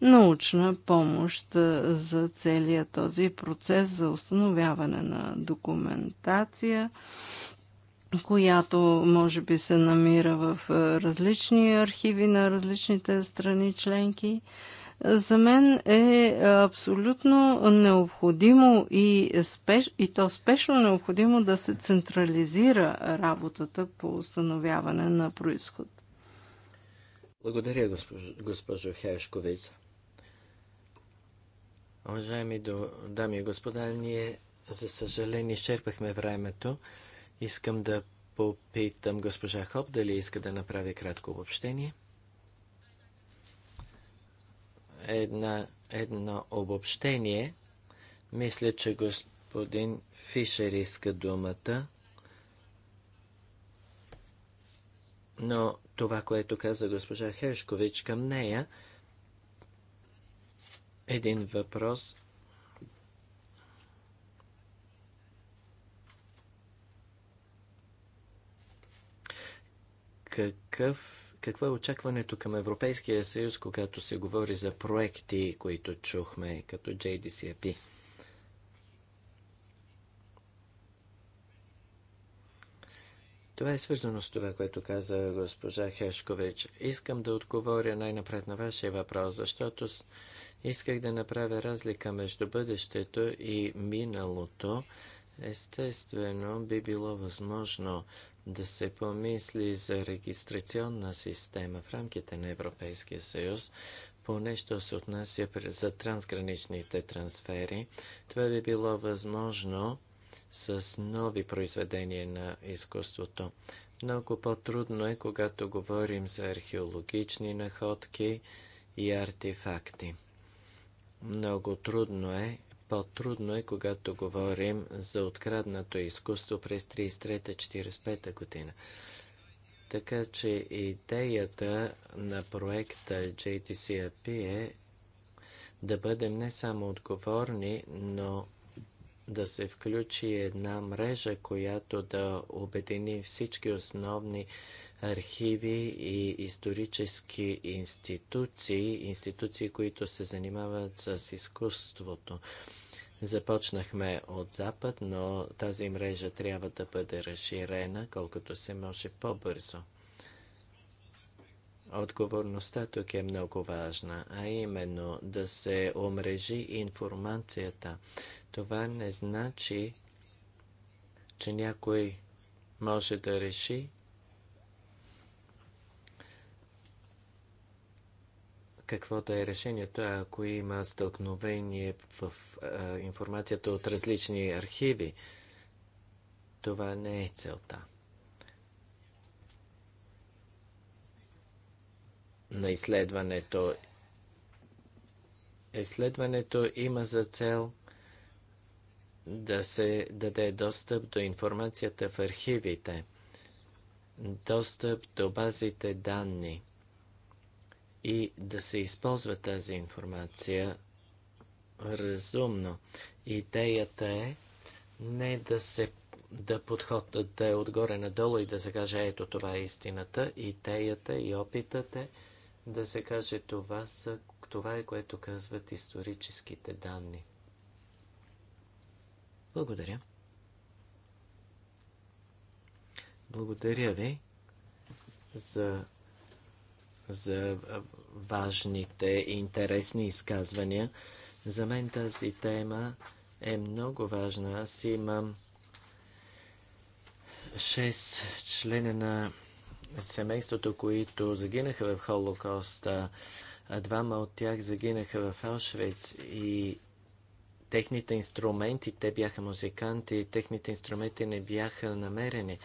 научна помощ е, за целия този процес за установяване на документация която може би се намира в е, различни архиви на различните страни членки. За мен е, е абсолютно необходимо и, спеш, и то спешно необходимо да се централизира работата по установяване на происход. Благодаря, госпожо, госпожо Хешковица. Уважаеми дами и господа, ние за съжаление изчерпахме времето. Искам да попитам госпожа Хоп дали иска да направи кратко обобщение. Една, едно обобщение. Мисля, че господин Фишер иска думата. Но това, което каза госпожа Хешкович към нея, един въпрос какъв, какво е очакването към Европейския съюз, когато се говори за проекти, които чухме, като JDCP? Това е свързано с това, което каза госпожа Хешкович. Искам да отговоря най-напред на вашия въпрос, защото исках да направя разлика между бъдещето и миналото. Естествено, би било възможно да се помисли за регистрационна система в рамките на Европейския съюз, поне що се отнася за трансграничните трансфери. Това би било възможно с нови произведения на изкуството. Много по-трудно е, когато говорим за археологични находки и артефакти. Много трудно е по-трудно е, когато говорим за откраднато изкуство през 1933-1945 година. Така че идеята на проекта JTCAP е да бъдем не само отговорни, но да се включи една мрежа, която да обедини всички основни архиви и исторически институции, институции, които се занимават с изкуството. Започнахме от Запад, но тази мрежа трябва да бъде разширена колкото се може по-бързо. Отговорността тук е много важна, а именно да се омрежи информацията. Това не значи, че някой може да реши какво да е решението, ако има стълкновение в а, информацията от различни архиви. Това не е целта. на изследването. Изследването има за цел да се даде достъп до информацията в архивите, достъп до базите данни и да се използва тази информация разумно. Идеята е не да се да подходът да е отгоре надолу и да се каже ето това е истината. Идеята и опитът е да се каже това, са, това е което казват историческите данни. Благодаря. Благодаря ви за, за важните и интересни изказвания. За мен тази тема е много важна. Аз имам 6 члена на семейството, които загинаха в Холокоста. Двама от тях загинаха в Аушвиц и техните инструменти, те бяха музиканти, техните инструменти не бяха намерени.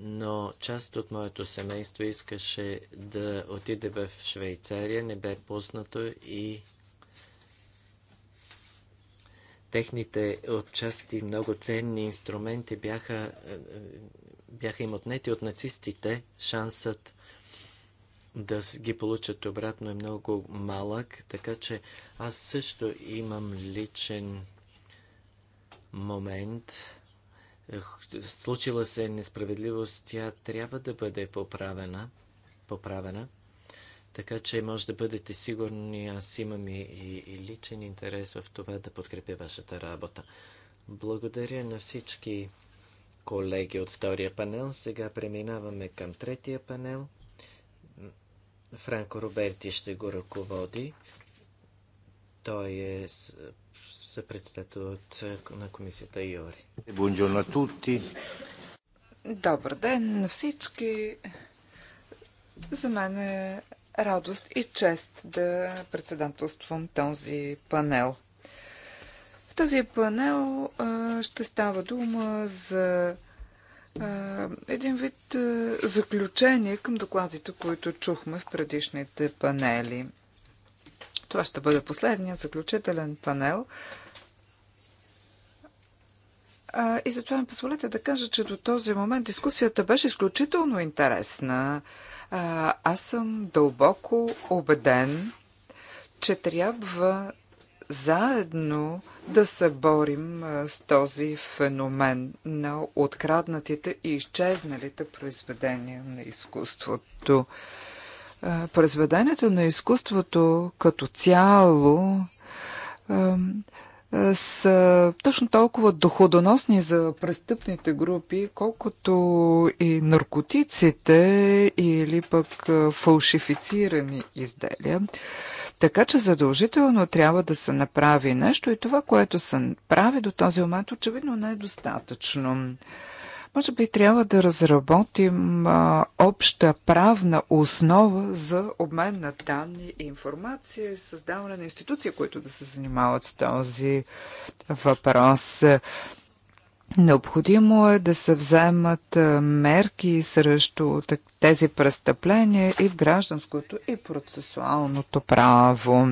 Но част от моето семейство искаше да отиде в Швейцария, не бе пуснато и техните отчасти много ценни инструменти бяха бяха им отнети от нацистите, шансът да ги получат обратно е много малък, така че аз също имам личен момент. Случила се несправедливост, тя трябва да бъде поправена. поправена. Така че може да бъдете сигурни, аз имам и, и, и личен интерес в това да подкрепя вашата работа. Благодаря на всички колеги от втория панел. Сега преминаваме към третия панел. Франко Роберти ще го ръководи. Той е съпредседател на комисията Йори. Бонжорно тути. Добър ден на всички. За мен е радост и чест да председателствам този панел този панел а, ще става дума за а, един вид а, заключение към докладите, които чухме в предишните панели. Това ще бъде последният заключителен панел. А, и затова ми позволете да кажа, че до този момент дискусията беше изключително интересна. А, аз съм дълбоко убеден, че трябва заедно да се борим с този феномен на откраднатите и изчезналите произведения на изкуството. Произведенията на изкуството като цяло са точно толкова доходоносни за престъпните групи, колкото и наркотиците или пък фалшифицирани изделия. Така че задължително трябва да се направи нещо и това, което се прави до този момент, очевидно не е достатъчно. Може би трябва да разработим а, обща правна основа за обмен на данни и информация, създаване на институции, които да се занимават с този въпрос. Необходимо е да се вземат мерки срещу тези престъпления и в гражданското и процесуалното право.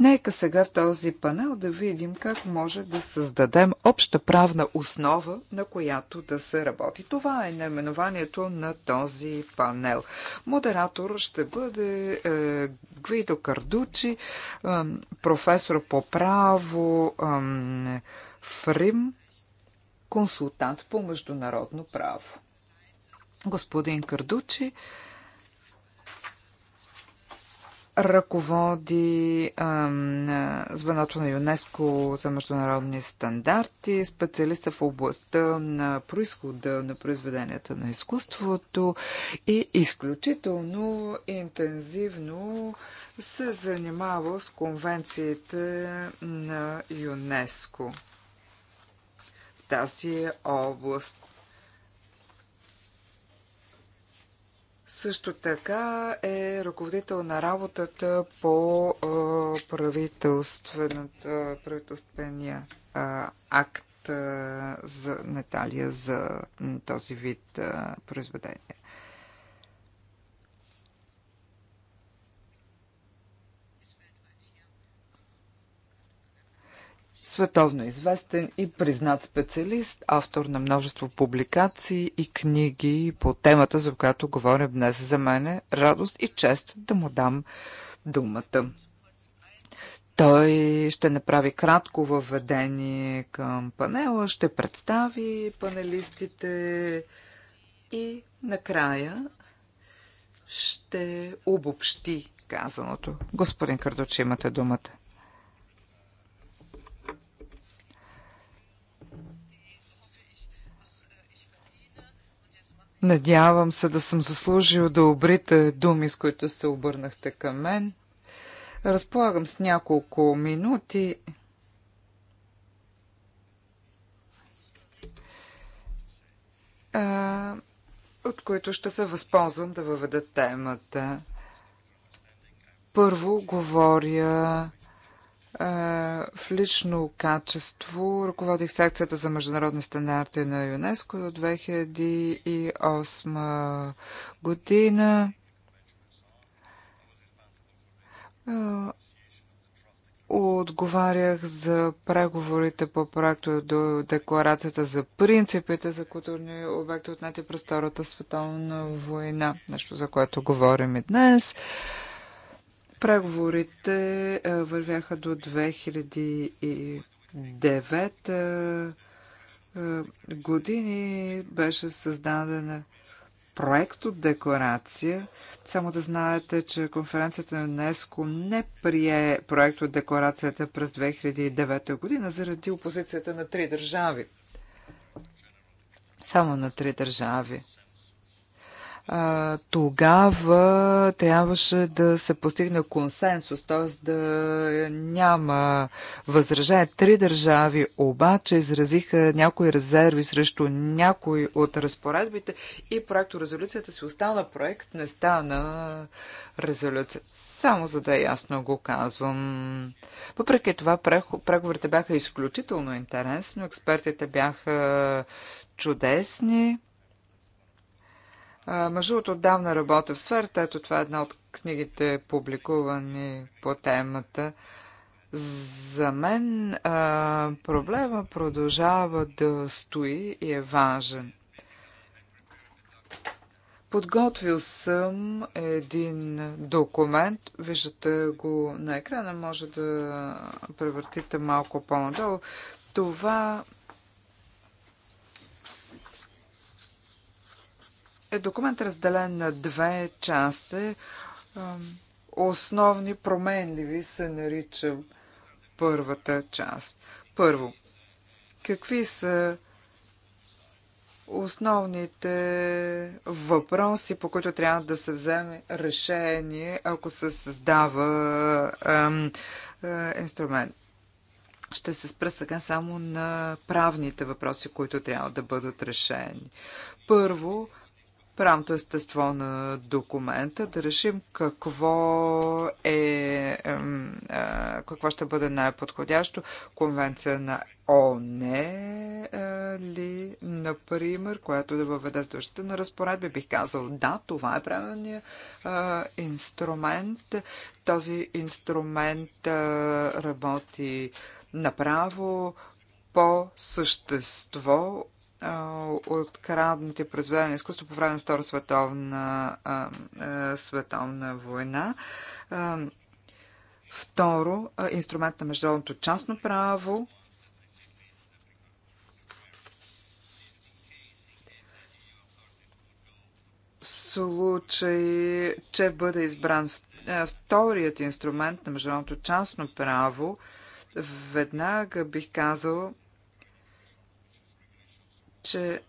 Нека сега в този панел да видим как може да създадем обща правна основа, на която да се работи. Това е наименованието на този панел. Модератор ще бъде е, Гвидо Кардучи, е, професор по право е, консултант по международно право. Господин Кардучи ръководи ам, звеното на ЮНЕСКО за международни стандарти, специалиста в областта на происхода на произведенията на изкуството и изключително интензивно се занимава с конвенциите на ЮНЕСКО тази област. Също така е ръководител на работата по правителствения акт за Наталия за този вид произведения. световно известен и признат специалист, автор на множество публикации и книги по темата, за която говоря днес. За мен е радост и чест да му дам думата. Той ще направи кратко въведение към панела, ще представи панелистите и накрая ще обобщи казаното. Господин Кардоч, имате думата. Надявам се да съм заслужил добрите думи, с които се обърнахте към мен. Разполагам с няколко минути. от които ще се възползвам да въведа темата. Първо говоря в лично качество ръководих секцията за международни стандарти на ЮНЕСКО от 2008 година. Отговарях за преговорите по проекта до декларацията за принципите за културни обекти отнети през Втората световна война, нещо за което говорим и днес. Преговорите е, вървяха до 2009 е, е, години. Беше създаден проект от декларация. Само да знаете, че конференцията на ЮНЕСКО не прие проект от декларацията през 2009 година заради опозицията на три държави. Само на три държави а, тогава трябваше да се постигне консенсус, т.е. да няма възражение. Три държави обаче изразиха някои резерви срещу някои от разпоредбите и проекто резолюцията си остана проект, не стана резолюция. Само за да е ясно го казвам. Въпреки това, преговорите бяха изключително интересни, експертите бяха чудесни. Между отдавна работя в сферата. Ето това е една от книгите, публикувани по темата. За мен а, проблема продължава да стои и е важен. Подготвил съм един документ. Виждате го на екрана, може да превъртите малко по-надолу. Това е документ разделен на две части. Основни променливи се нарича първата част. Първо, какви са основните въпроси, по които трябва да се вземе решение, ако се създава ем, е, инструмент. Ще се спра сега само на правните въпроси, които трябва да бъдат решени. Първо, правното естество на документа, да решим какво е, е какво ще бъде най-подходящо. Конвенция на ООН е, ли, например, която да въведе задължите на разпоредби, бих казал, да, това е правилният е, инструмент. Този инструмент работи направо по същество от крадните произведения изкуство по време на Втора световна, световна война. второ, инструмент на международното частно право. случай, че бъде избран вторият инструмент на международното частно право, веднага бих казал, че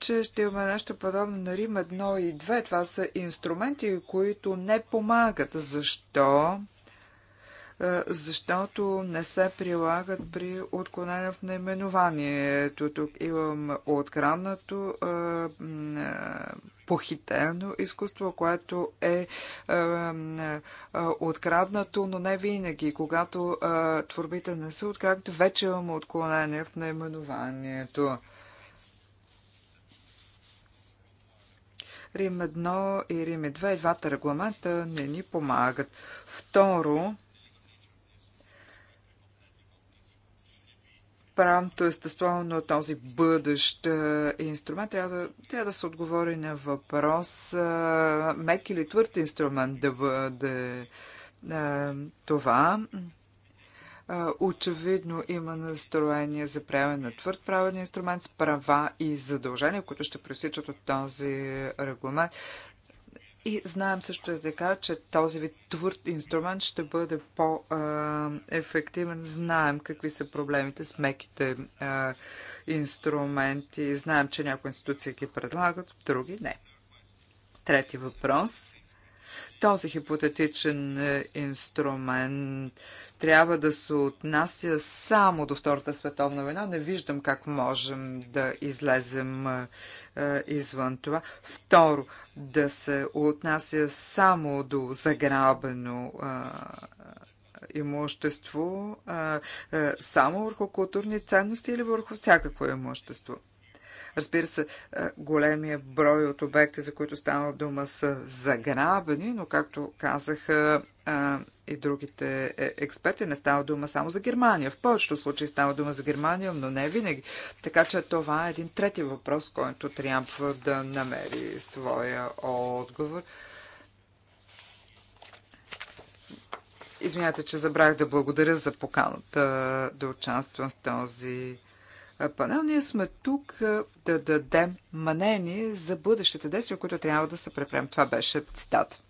че ще имаме нещо подобно на Рим 1 и 2. Това са инструменти, които не помагат. Защо? Защото не се прилагат при отклонение в наименованието. Тук имам откраднато похитено изкуство, което е, е, откраднато, но не винаги. Когато творбите не са откраднати, вече имаме отклонение в наименованието. Рим 1 и Рим 2 и двата регламента не ни помагат. Второ, правното естество на този бъдещ инструмент, трябва да, трябва да се отговори на въпрос мек или твърд инструмент да бъде това. Очевидно има настроение за правене на твърд правен инструмент с права и задължения, които ще пресичат от този регламент. И знаем също така, че този вид твърд инструмент ще бъде по-ефективен. Знаем какви са проблемите с меките инструменти. Знаем, че някои институции ги предлагат, други не. Трети въпрос този хипотетичен е, инструмент трябва да се отнася само до Втората световна война. Не виждам как можем да излезем е, е, извън това. Второ, да се отнася само до заграбено имущество, само върху културни ценности или върху всякакво имущество. Разбира се, големия брой от обекти, за които става дума, са заграбени, но както казаха и другите е, експерти, не става дума само за Германия. В повечето случаи става дума за Германия, но не винаги. Така че това е един трети въпрос, който трябва да намери своя отговор. Извинявайте, че забравих да благодаря за поканата да участвам в този панел, ние сме тук да дадем мнение за бъдещите действия, които трябва да се препрем. Това беше цитат.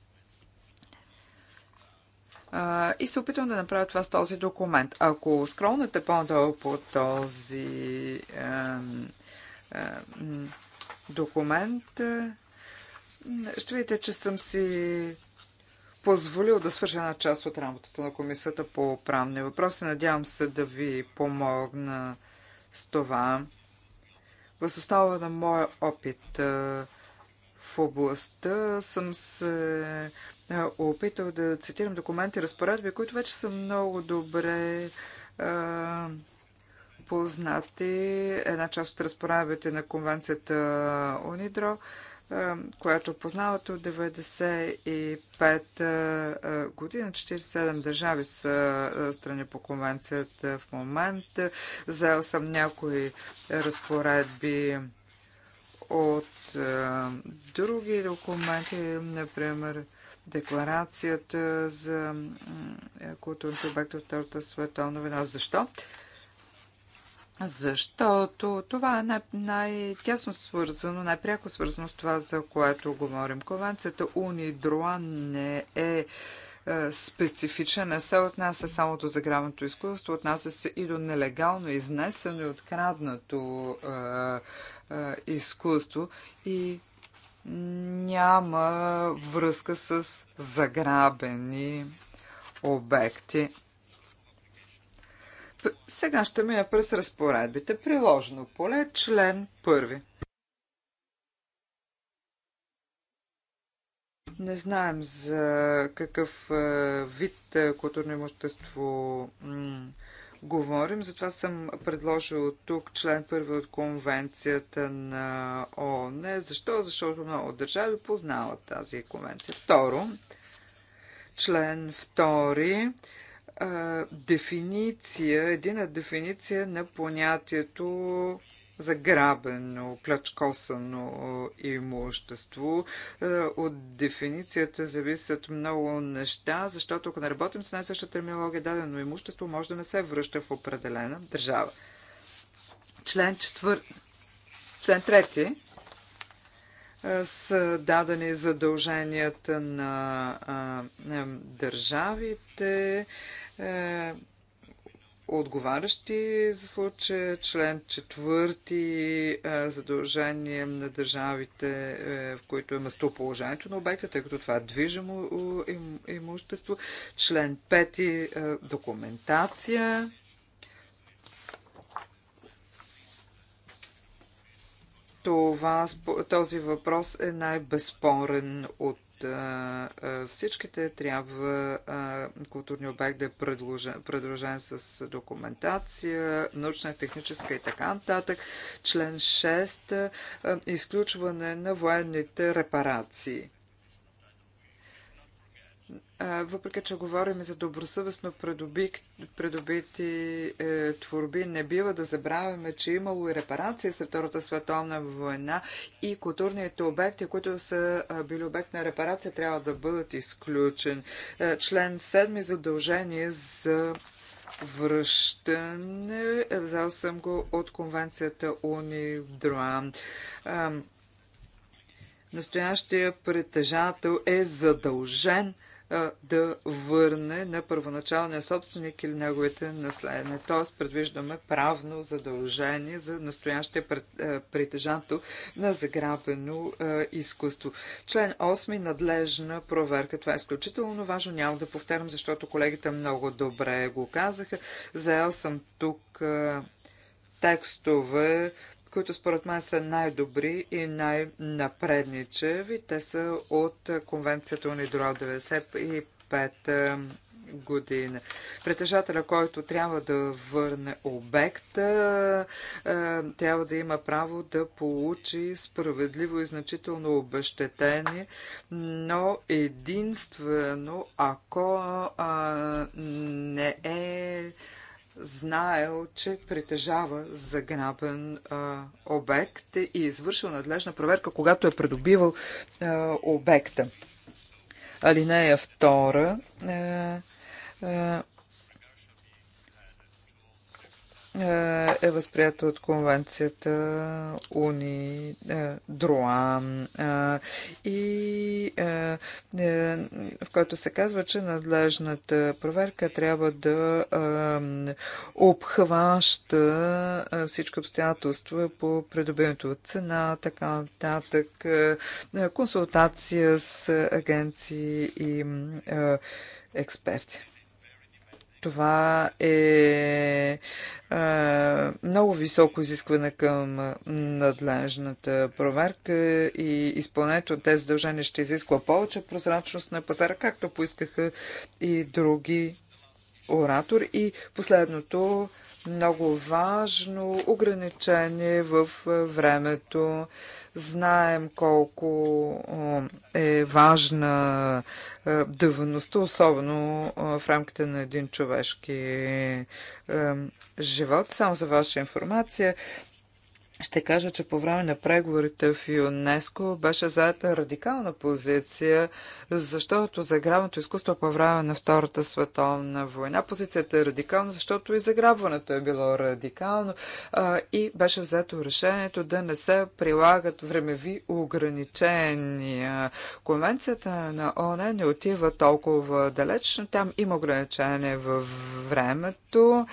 И се опитвам да направя това с този документ. Ако скролнете по-надолу по този документ, е, ще видите, че съм си позволил да свържа една част от работата на комисията по правни въпроси. Надявам се да ви помогна с това, въз основа на моя опит в областта, съм се опитал да цитирам документи, разпоредби, които вече са много добре познати. Една част от разпоредбите на конвенцията УНИДРО – която познавате от 1995 година. 47 държави са страни по конвенцията в момента. Заел съм някои разпоредби от други документи, например декларацията за културните обекти от Втората световна война. Защо? защото това е най- най-тясно свързано, най-пряко свързано с това, за което говорим. Конвенцията Унидруан не е, е специфичен, не се отнася само до заграбното изкуство, отнася се и до нелегално изнесено и откраднато е, е, изкуство и няма връзка с заграбени обекти. Сега ще мина през разпоредбите. Приложено поле, член първи. Не знаем за какъв вид културно имущество говорим. Затова съм предложил тук член първи от конвенцията на ООН. Защо? Защото много държави познават тази конвенция. Второ, член втори дефиниция, едина дефиниция на понятието заграбено, плячкосано имущество. От дефиницията зависят много неща, защото ако не работим с най-съща терминология, дадено имущество може да не се връща в определена държава. Член четвър... Член трети са дадени задълженията на, на държавите е, отговарящи за случая, член четвърти е, задължение на държавите, е, в които е местоположението на обекта, тъй като това е движимо имущество, член пети документация, Това, този въпрос е най-безспорен от всичките. Трябва културния обект да е предложен с документация, научна, техническа и така нататък. Член 6. Изключване на военните репарации въпреки че говорим за добросъвестно придобити е, творби, не бива да забравяме, че имало и репарации след Втората световна война и културните обекти, които са били обект на репарация, трябва да бъдат изключен. Е, член 7 задължение за връщане. Е, взел съм го от конвенцията УНИДРА. Е, настоящия притежател е задължен да върне на първоначалния собственик или неговите наследни. Т.е. предвиждаме правно задължение за настоящия притежанто на заграбено изкуство. Член 8. Надлежна проверка. Това е изключително важно. Няма да повтарям, защото колегите много добре го казаха. Заел съм тук текстове, които според мен са най-добри и най-напредничеви. Те са от Конвенцията Унидро 95 е, година. Притежателя, който трябва да върне обекта, е, е, трябва да има право да получи справедливо и значително обещетение, но единствено ако не е знаел, че притежава загнабен а, обект и е извършил надлежна проверка, когато е придобивал а, обекта. Алинея 2. А, а, е, е възприята от конвенцията УНИ, е, ДРОА е, и в който се казва, че надлежната проверка трябва да обхваща всички обстоятелства по придобиването от цена, така нататък, консултация с агенции и експерти. Това е а, е, много високо изискване към надлежната проверка и изпълнението на тези задължения ще изисква повече прозрачност на пазара, както поискаха и други оратор. И последното, много важно ограничение в времето. Знаем колко е важна дъвността, особено в рамките на един човешки живот. Само за ваша информация, ще кажа, че по време на преговорите в ЮНЕСКО беше заета радикална позиция, защото заграбването изкуство по време на Втората световна война позицията е радикална, защото и заграбването е било радикално а, и беше взето решението да не се прилагат времеви ограничения. Конвенцията на ООН не отива толкова далеч, но там има ограничение във времето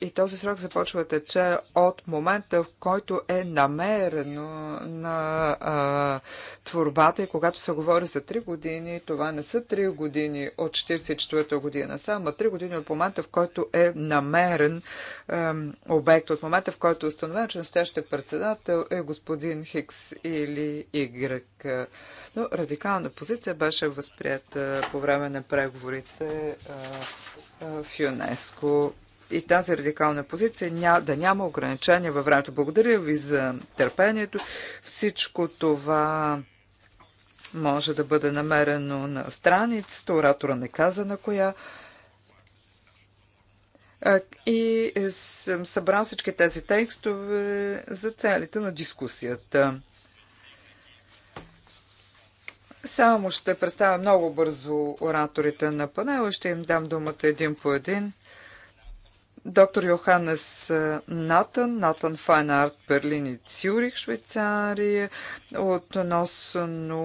и този срок започва тече от момента, в който е намерено на творбата и когато се говори за 3 години, това не са 3 години от 1944 година, само 3 години от момента, в който е намерен обект, от момента, в който е установен, че настоящия председател е господин Хикс или Игрек. Но радикална позиция беше възприята по време на преговорите в ЮНЕСКО и тази радикална позиция ня, да няма ограничения във времето. Благодаря ви за търпението. Всичко това може да бъде намерено на страницата. Оратора не каза на коя. И съм събрал всички тези текстове за целите на дискусията. Само ще представя много бързо ораторите на панела. Ще им дам думата един по един. Доктор Йоханес Натан, Натан Файн Арт, Берлин и Цюрих, Швейцария, относно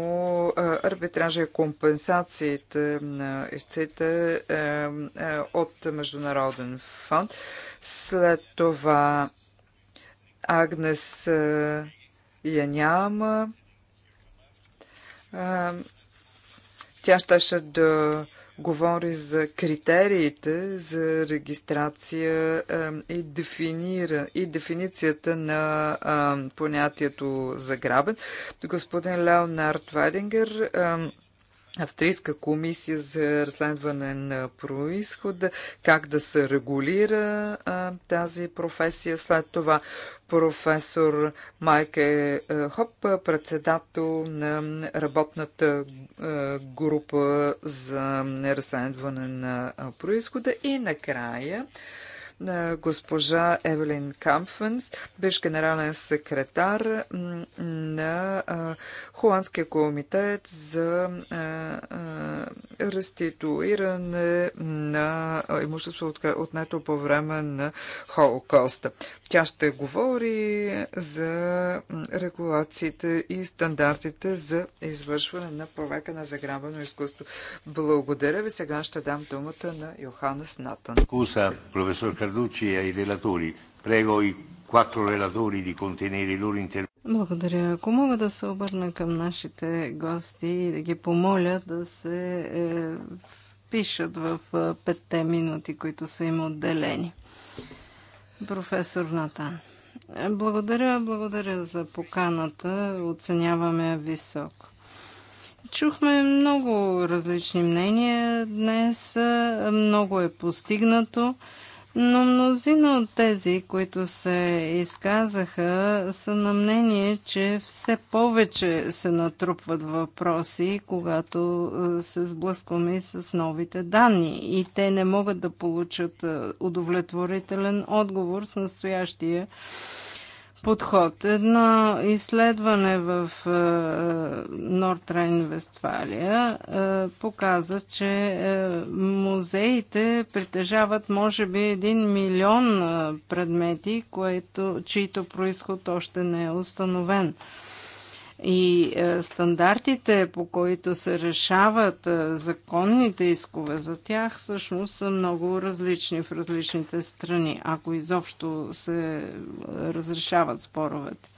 арбитража и компенсациите на истите от Международен фонд. След това Агнес я няма. Тя щеше да говори за критериите за регистрация и, дефинира, и дефиницията на понятието за грабен. Господин Леонард Вайдингер Австрийска комисия за разследване на происхода, как да се регулира а, тази професия след това професор Майке е, Хоп, председател на работната е, група за разследване на е, происхода и накрая госпожа Евелин Камфенс, бивш генерален секретар на Холандския комитет за реституиране на имущество отнето по време на Холокоста. Тя ще говори за регулациите и стандартите за извършване на проверка на заграбено изкуство. Благодаря ви. Сега ще дам думата на Йоханес Натан. Куса, професор благодаря. Ако мога да се обърна към нашите гости и да ги помоля да се е, пишат в е, петте минути, които са им отделени. Професор Натан. Е, благодаря, благодаря за поканата. Оценяваме високо. Чухме много различни мнения днес. Много е постигнато. Но мнозина от тези, които се изказаха, са на мнение, че все повече се натрупват въпроси, когато е, се сблъскваме с новите данни и те не могат да получат е, удовлетворителен отговор с настоящия подход. Едно изследване в е, Нортрайн Вестфалия е, показа, че е, музеите притежават може би един милион предмети, което, чието происход още не е установен и е, стандартите, по които се решават е, законните искове за тях, всъщност са много различни в различните страни, ако изобщо се е, разрешават споровете.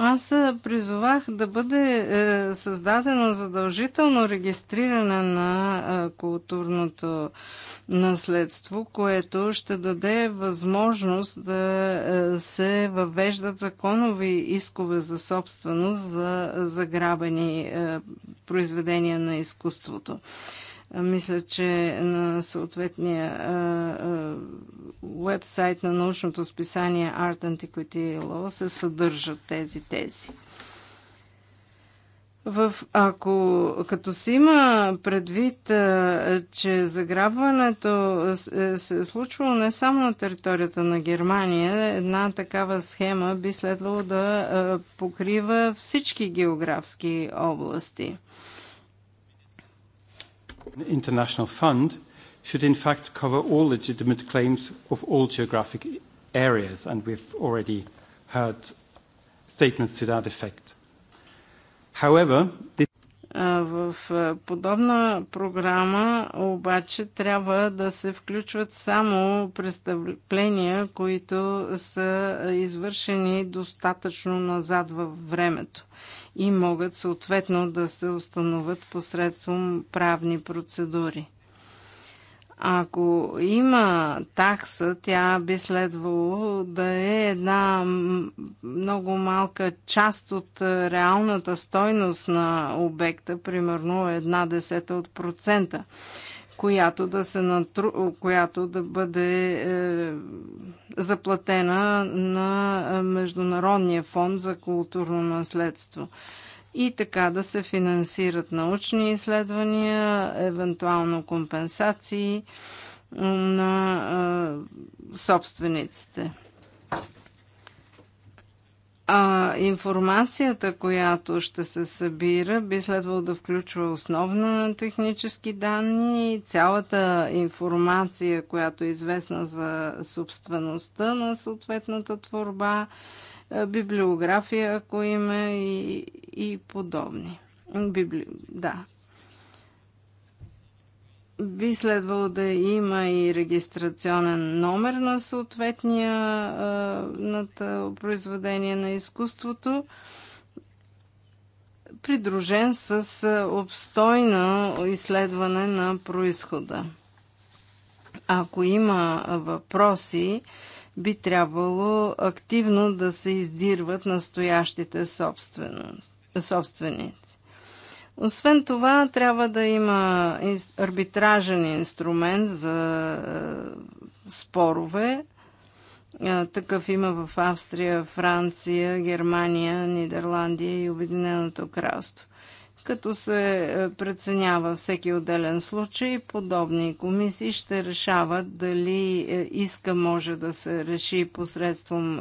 Аз призовах да бъде е, създадено задължително регистриране на е, културното наследство, което ще даде възможност да е, се въвеждат законови искове за собственост за заграбени произведения на изкуството. Мисля, че на съответния вебсайт на научното списание Art Antiquity Law се съдържат тези тези. В, ако като си има предвид, че заграбването е, се е случвало не само на територията на Германия, една такава схема би следвало да покрива всички географски области. International Fund should in fact cover all legitimate claims of all geographic areas, and we've already heard statements to that effect. However, this в подобна програма обаче трябва да се включват само престъпления, които са извършени достатъчно назад във времето и могат съответно да се установят посредством правни процедури. Ако има такса, тя би следвало да е една много малка част от е, реалната стойност на обекта, примерно една десета от процента която да, се натру... която да бъде е, заплатена на е, Международния фонд за културно наследство. И така да се финансират научни изследвания, евентуално компенсации на е, собствениците. А информацията, която ще се събира, би следвало да включва основно технически данни, цялата информация, която е известна за собствеността на съответната творба, е, библиография, ако има и, и подобни. Библи... Да, би следвало да има и регистрационен номер на съответния на произведение на изкуството, придружен с обстойно изследване на происхода. Ако има въпроси, би трябвало активно да се издирват настоящите собственост собственици. Освен това, трябва да има арбитражен инструмент за е, спорове. Е, такъв има в Австрия, Франция, Германия, Нидерландия и Обединеното кралство. Като се е, преценява всеки отделен случай, подобни комисии ще решават дали иска може да се реши посредством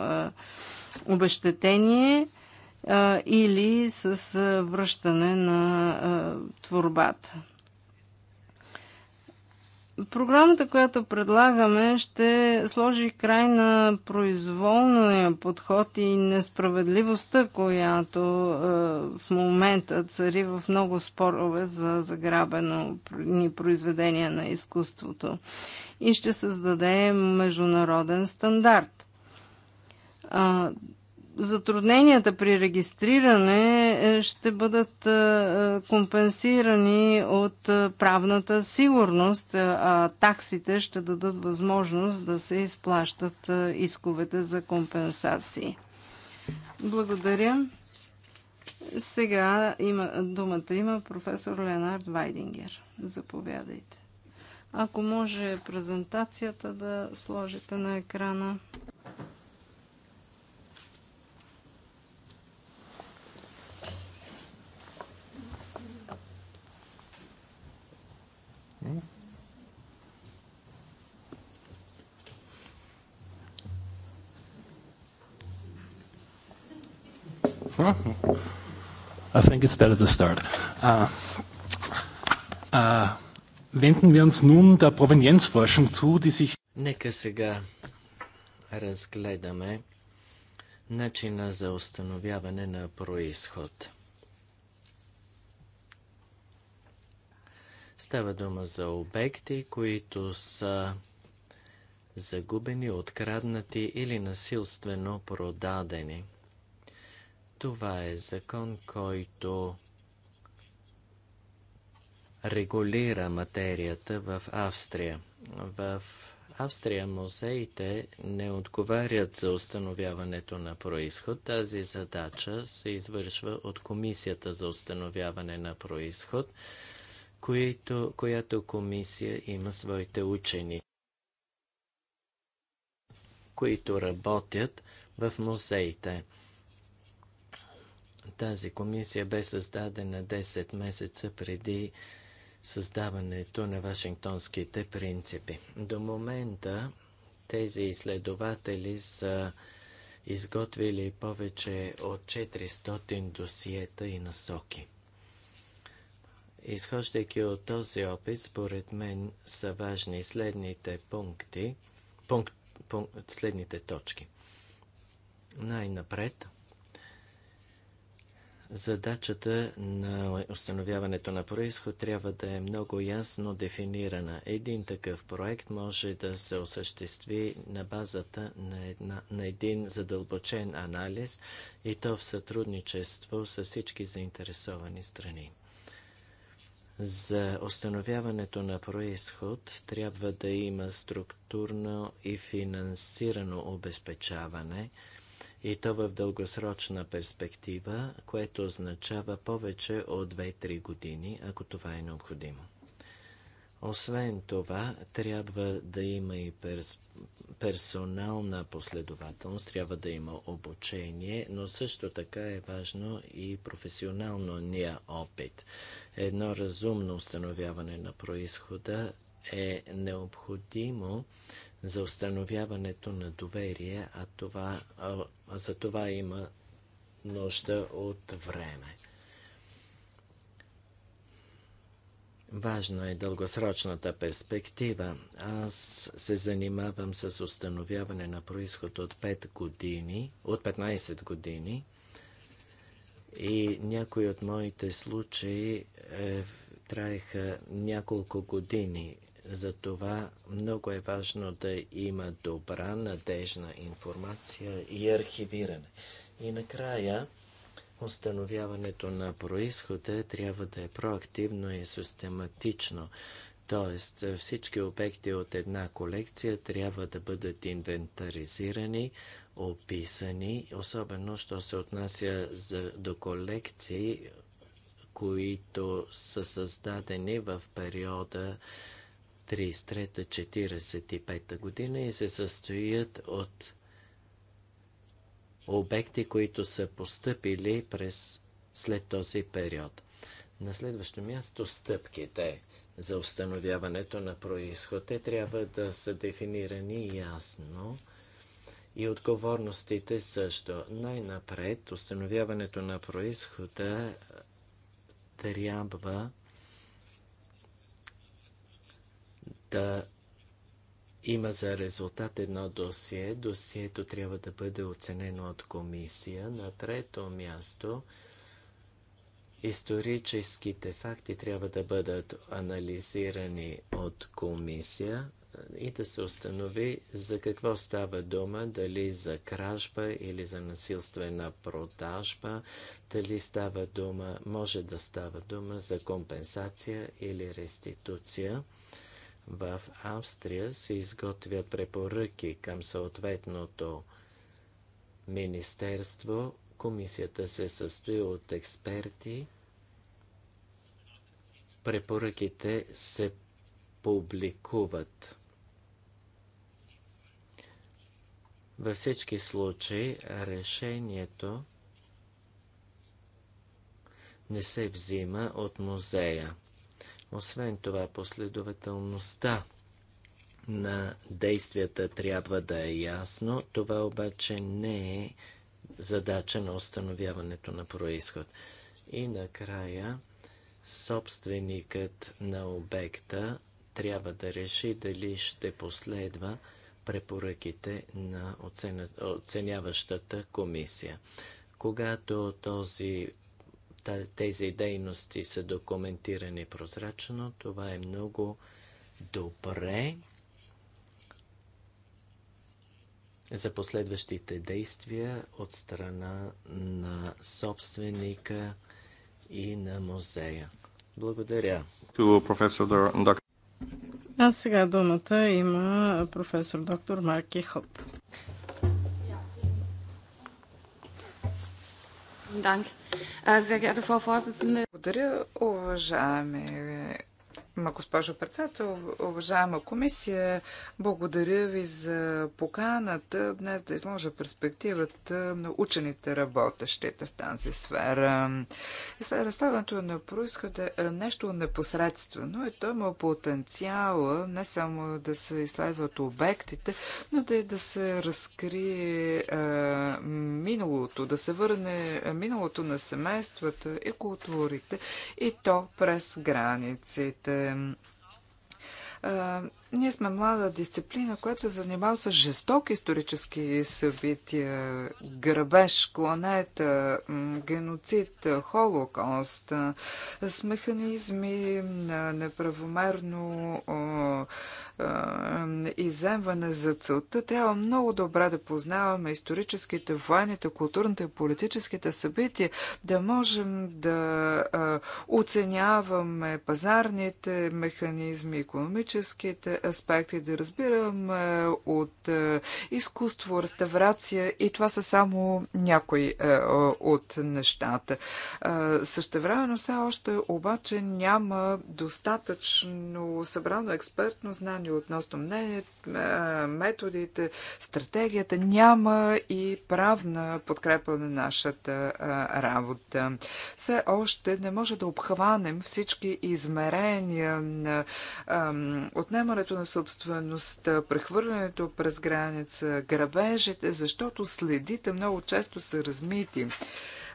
обещетение или с връщане на творбата. Програмата, която предлагаме, ще сложи край на произволния подход и несправедливостта, която е, в момента цари в много спорове за заграбено ни произведение на изкуството и ще създаде международен стандарт затрудненията при регистриране е, ще бъдат е, е, компенсирани от правната сигурност, а таксите ще дадат възможност да се изплащат исковете за компенсации. Благодаря. Сега има, думата има професор Ленард Вайдингер. Заповядайте. Ако може презентацията да сложите на екрана. I think it's better to start. Uh, uh, wenden wir uns nun der Provenienzforschung zu, die sich... Нека сега разгледаме начина за установяване на происход. Става дума за обекти, които са загубени, откраднати или насилствено продадени. Това е закон, който регулира материята в Австрия. В Австрия музеите не отговарят за установяването на происход. Тази задача се извършва от Комисията за установяване на происход – които, която комисия има своите учени, които работят в музеите. Тази комисия бе създадена 10 месеца преди създаването на Вашингтонските принципи. До момента тези изследователи са изготвили повече от 400 досиета и насоки. Изхождайки от този опит, според мен са важни следните пункти, пункт, пункт, следните точки. Най-напред, задачата на установяването на происход трябва да е много ясно дефинирана. Един такъв проект може да се осъществи на базата на, една, на един задълбочен анализ и то в сътрудничество с всички заинтересовани страни. За установяването на происход трябва да има структурно и финансирано обезпечаване и то в дългосрочна перспектива, което означава повече от 2-3 години, ако това е необходимо. Освен това, трябва да има и перс... персонална последователност, трябва да има обучение, но също така е важно и професионално ния опит. Едно разумно установяване на происхода е необходимо за установяването на доверие, а това, а за това има нужда от време. Важно е дългосрочната перспектива. Аз се занимавам с установяване на происход от 5 години, от 15 години и някои от моите случаи е, траеха няколко години. Затова много е важно да има добра, надежна информация и архивиране. И накрая Установяването на происхода трябва да е проактивно и систематично. Т.е. всички обекти от една колекция трябва да бъдат инвентаризирани, описани, особено що се отнася за, до колекции, които са създадени в периода 33-45 година и се състоят от обекти, които са постъпили през след този период. На следващо място стъпките за установяването на происход. Те трябва да са дефинирани ясно и отговорностите също. Най-напред установяването на происхода трябва да има за резултат едно досие. Досието трябва да бъде оценено от комисия. На трето място историческите факти трябва да бъдат анализирани от комисия и да се установи за какво става дума, дали за кражба или за насилствена продажба, дали става дума, може да става дума за компенсация или реституция. В Австрия се изготвя препоръки към съответното министерство. Комисията се състои от експерти. Препоръките се публикуват. Във всички случаи решението не се взима от музея. Освен това, последователността на действията трябва да е ясно. Това обаче не е задача на установяването на происход. И накрая, собственикът на обекта трябва да реши дали ще последва препоръките на оценяващата комисия. Когато този тези дейности са документирани прозрачно. Това е много добре за последващите действия от страна на собственика и на музея. Благодаря. А сега думата има професор доктор Марки Хоп. Dank. Sehr geehrte Frau Vorsitzende. Благодаря, уважаеми Ма, госпожо председател, уважаема комисия, благодаря ви за поканата днес да изложа перспективата на учените работещите в тази сфера. Разставането на происхода е нещо непосредствено и то има потенциала не само да се изследват обектите, но да и да се разкрие е, миналото, да се върне миналото на семействата и културите и то през границите че е, ние сме млада дисциплина, която се занимава с жестоки исторически събития. Грабеж, клонета, геноцид, холокост, с механизми на неправомерно иземване за целта. Трябва много добре да познаваме историческите, военните, културните и политическите събития, да можем да оценяваме пазарните механизми, економическите аспекти, да разбирам, е, от е, изкуство, реставрация и това са само някои е, от нещата. Същевременно все още обаче няма достатъчно събрано експертно знание относно мнение, методите, стратегията. Няма и правна подкрепа на нашата работа. Все още не може да обхванем всички измерения на отнемането прехвърлянето на собствеността, прехвърлянето през граница, грабежите, защото следите много често са размити.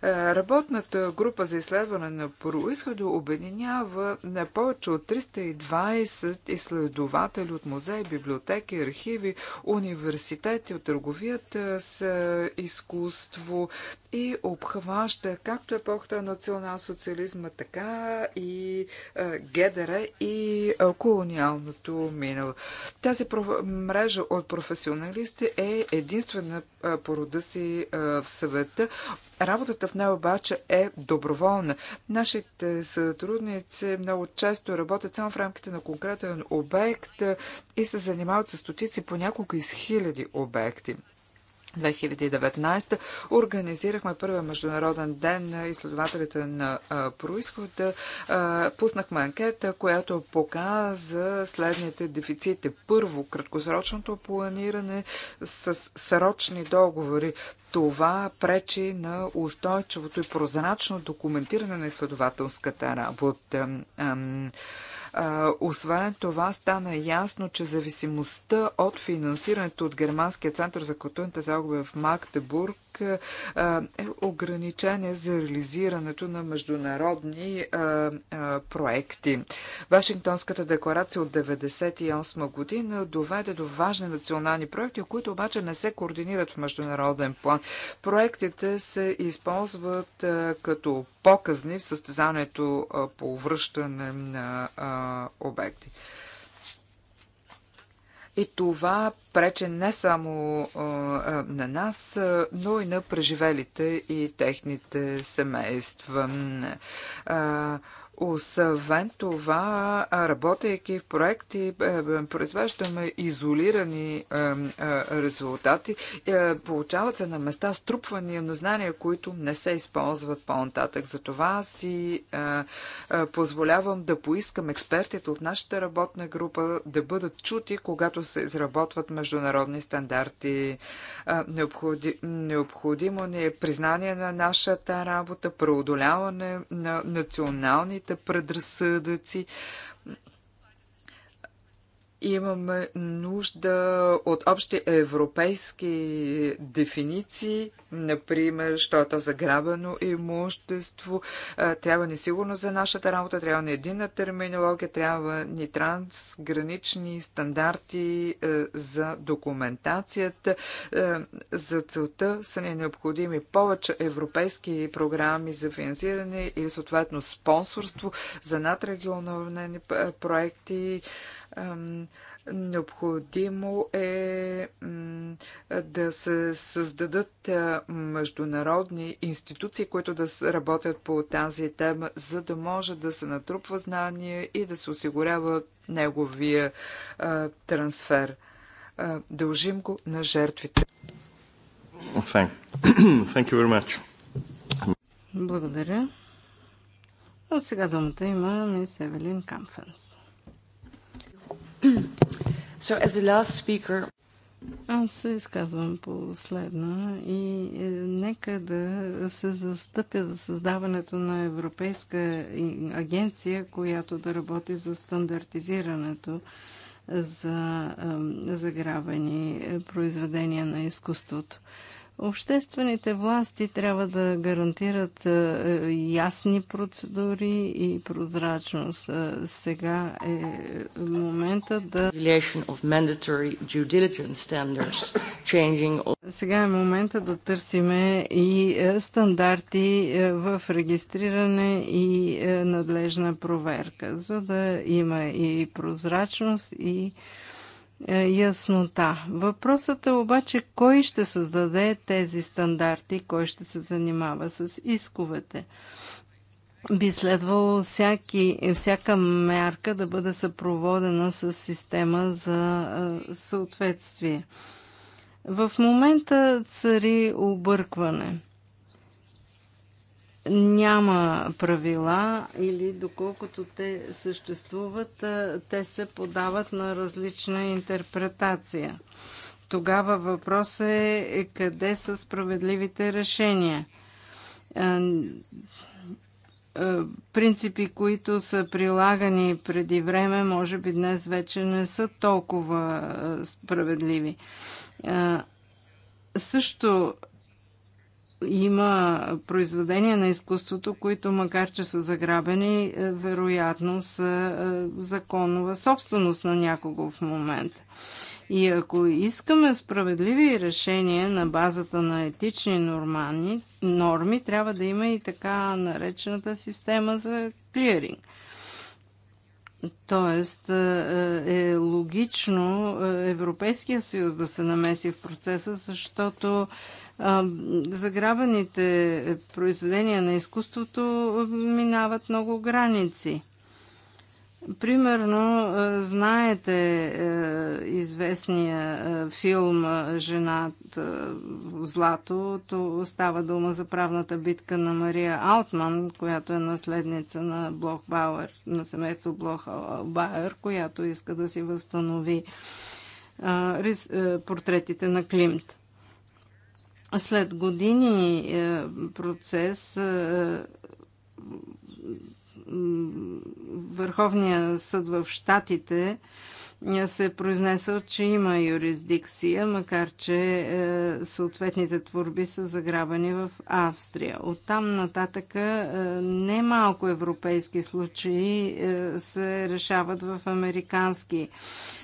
Работната група за изследване на происхода обединява на повече от 320 изследователи от музеи, библиотеки, архиви, университети, от търговията с изкуство и обхваща както епохата на национал-социализма, така и гедера и колониалното минало. Тази мрежа от професионалисти е единствена по рода си в съвета. Работата в нея обаче е доброволна. Нашите сътрудници много често работят само в рамките на конкретен обект и се занимават с стотици, понякога и с хиляди обекти. 2019 организирахме първия международен ден на изследователите на происхода. Пуснахме анкета, която показа следните дефицити. Първо, краткосрочното планиране с срочни договори. Това пречи на устойчивото и прозрачно документиране на изследователската работа освен това, стана ясно, че зависимостта от финансирането от Германския център за културните загуби в Магдебург е ограничение за реализирането на международни проекти. Вашингтонската декларация от 1998 година доведе до важни национални проекти, които обаче не се координират в международен план. Проектите се използват като показни в състезанието по връщане на обекти. И това прече не само а, на нас, но и на преживелите и техните семейства. А, освен това, работейки в проекти, е, е, произвеждаме изолирани е, резултати. Получават се на места струпвания на знания, които не се използват по-нататък. Затова си позволявам да поискам експертите от нашата работна група да бъдат чути, когато се изработват международни стандарти. Необходимо ни е признание на нашата работа, преодоляване на националните предразсъдъци имаме нужда от общи европейски дефиниции, например, що е то заграбено имущество, трябва ни сигурно за нашата работа, трябва ни единна терминология, трябва ни трансгранични стандарти за документацията. За целта са ни необходими повече европейски програми за финансиране или съответно спонсорство за надрегионални проекти. Необходимо е да се създадат международни институции, които да работят по тази тема, за да може да се натрупва знание и да се осигурява неговия трансфер. Дължим го на жертвите. Благодаря. А сега думата има мис Евелин Камфенс. So as the last speaker... Аз се изказвам последно и е, нека да се застъпя за създаването на Европейска агенция, която да работи за стандартизирането за заграбени е, произведения на изкуството. Обществените власти трябва да гарантират е, ясни процедури и прозрачност. Е, сега е момента да... Сега е момента да търсиме и е, стандарти в регистриране и надлежна проверка, за да има и прозрачност и е, яснота. Въпросът е обаче кой ще създаде тези стандарти, кой ще се занимава с исковете. Би следвало всяки, всяка мярка да бъде съпроводена с система за е, съответствие. В момента цари объркване – няма правила или доколкото те съществуват, те се подават на различна интерпретация. Тогава въпросът е, е къде са справедливите решения. Принципи, които са прилагани преди време, може би днес вече не са толкова справедливи. Също има произведения на изкуството, които макар че са заграбени, е, вероятно са е, законова собственост на някого в момента. И ако искаме справедливи решения на базата на етични нормани, норми, трябва да има и така наречената система за клиринг. Тоест е, е логично Европейския съюз да се намеси в процеса, защото заграбените произведения на изкуството минават много граници. Примерно, знаете известния филм Женат в злато. То става дума за правната битка на Мария Алтман, която е наследница на Блох Бауер, на семейство Блох Бауер, която иска да си възстанови портретите на Климт. След години е, процес е, Върховния съд в Штатите е, се е произнесъл, че има юрисдикция, макар че съответните творби са заграбени в Австрия. Оттам нататък немалко европейски случаи се решават в американски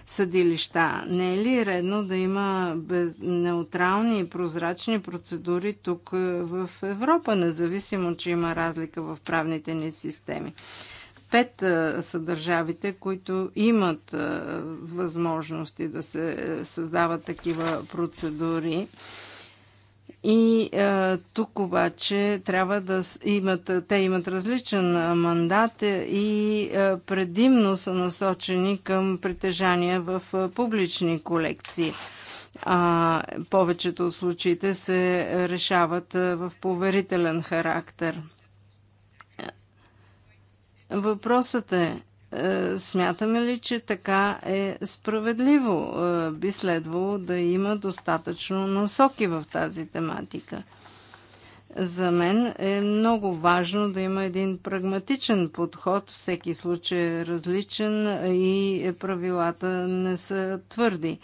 съдилища. Не е ли редно да има без... неутрални и прозрачни процедури тук е, в Европа, независимо, че има разлика в правните ни системи? Пет е, са държавите, които имат е, възможности да се създават такива процедури и а, е, тук обаче трябва да имат, те имат различен е, мандат е, и а, предимно са насочени към притежания в а, публични колекции. А повечето от случаите се решават а, в поверителен характер. Въпросът е е, смятаме ли, че така е справедливо? Е, би следвало да има достатъчно насоки в тази тематика. За мен е много важно да има един прагматичен подход. Всеки случай е различен и правилата не са твърди.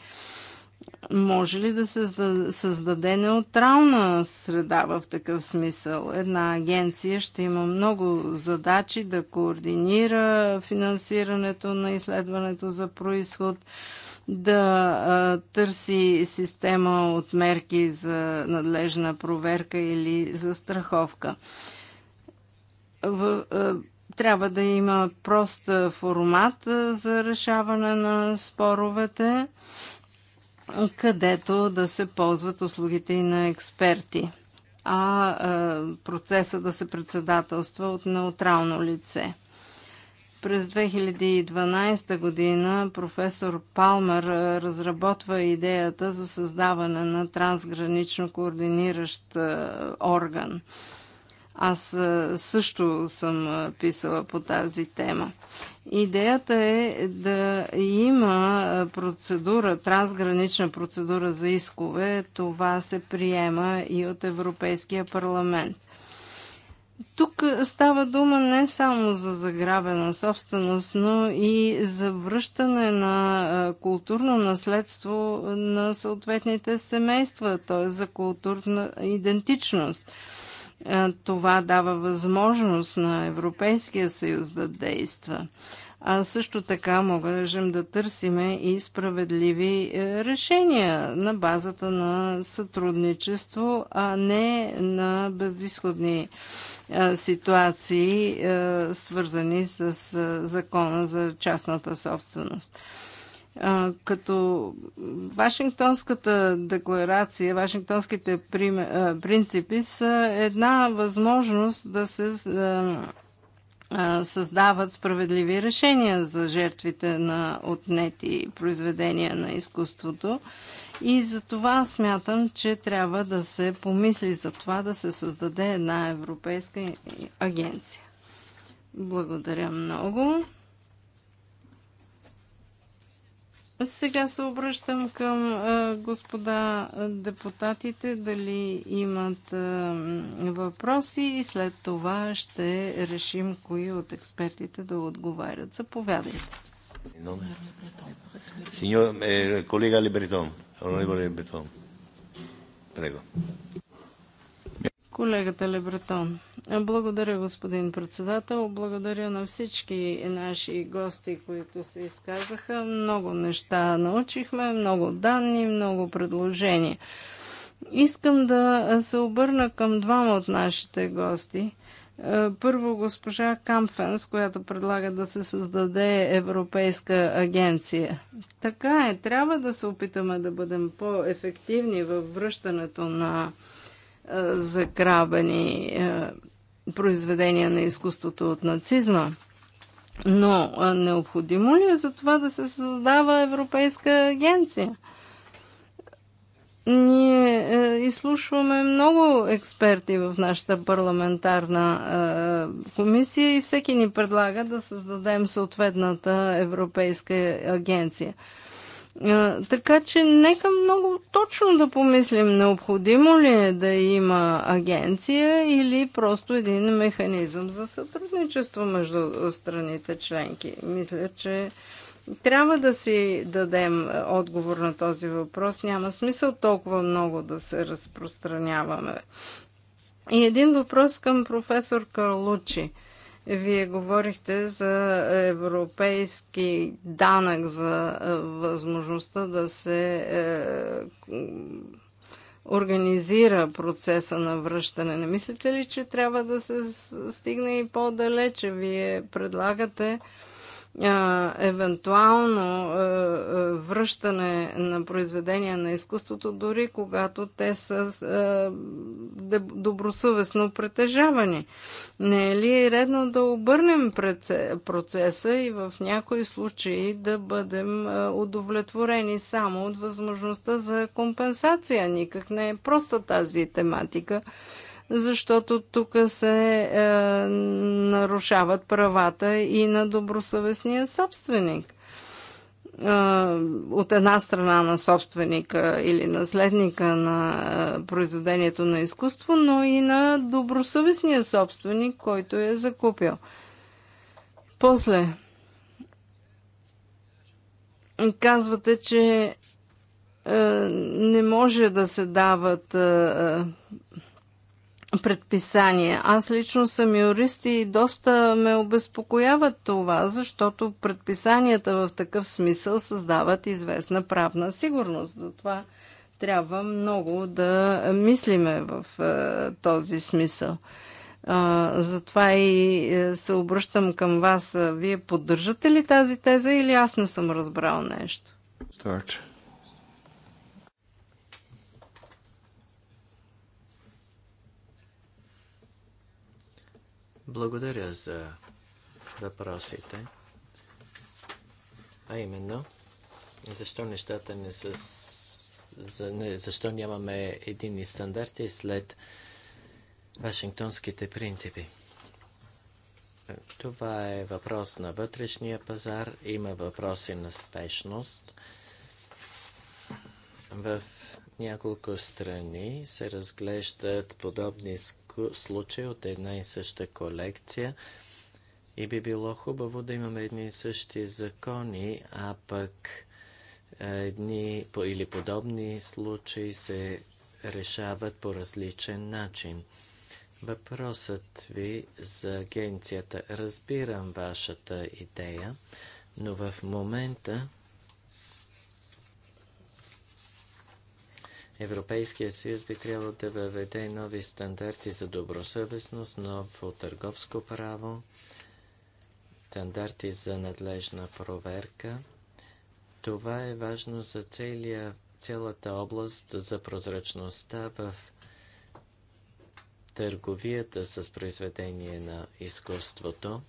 Може ли да се създаде неутрална среда в такъв смисъл? Една агенция ще има много задачи да координира финансирането на изследването за происход, да търси система от мерки за надлежна проверка или за страховка. трябва да има прост формат за решаване на споровете където да се ползват услугите и на експерти, а процеса да се председателства от неутрално лице. През 2012 година професор Палмер разработва идеята за създаване на трансгранично координиращ орган. Аз също съм писала по тази тема. Идеята е да има процедура, трансгранична процедура за искове. Това се приема и от Европейския парламент. Тук става дума не само за заграбена собственост, но и за връщане на културно наследство на съответните семейства, т.е. за културна идентичност – е, това дава възможност на Европейския съюз да действа. А също така можем да търсиме и справедливи е, решения на базата на сътрудничество, а не на безисходни е, ситуации, свързани с закона за частната собственост като Вашингтонската декларация, Вашингтонските принципи са една възможност да се създават справедливи решения за жертвите на отнети произведения на изкуството. И за това смятам, че трябва да се помисли за това да се създаде една европейска агенция. Благодаря много. Сега се обръщам към е, господа депутатите дали имат е, въпроси и след това ще решим кои от експертите да отговарят. Заповядайте. Е, колега Либретон, Прего. Колегата Лебретон. Благодаря, господин председател. Благодаря на всички наши гости, които се изказаха. Много неща научихме, много данни, много предложения. Искам да се обърна към двама от нашите гости. Е, първо госпожа Камфенс, която предлага да се създаде Европейска агенция. Така е, трябва да се опитаме да бъдем по-ефективни във връщането на е, заграбени е, произведения на изкуството от нацизма. Но е, необходимо ли е за това да се създава Европейска агенция? Ние изслушваме много експерти в нашата парламентарна комисия и всеки ни предлага да създадем съответната Европейска агенция. Така че нека много точно да помислим, необходимо ли е да има агенция или просто един механизъм за сътрудничество между страните членки. Мисля, че трябва да си дадем е, отговор на този въпрос. Няма смисъл толкова много да се разпространяваме. И един въпрос към професор Карлучи. Вие говорихте за европейски данък, за е, възможността да се е, организира процеса на връщане. Не мислите ли, че трябва да се стигне и по-далече? Вие предлагате евентуално връщане на произведения на изкуството, дори когато те са добросъвестно притежавани. Не е ли редно да обърнем процеса и в някои случаи да бъдем удовлетворени само от възможността за компенсация? Никак не е проста тази тематика защото тук се е, нарушават правата и на добросъвестния собственик. Е, от една страна на собственика или наследника на е, произведението на изкуство, но и на добросъвестния собственик, който е закупил. После, казвате, че е, не може да се дават е, предписания. Аз лично съм юрист и доста ме обезпокоява това, защото предписанията в такъв смисъл създават известна правна сигурност. Затова трябва много да мислиме в е, този смисъл. затова и е, се обръщам към вас. Вие поддържате ли тази теза или аз не съм разбрал нещо? Так, Благодаря за въпросите. А именно, защо нещата не са... За, не, защо нямаме едини стандарти след Вашингтонските принципи? Това е въпрос на вътрешния пазар. Има въпроси на спешност. В от няколко страни се разглеждат подобни случаи от една и съща колекция и би било хубаво да имаме едни и същи закони, а пък е, едни или подобни случаи се решават по различен начин. Въпросът ви за агенцията. Разбирам вашата идея, но в момента Европейския съюз би трябвало да въведе нови стандарти за добросъвестност, ново търговско право, стандарти за надлежна проверка. Това е важно за целия, цялата област за прозрачността в търговията с произведение на изкуството.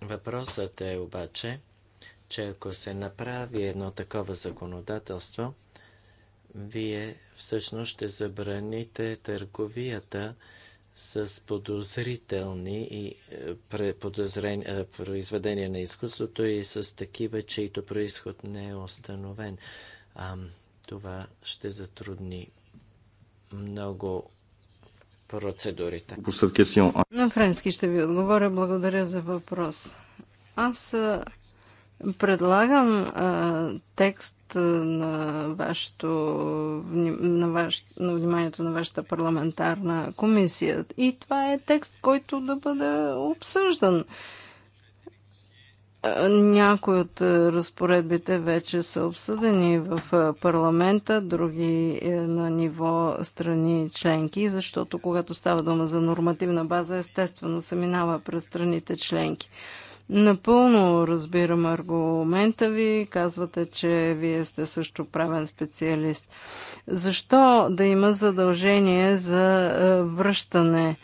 Въпросът е обаче – че ако се направи едно такова законодателство, вие всъщност ще забраните търговията с подозрителни и е, е, произведения на изкуството и с такива, чието происход не е установен. А, това ще затрудни много процедурите. На френски ще ви отговоря. Благодаря за въпрос. Аз е, Предлагам а, текст на, вашето, на, ваш, на вниманието на вашата парламентарна комисия. И това е текст, който да бъде обсъждан. Някои от разпоредбите вече са обсъдени в парламента, други е, на ниво страни членки, защото когато става дума за нормативна база, естествено се минава през страните членки. Напълно разбирам аргумента ви. Казвате, че вие сте също правен специалист. Защо да има задължение за е, връщане?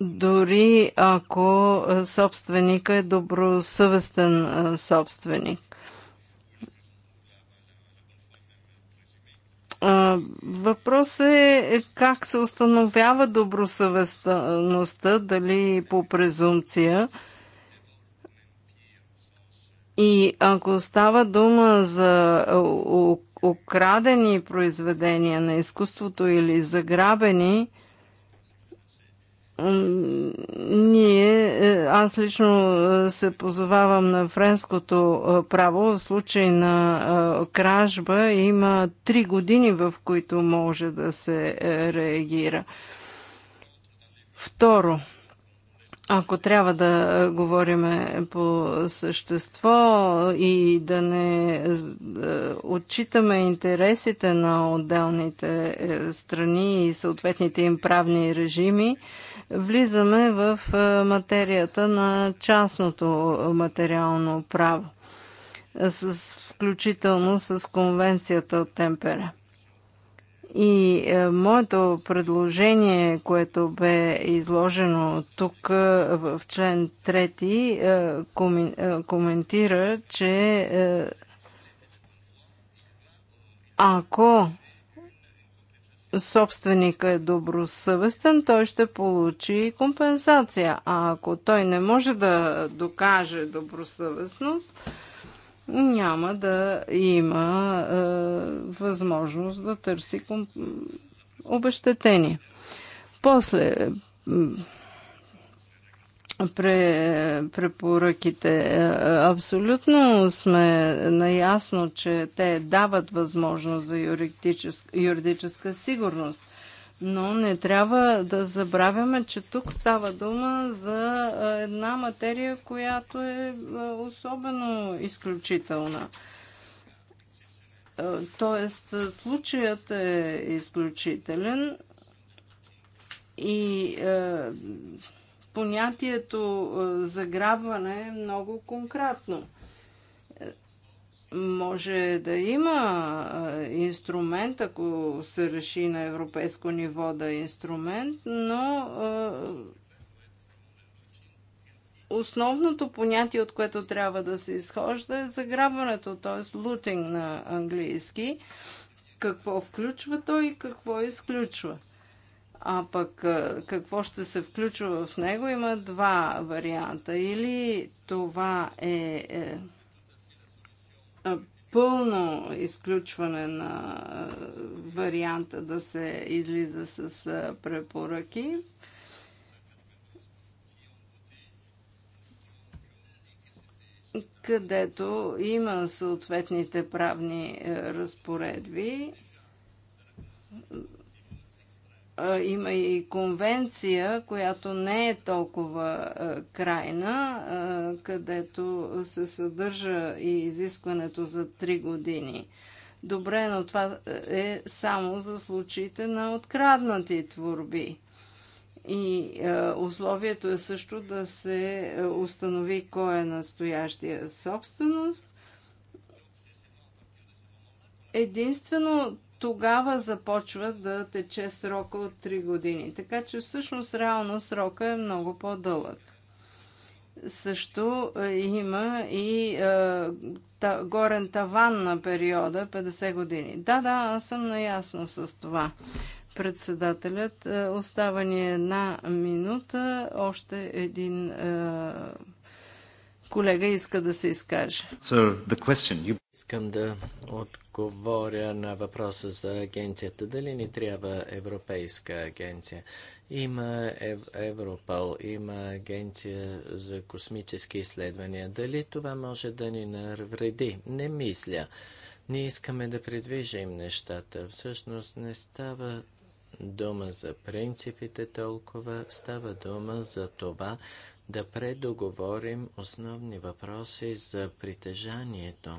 Дори ако е, собственика е добросъвестен е, собственик. Въпрос е как се установява добросъвестността, дали по презумция. И ако става дума за е, украдени произведения на изкуството или заграбени, ние, е, аз лично е, се позовавам на френското право. В случай на кражба има три години, в които може да се реагира. Второ, ако трябва да е, говорим е, по същество и да не е, отчитаме интересите на отделните страни и съответните им правни режими, влизаме в материята на частното материално право, включително с конвенцията от Темпера. И е, моето предложение, което бе изложено тук е, в член 3, е, е, коментира, че е, ако собственик е добросъвестен, той ще получи компенсация. А ако той не може да докаже добросъвестност, няма да има е, възможност да търси обещетение. После препоръките. Е, абсолютно сме наясно, че те дават възможност за юридическа, юридическа сигурност – но не трябва да забравяме, че тук става дума за една материя, която е особено изключителна. Тоест, случаят е изключителен и понятието заграбване е много конкретно може да има инструмент, ако се реши на европейско ниво да е инструмент, но основното понятие, от което трябва да се изхожда е заграбването, т.е. лутинг на английски. Какво включва то и какво изключва. А пък какво ще се включва в него има два варианта. Или това е, е пълно изключване на варианта да се излиза с препоръки. където има съответните правни разпоредби има и конвенция, която не е толкова крайна, където се съдържа и изискването за 3 години. Добре, но това е, е само за случаите на откраднати творби. И условието е също да се установи кой е настоящия собственост. Единствено тогава започва да тече срока от 3 години. Така че всъщност реално срока е много по-дълъг. Също е, има и е, та, горен таван на периода 50 години. Да, да, аз съм наясно с това. Председателят, е, остава ни една минута, още един е, колега иска да се изкаже. you... Искам да отговоря на въпроса за агенцията. Дали ни трябва европейска агенция? Има Ев... Европол, има агенция за космически изследвания. Дали това може да ни навреди? Не мисля. Ние искаме да придвижим нещата. Всъщност не става дума за принципите толкова, става дума за това да предоговорим основни въпроси за притежанието.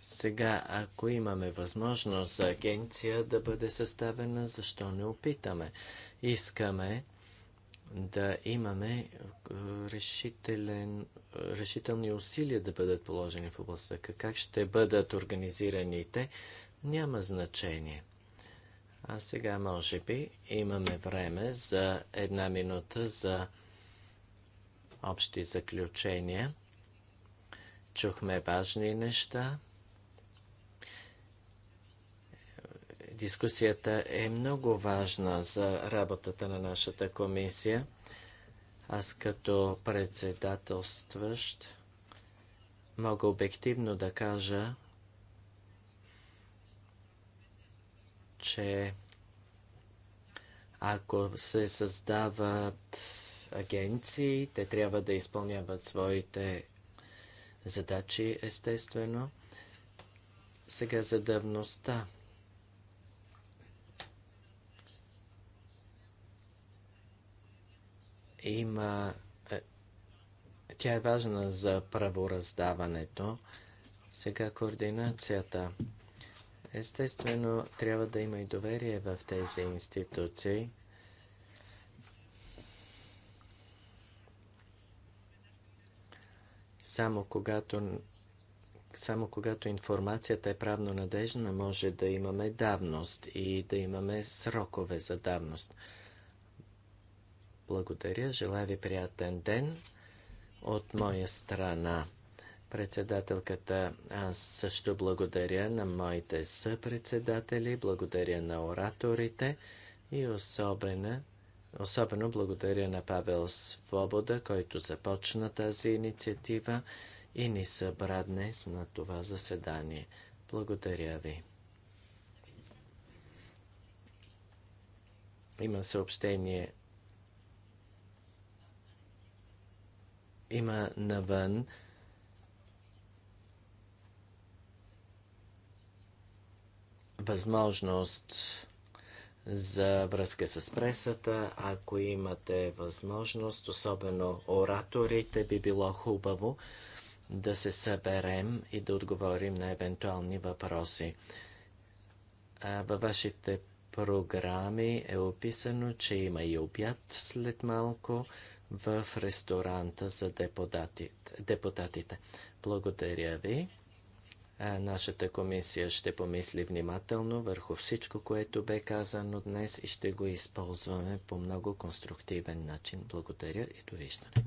Сега, ако имаме възможност за агенция да бъде съставена, защо не опитаме? Искаме да имаме е, решителен, е, решителни усилия да бъдат положени в областта. Как ще бъдат организирани те, няма значение. А сега, може би, имаме време за една минута за общи заключения. Чухме важни неща. Дискусията е много важна за работата на нашата комисия. Аз като председателстващ мога обективно да кажа, че ако се създават агенции, те трябва да изпълняват своите задачи, естествено. Сега за давността. Има... Е, тя е важна за правораздаването. Сега координацията. Естествено, трябва да има и доверие в тези институции. Само когато, само когато информацията е правно надежна, може да имаме давност и да имаме срокове за давност. Благодаря, желая ви приятен ден от моя страна. Председателката, аз също благодаря на моите съпредседатели, благодаря на ораторите и особено, особено благодаря на Павел Свобода, който започна тази инициатива и ни събра днес на това заседание. Благодаря ви. Има съобщение. Има навън възможност за връзка с пресата. Ако имате възможност, особено ораторите, би било хубаво да се съберем и да отговорим на евентуални въпроси. Във вашите програми е описано, че има и обяд след малко в ресторанта за депутатите. Благодаря ви. Е, нашата комисия ще помисли внимателно върху всичко, което бе казано днес и ще го използваме по много конструктивен начин. Благодаря и довиждане.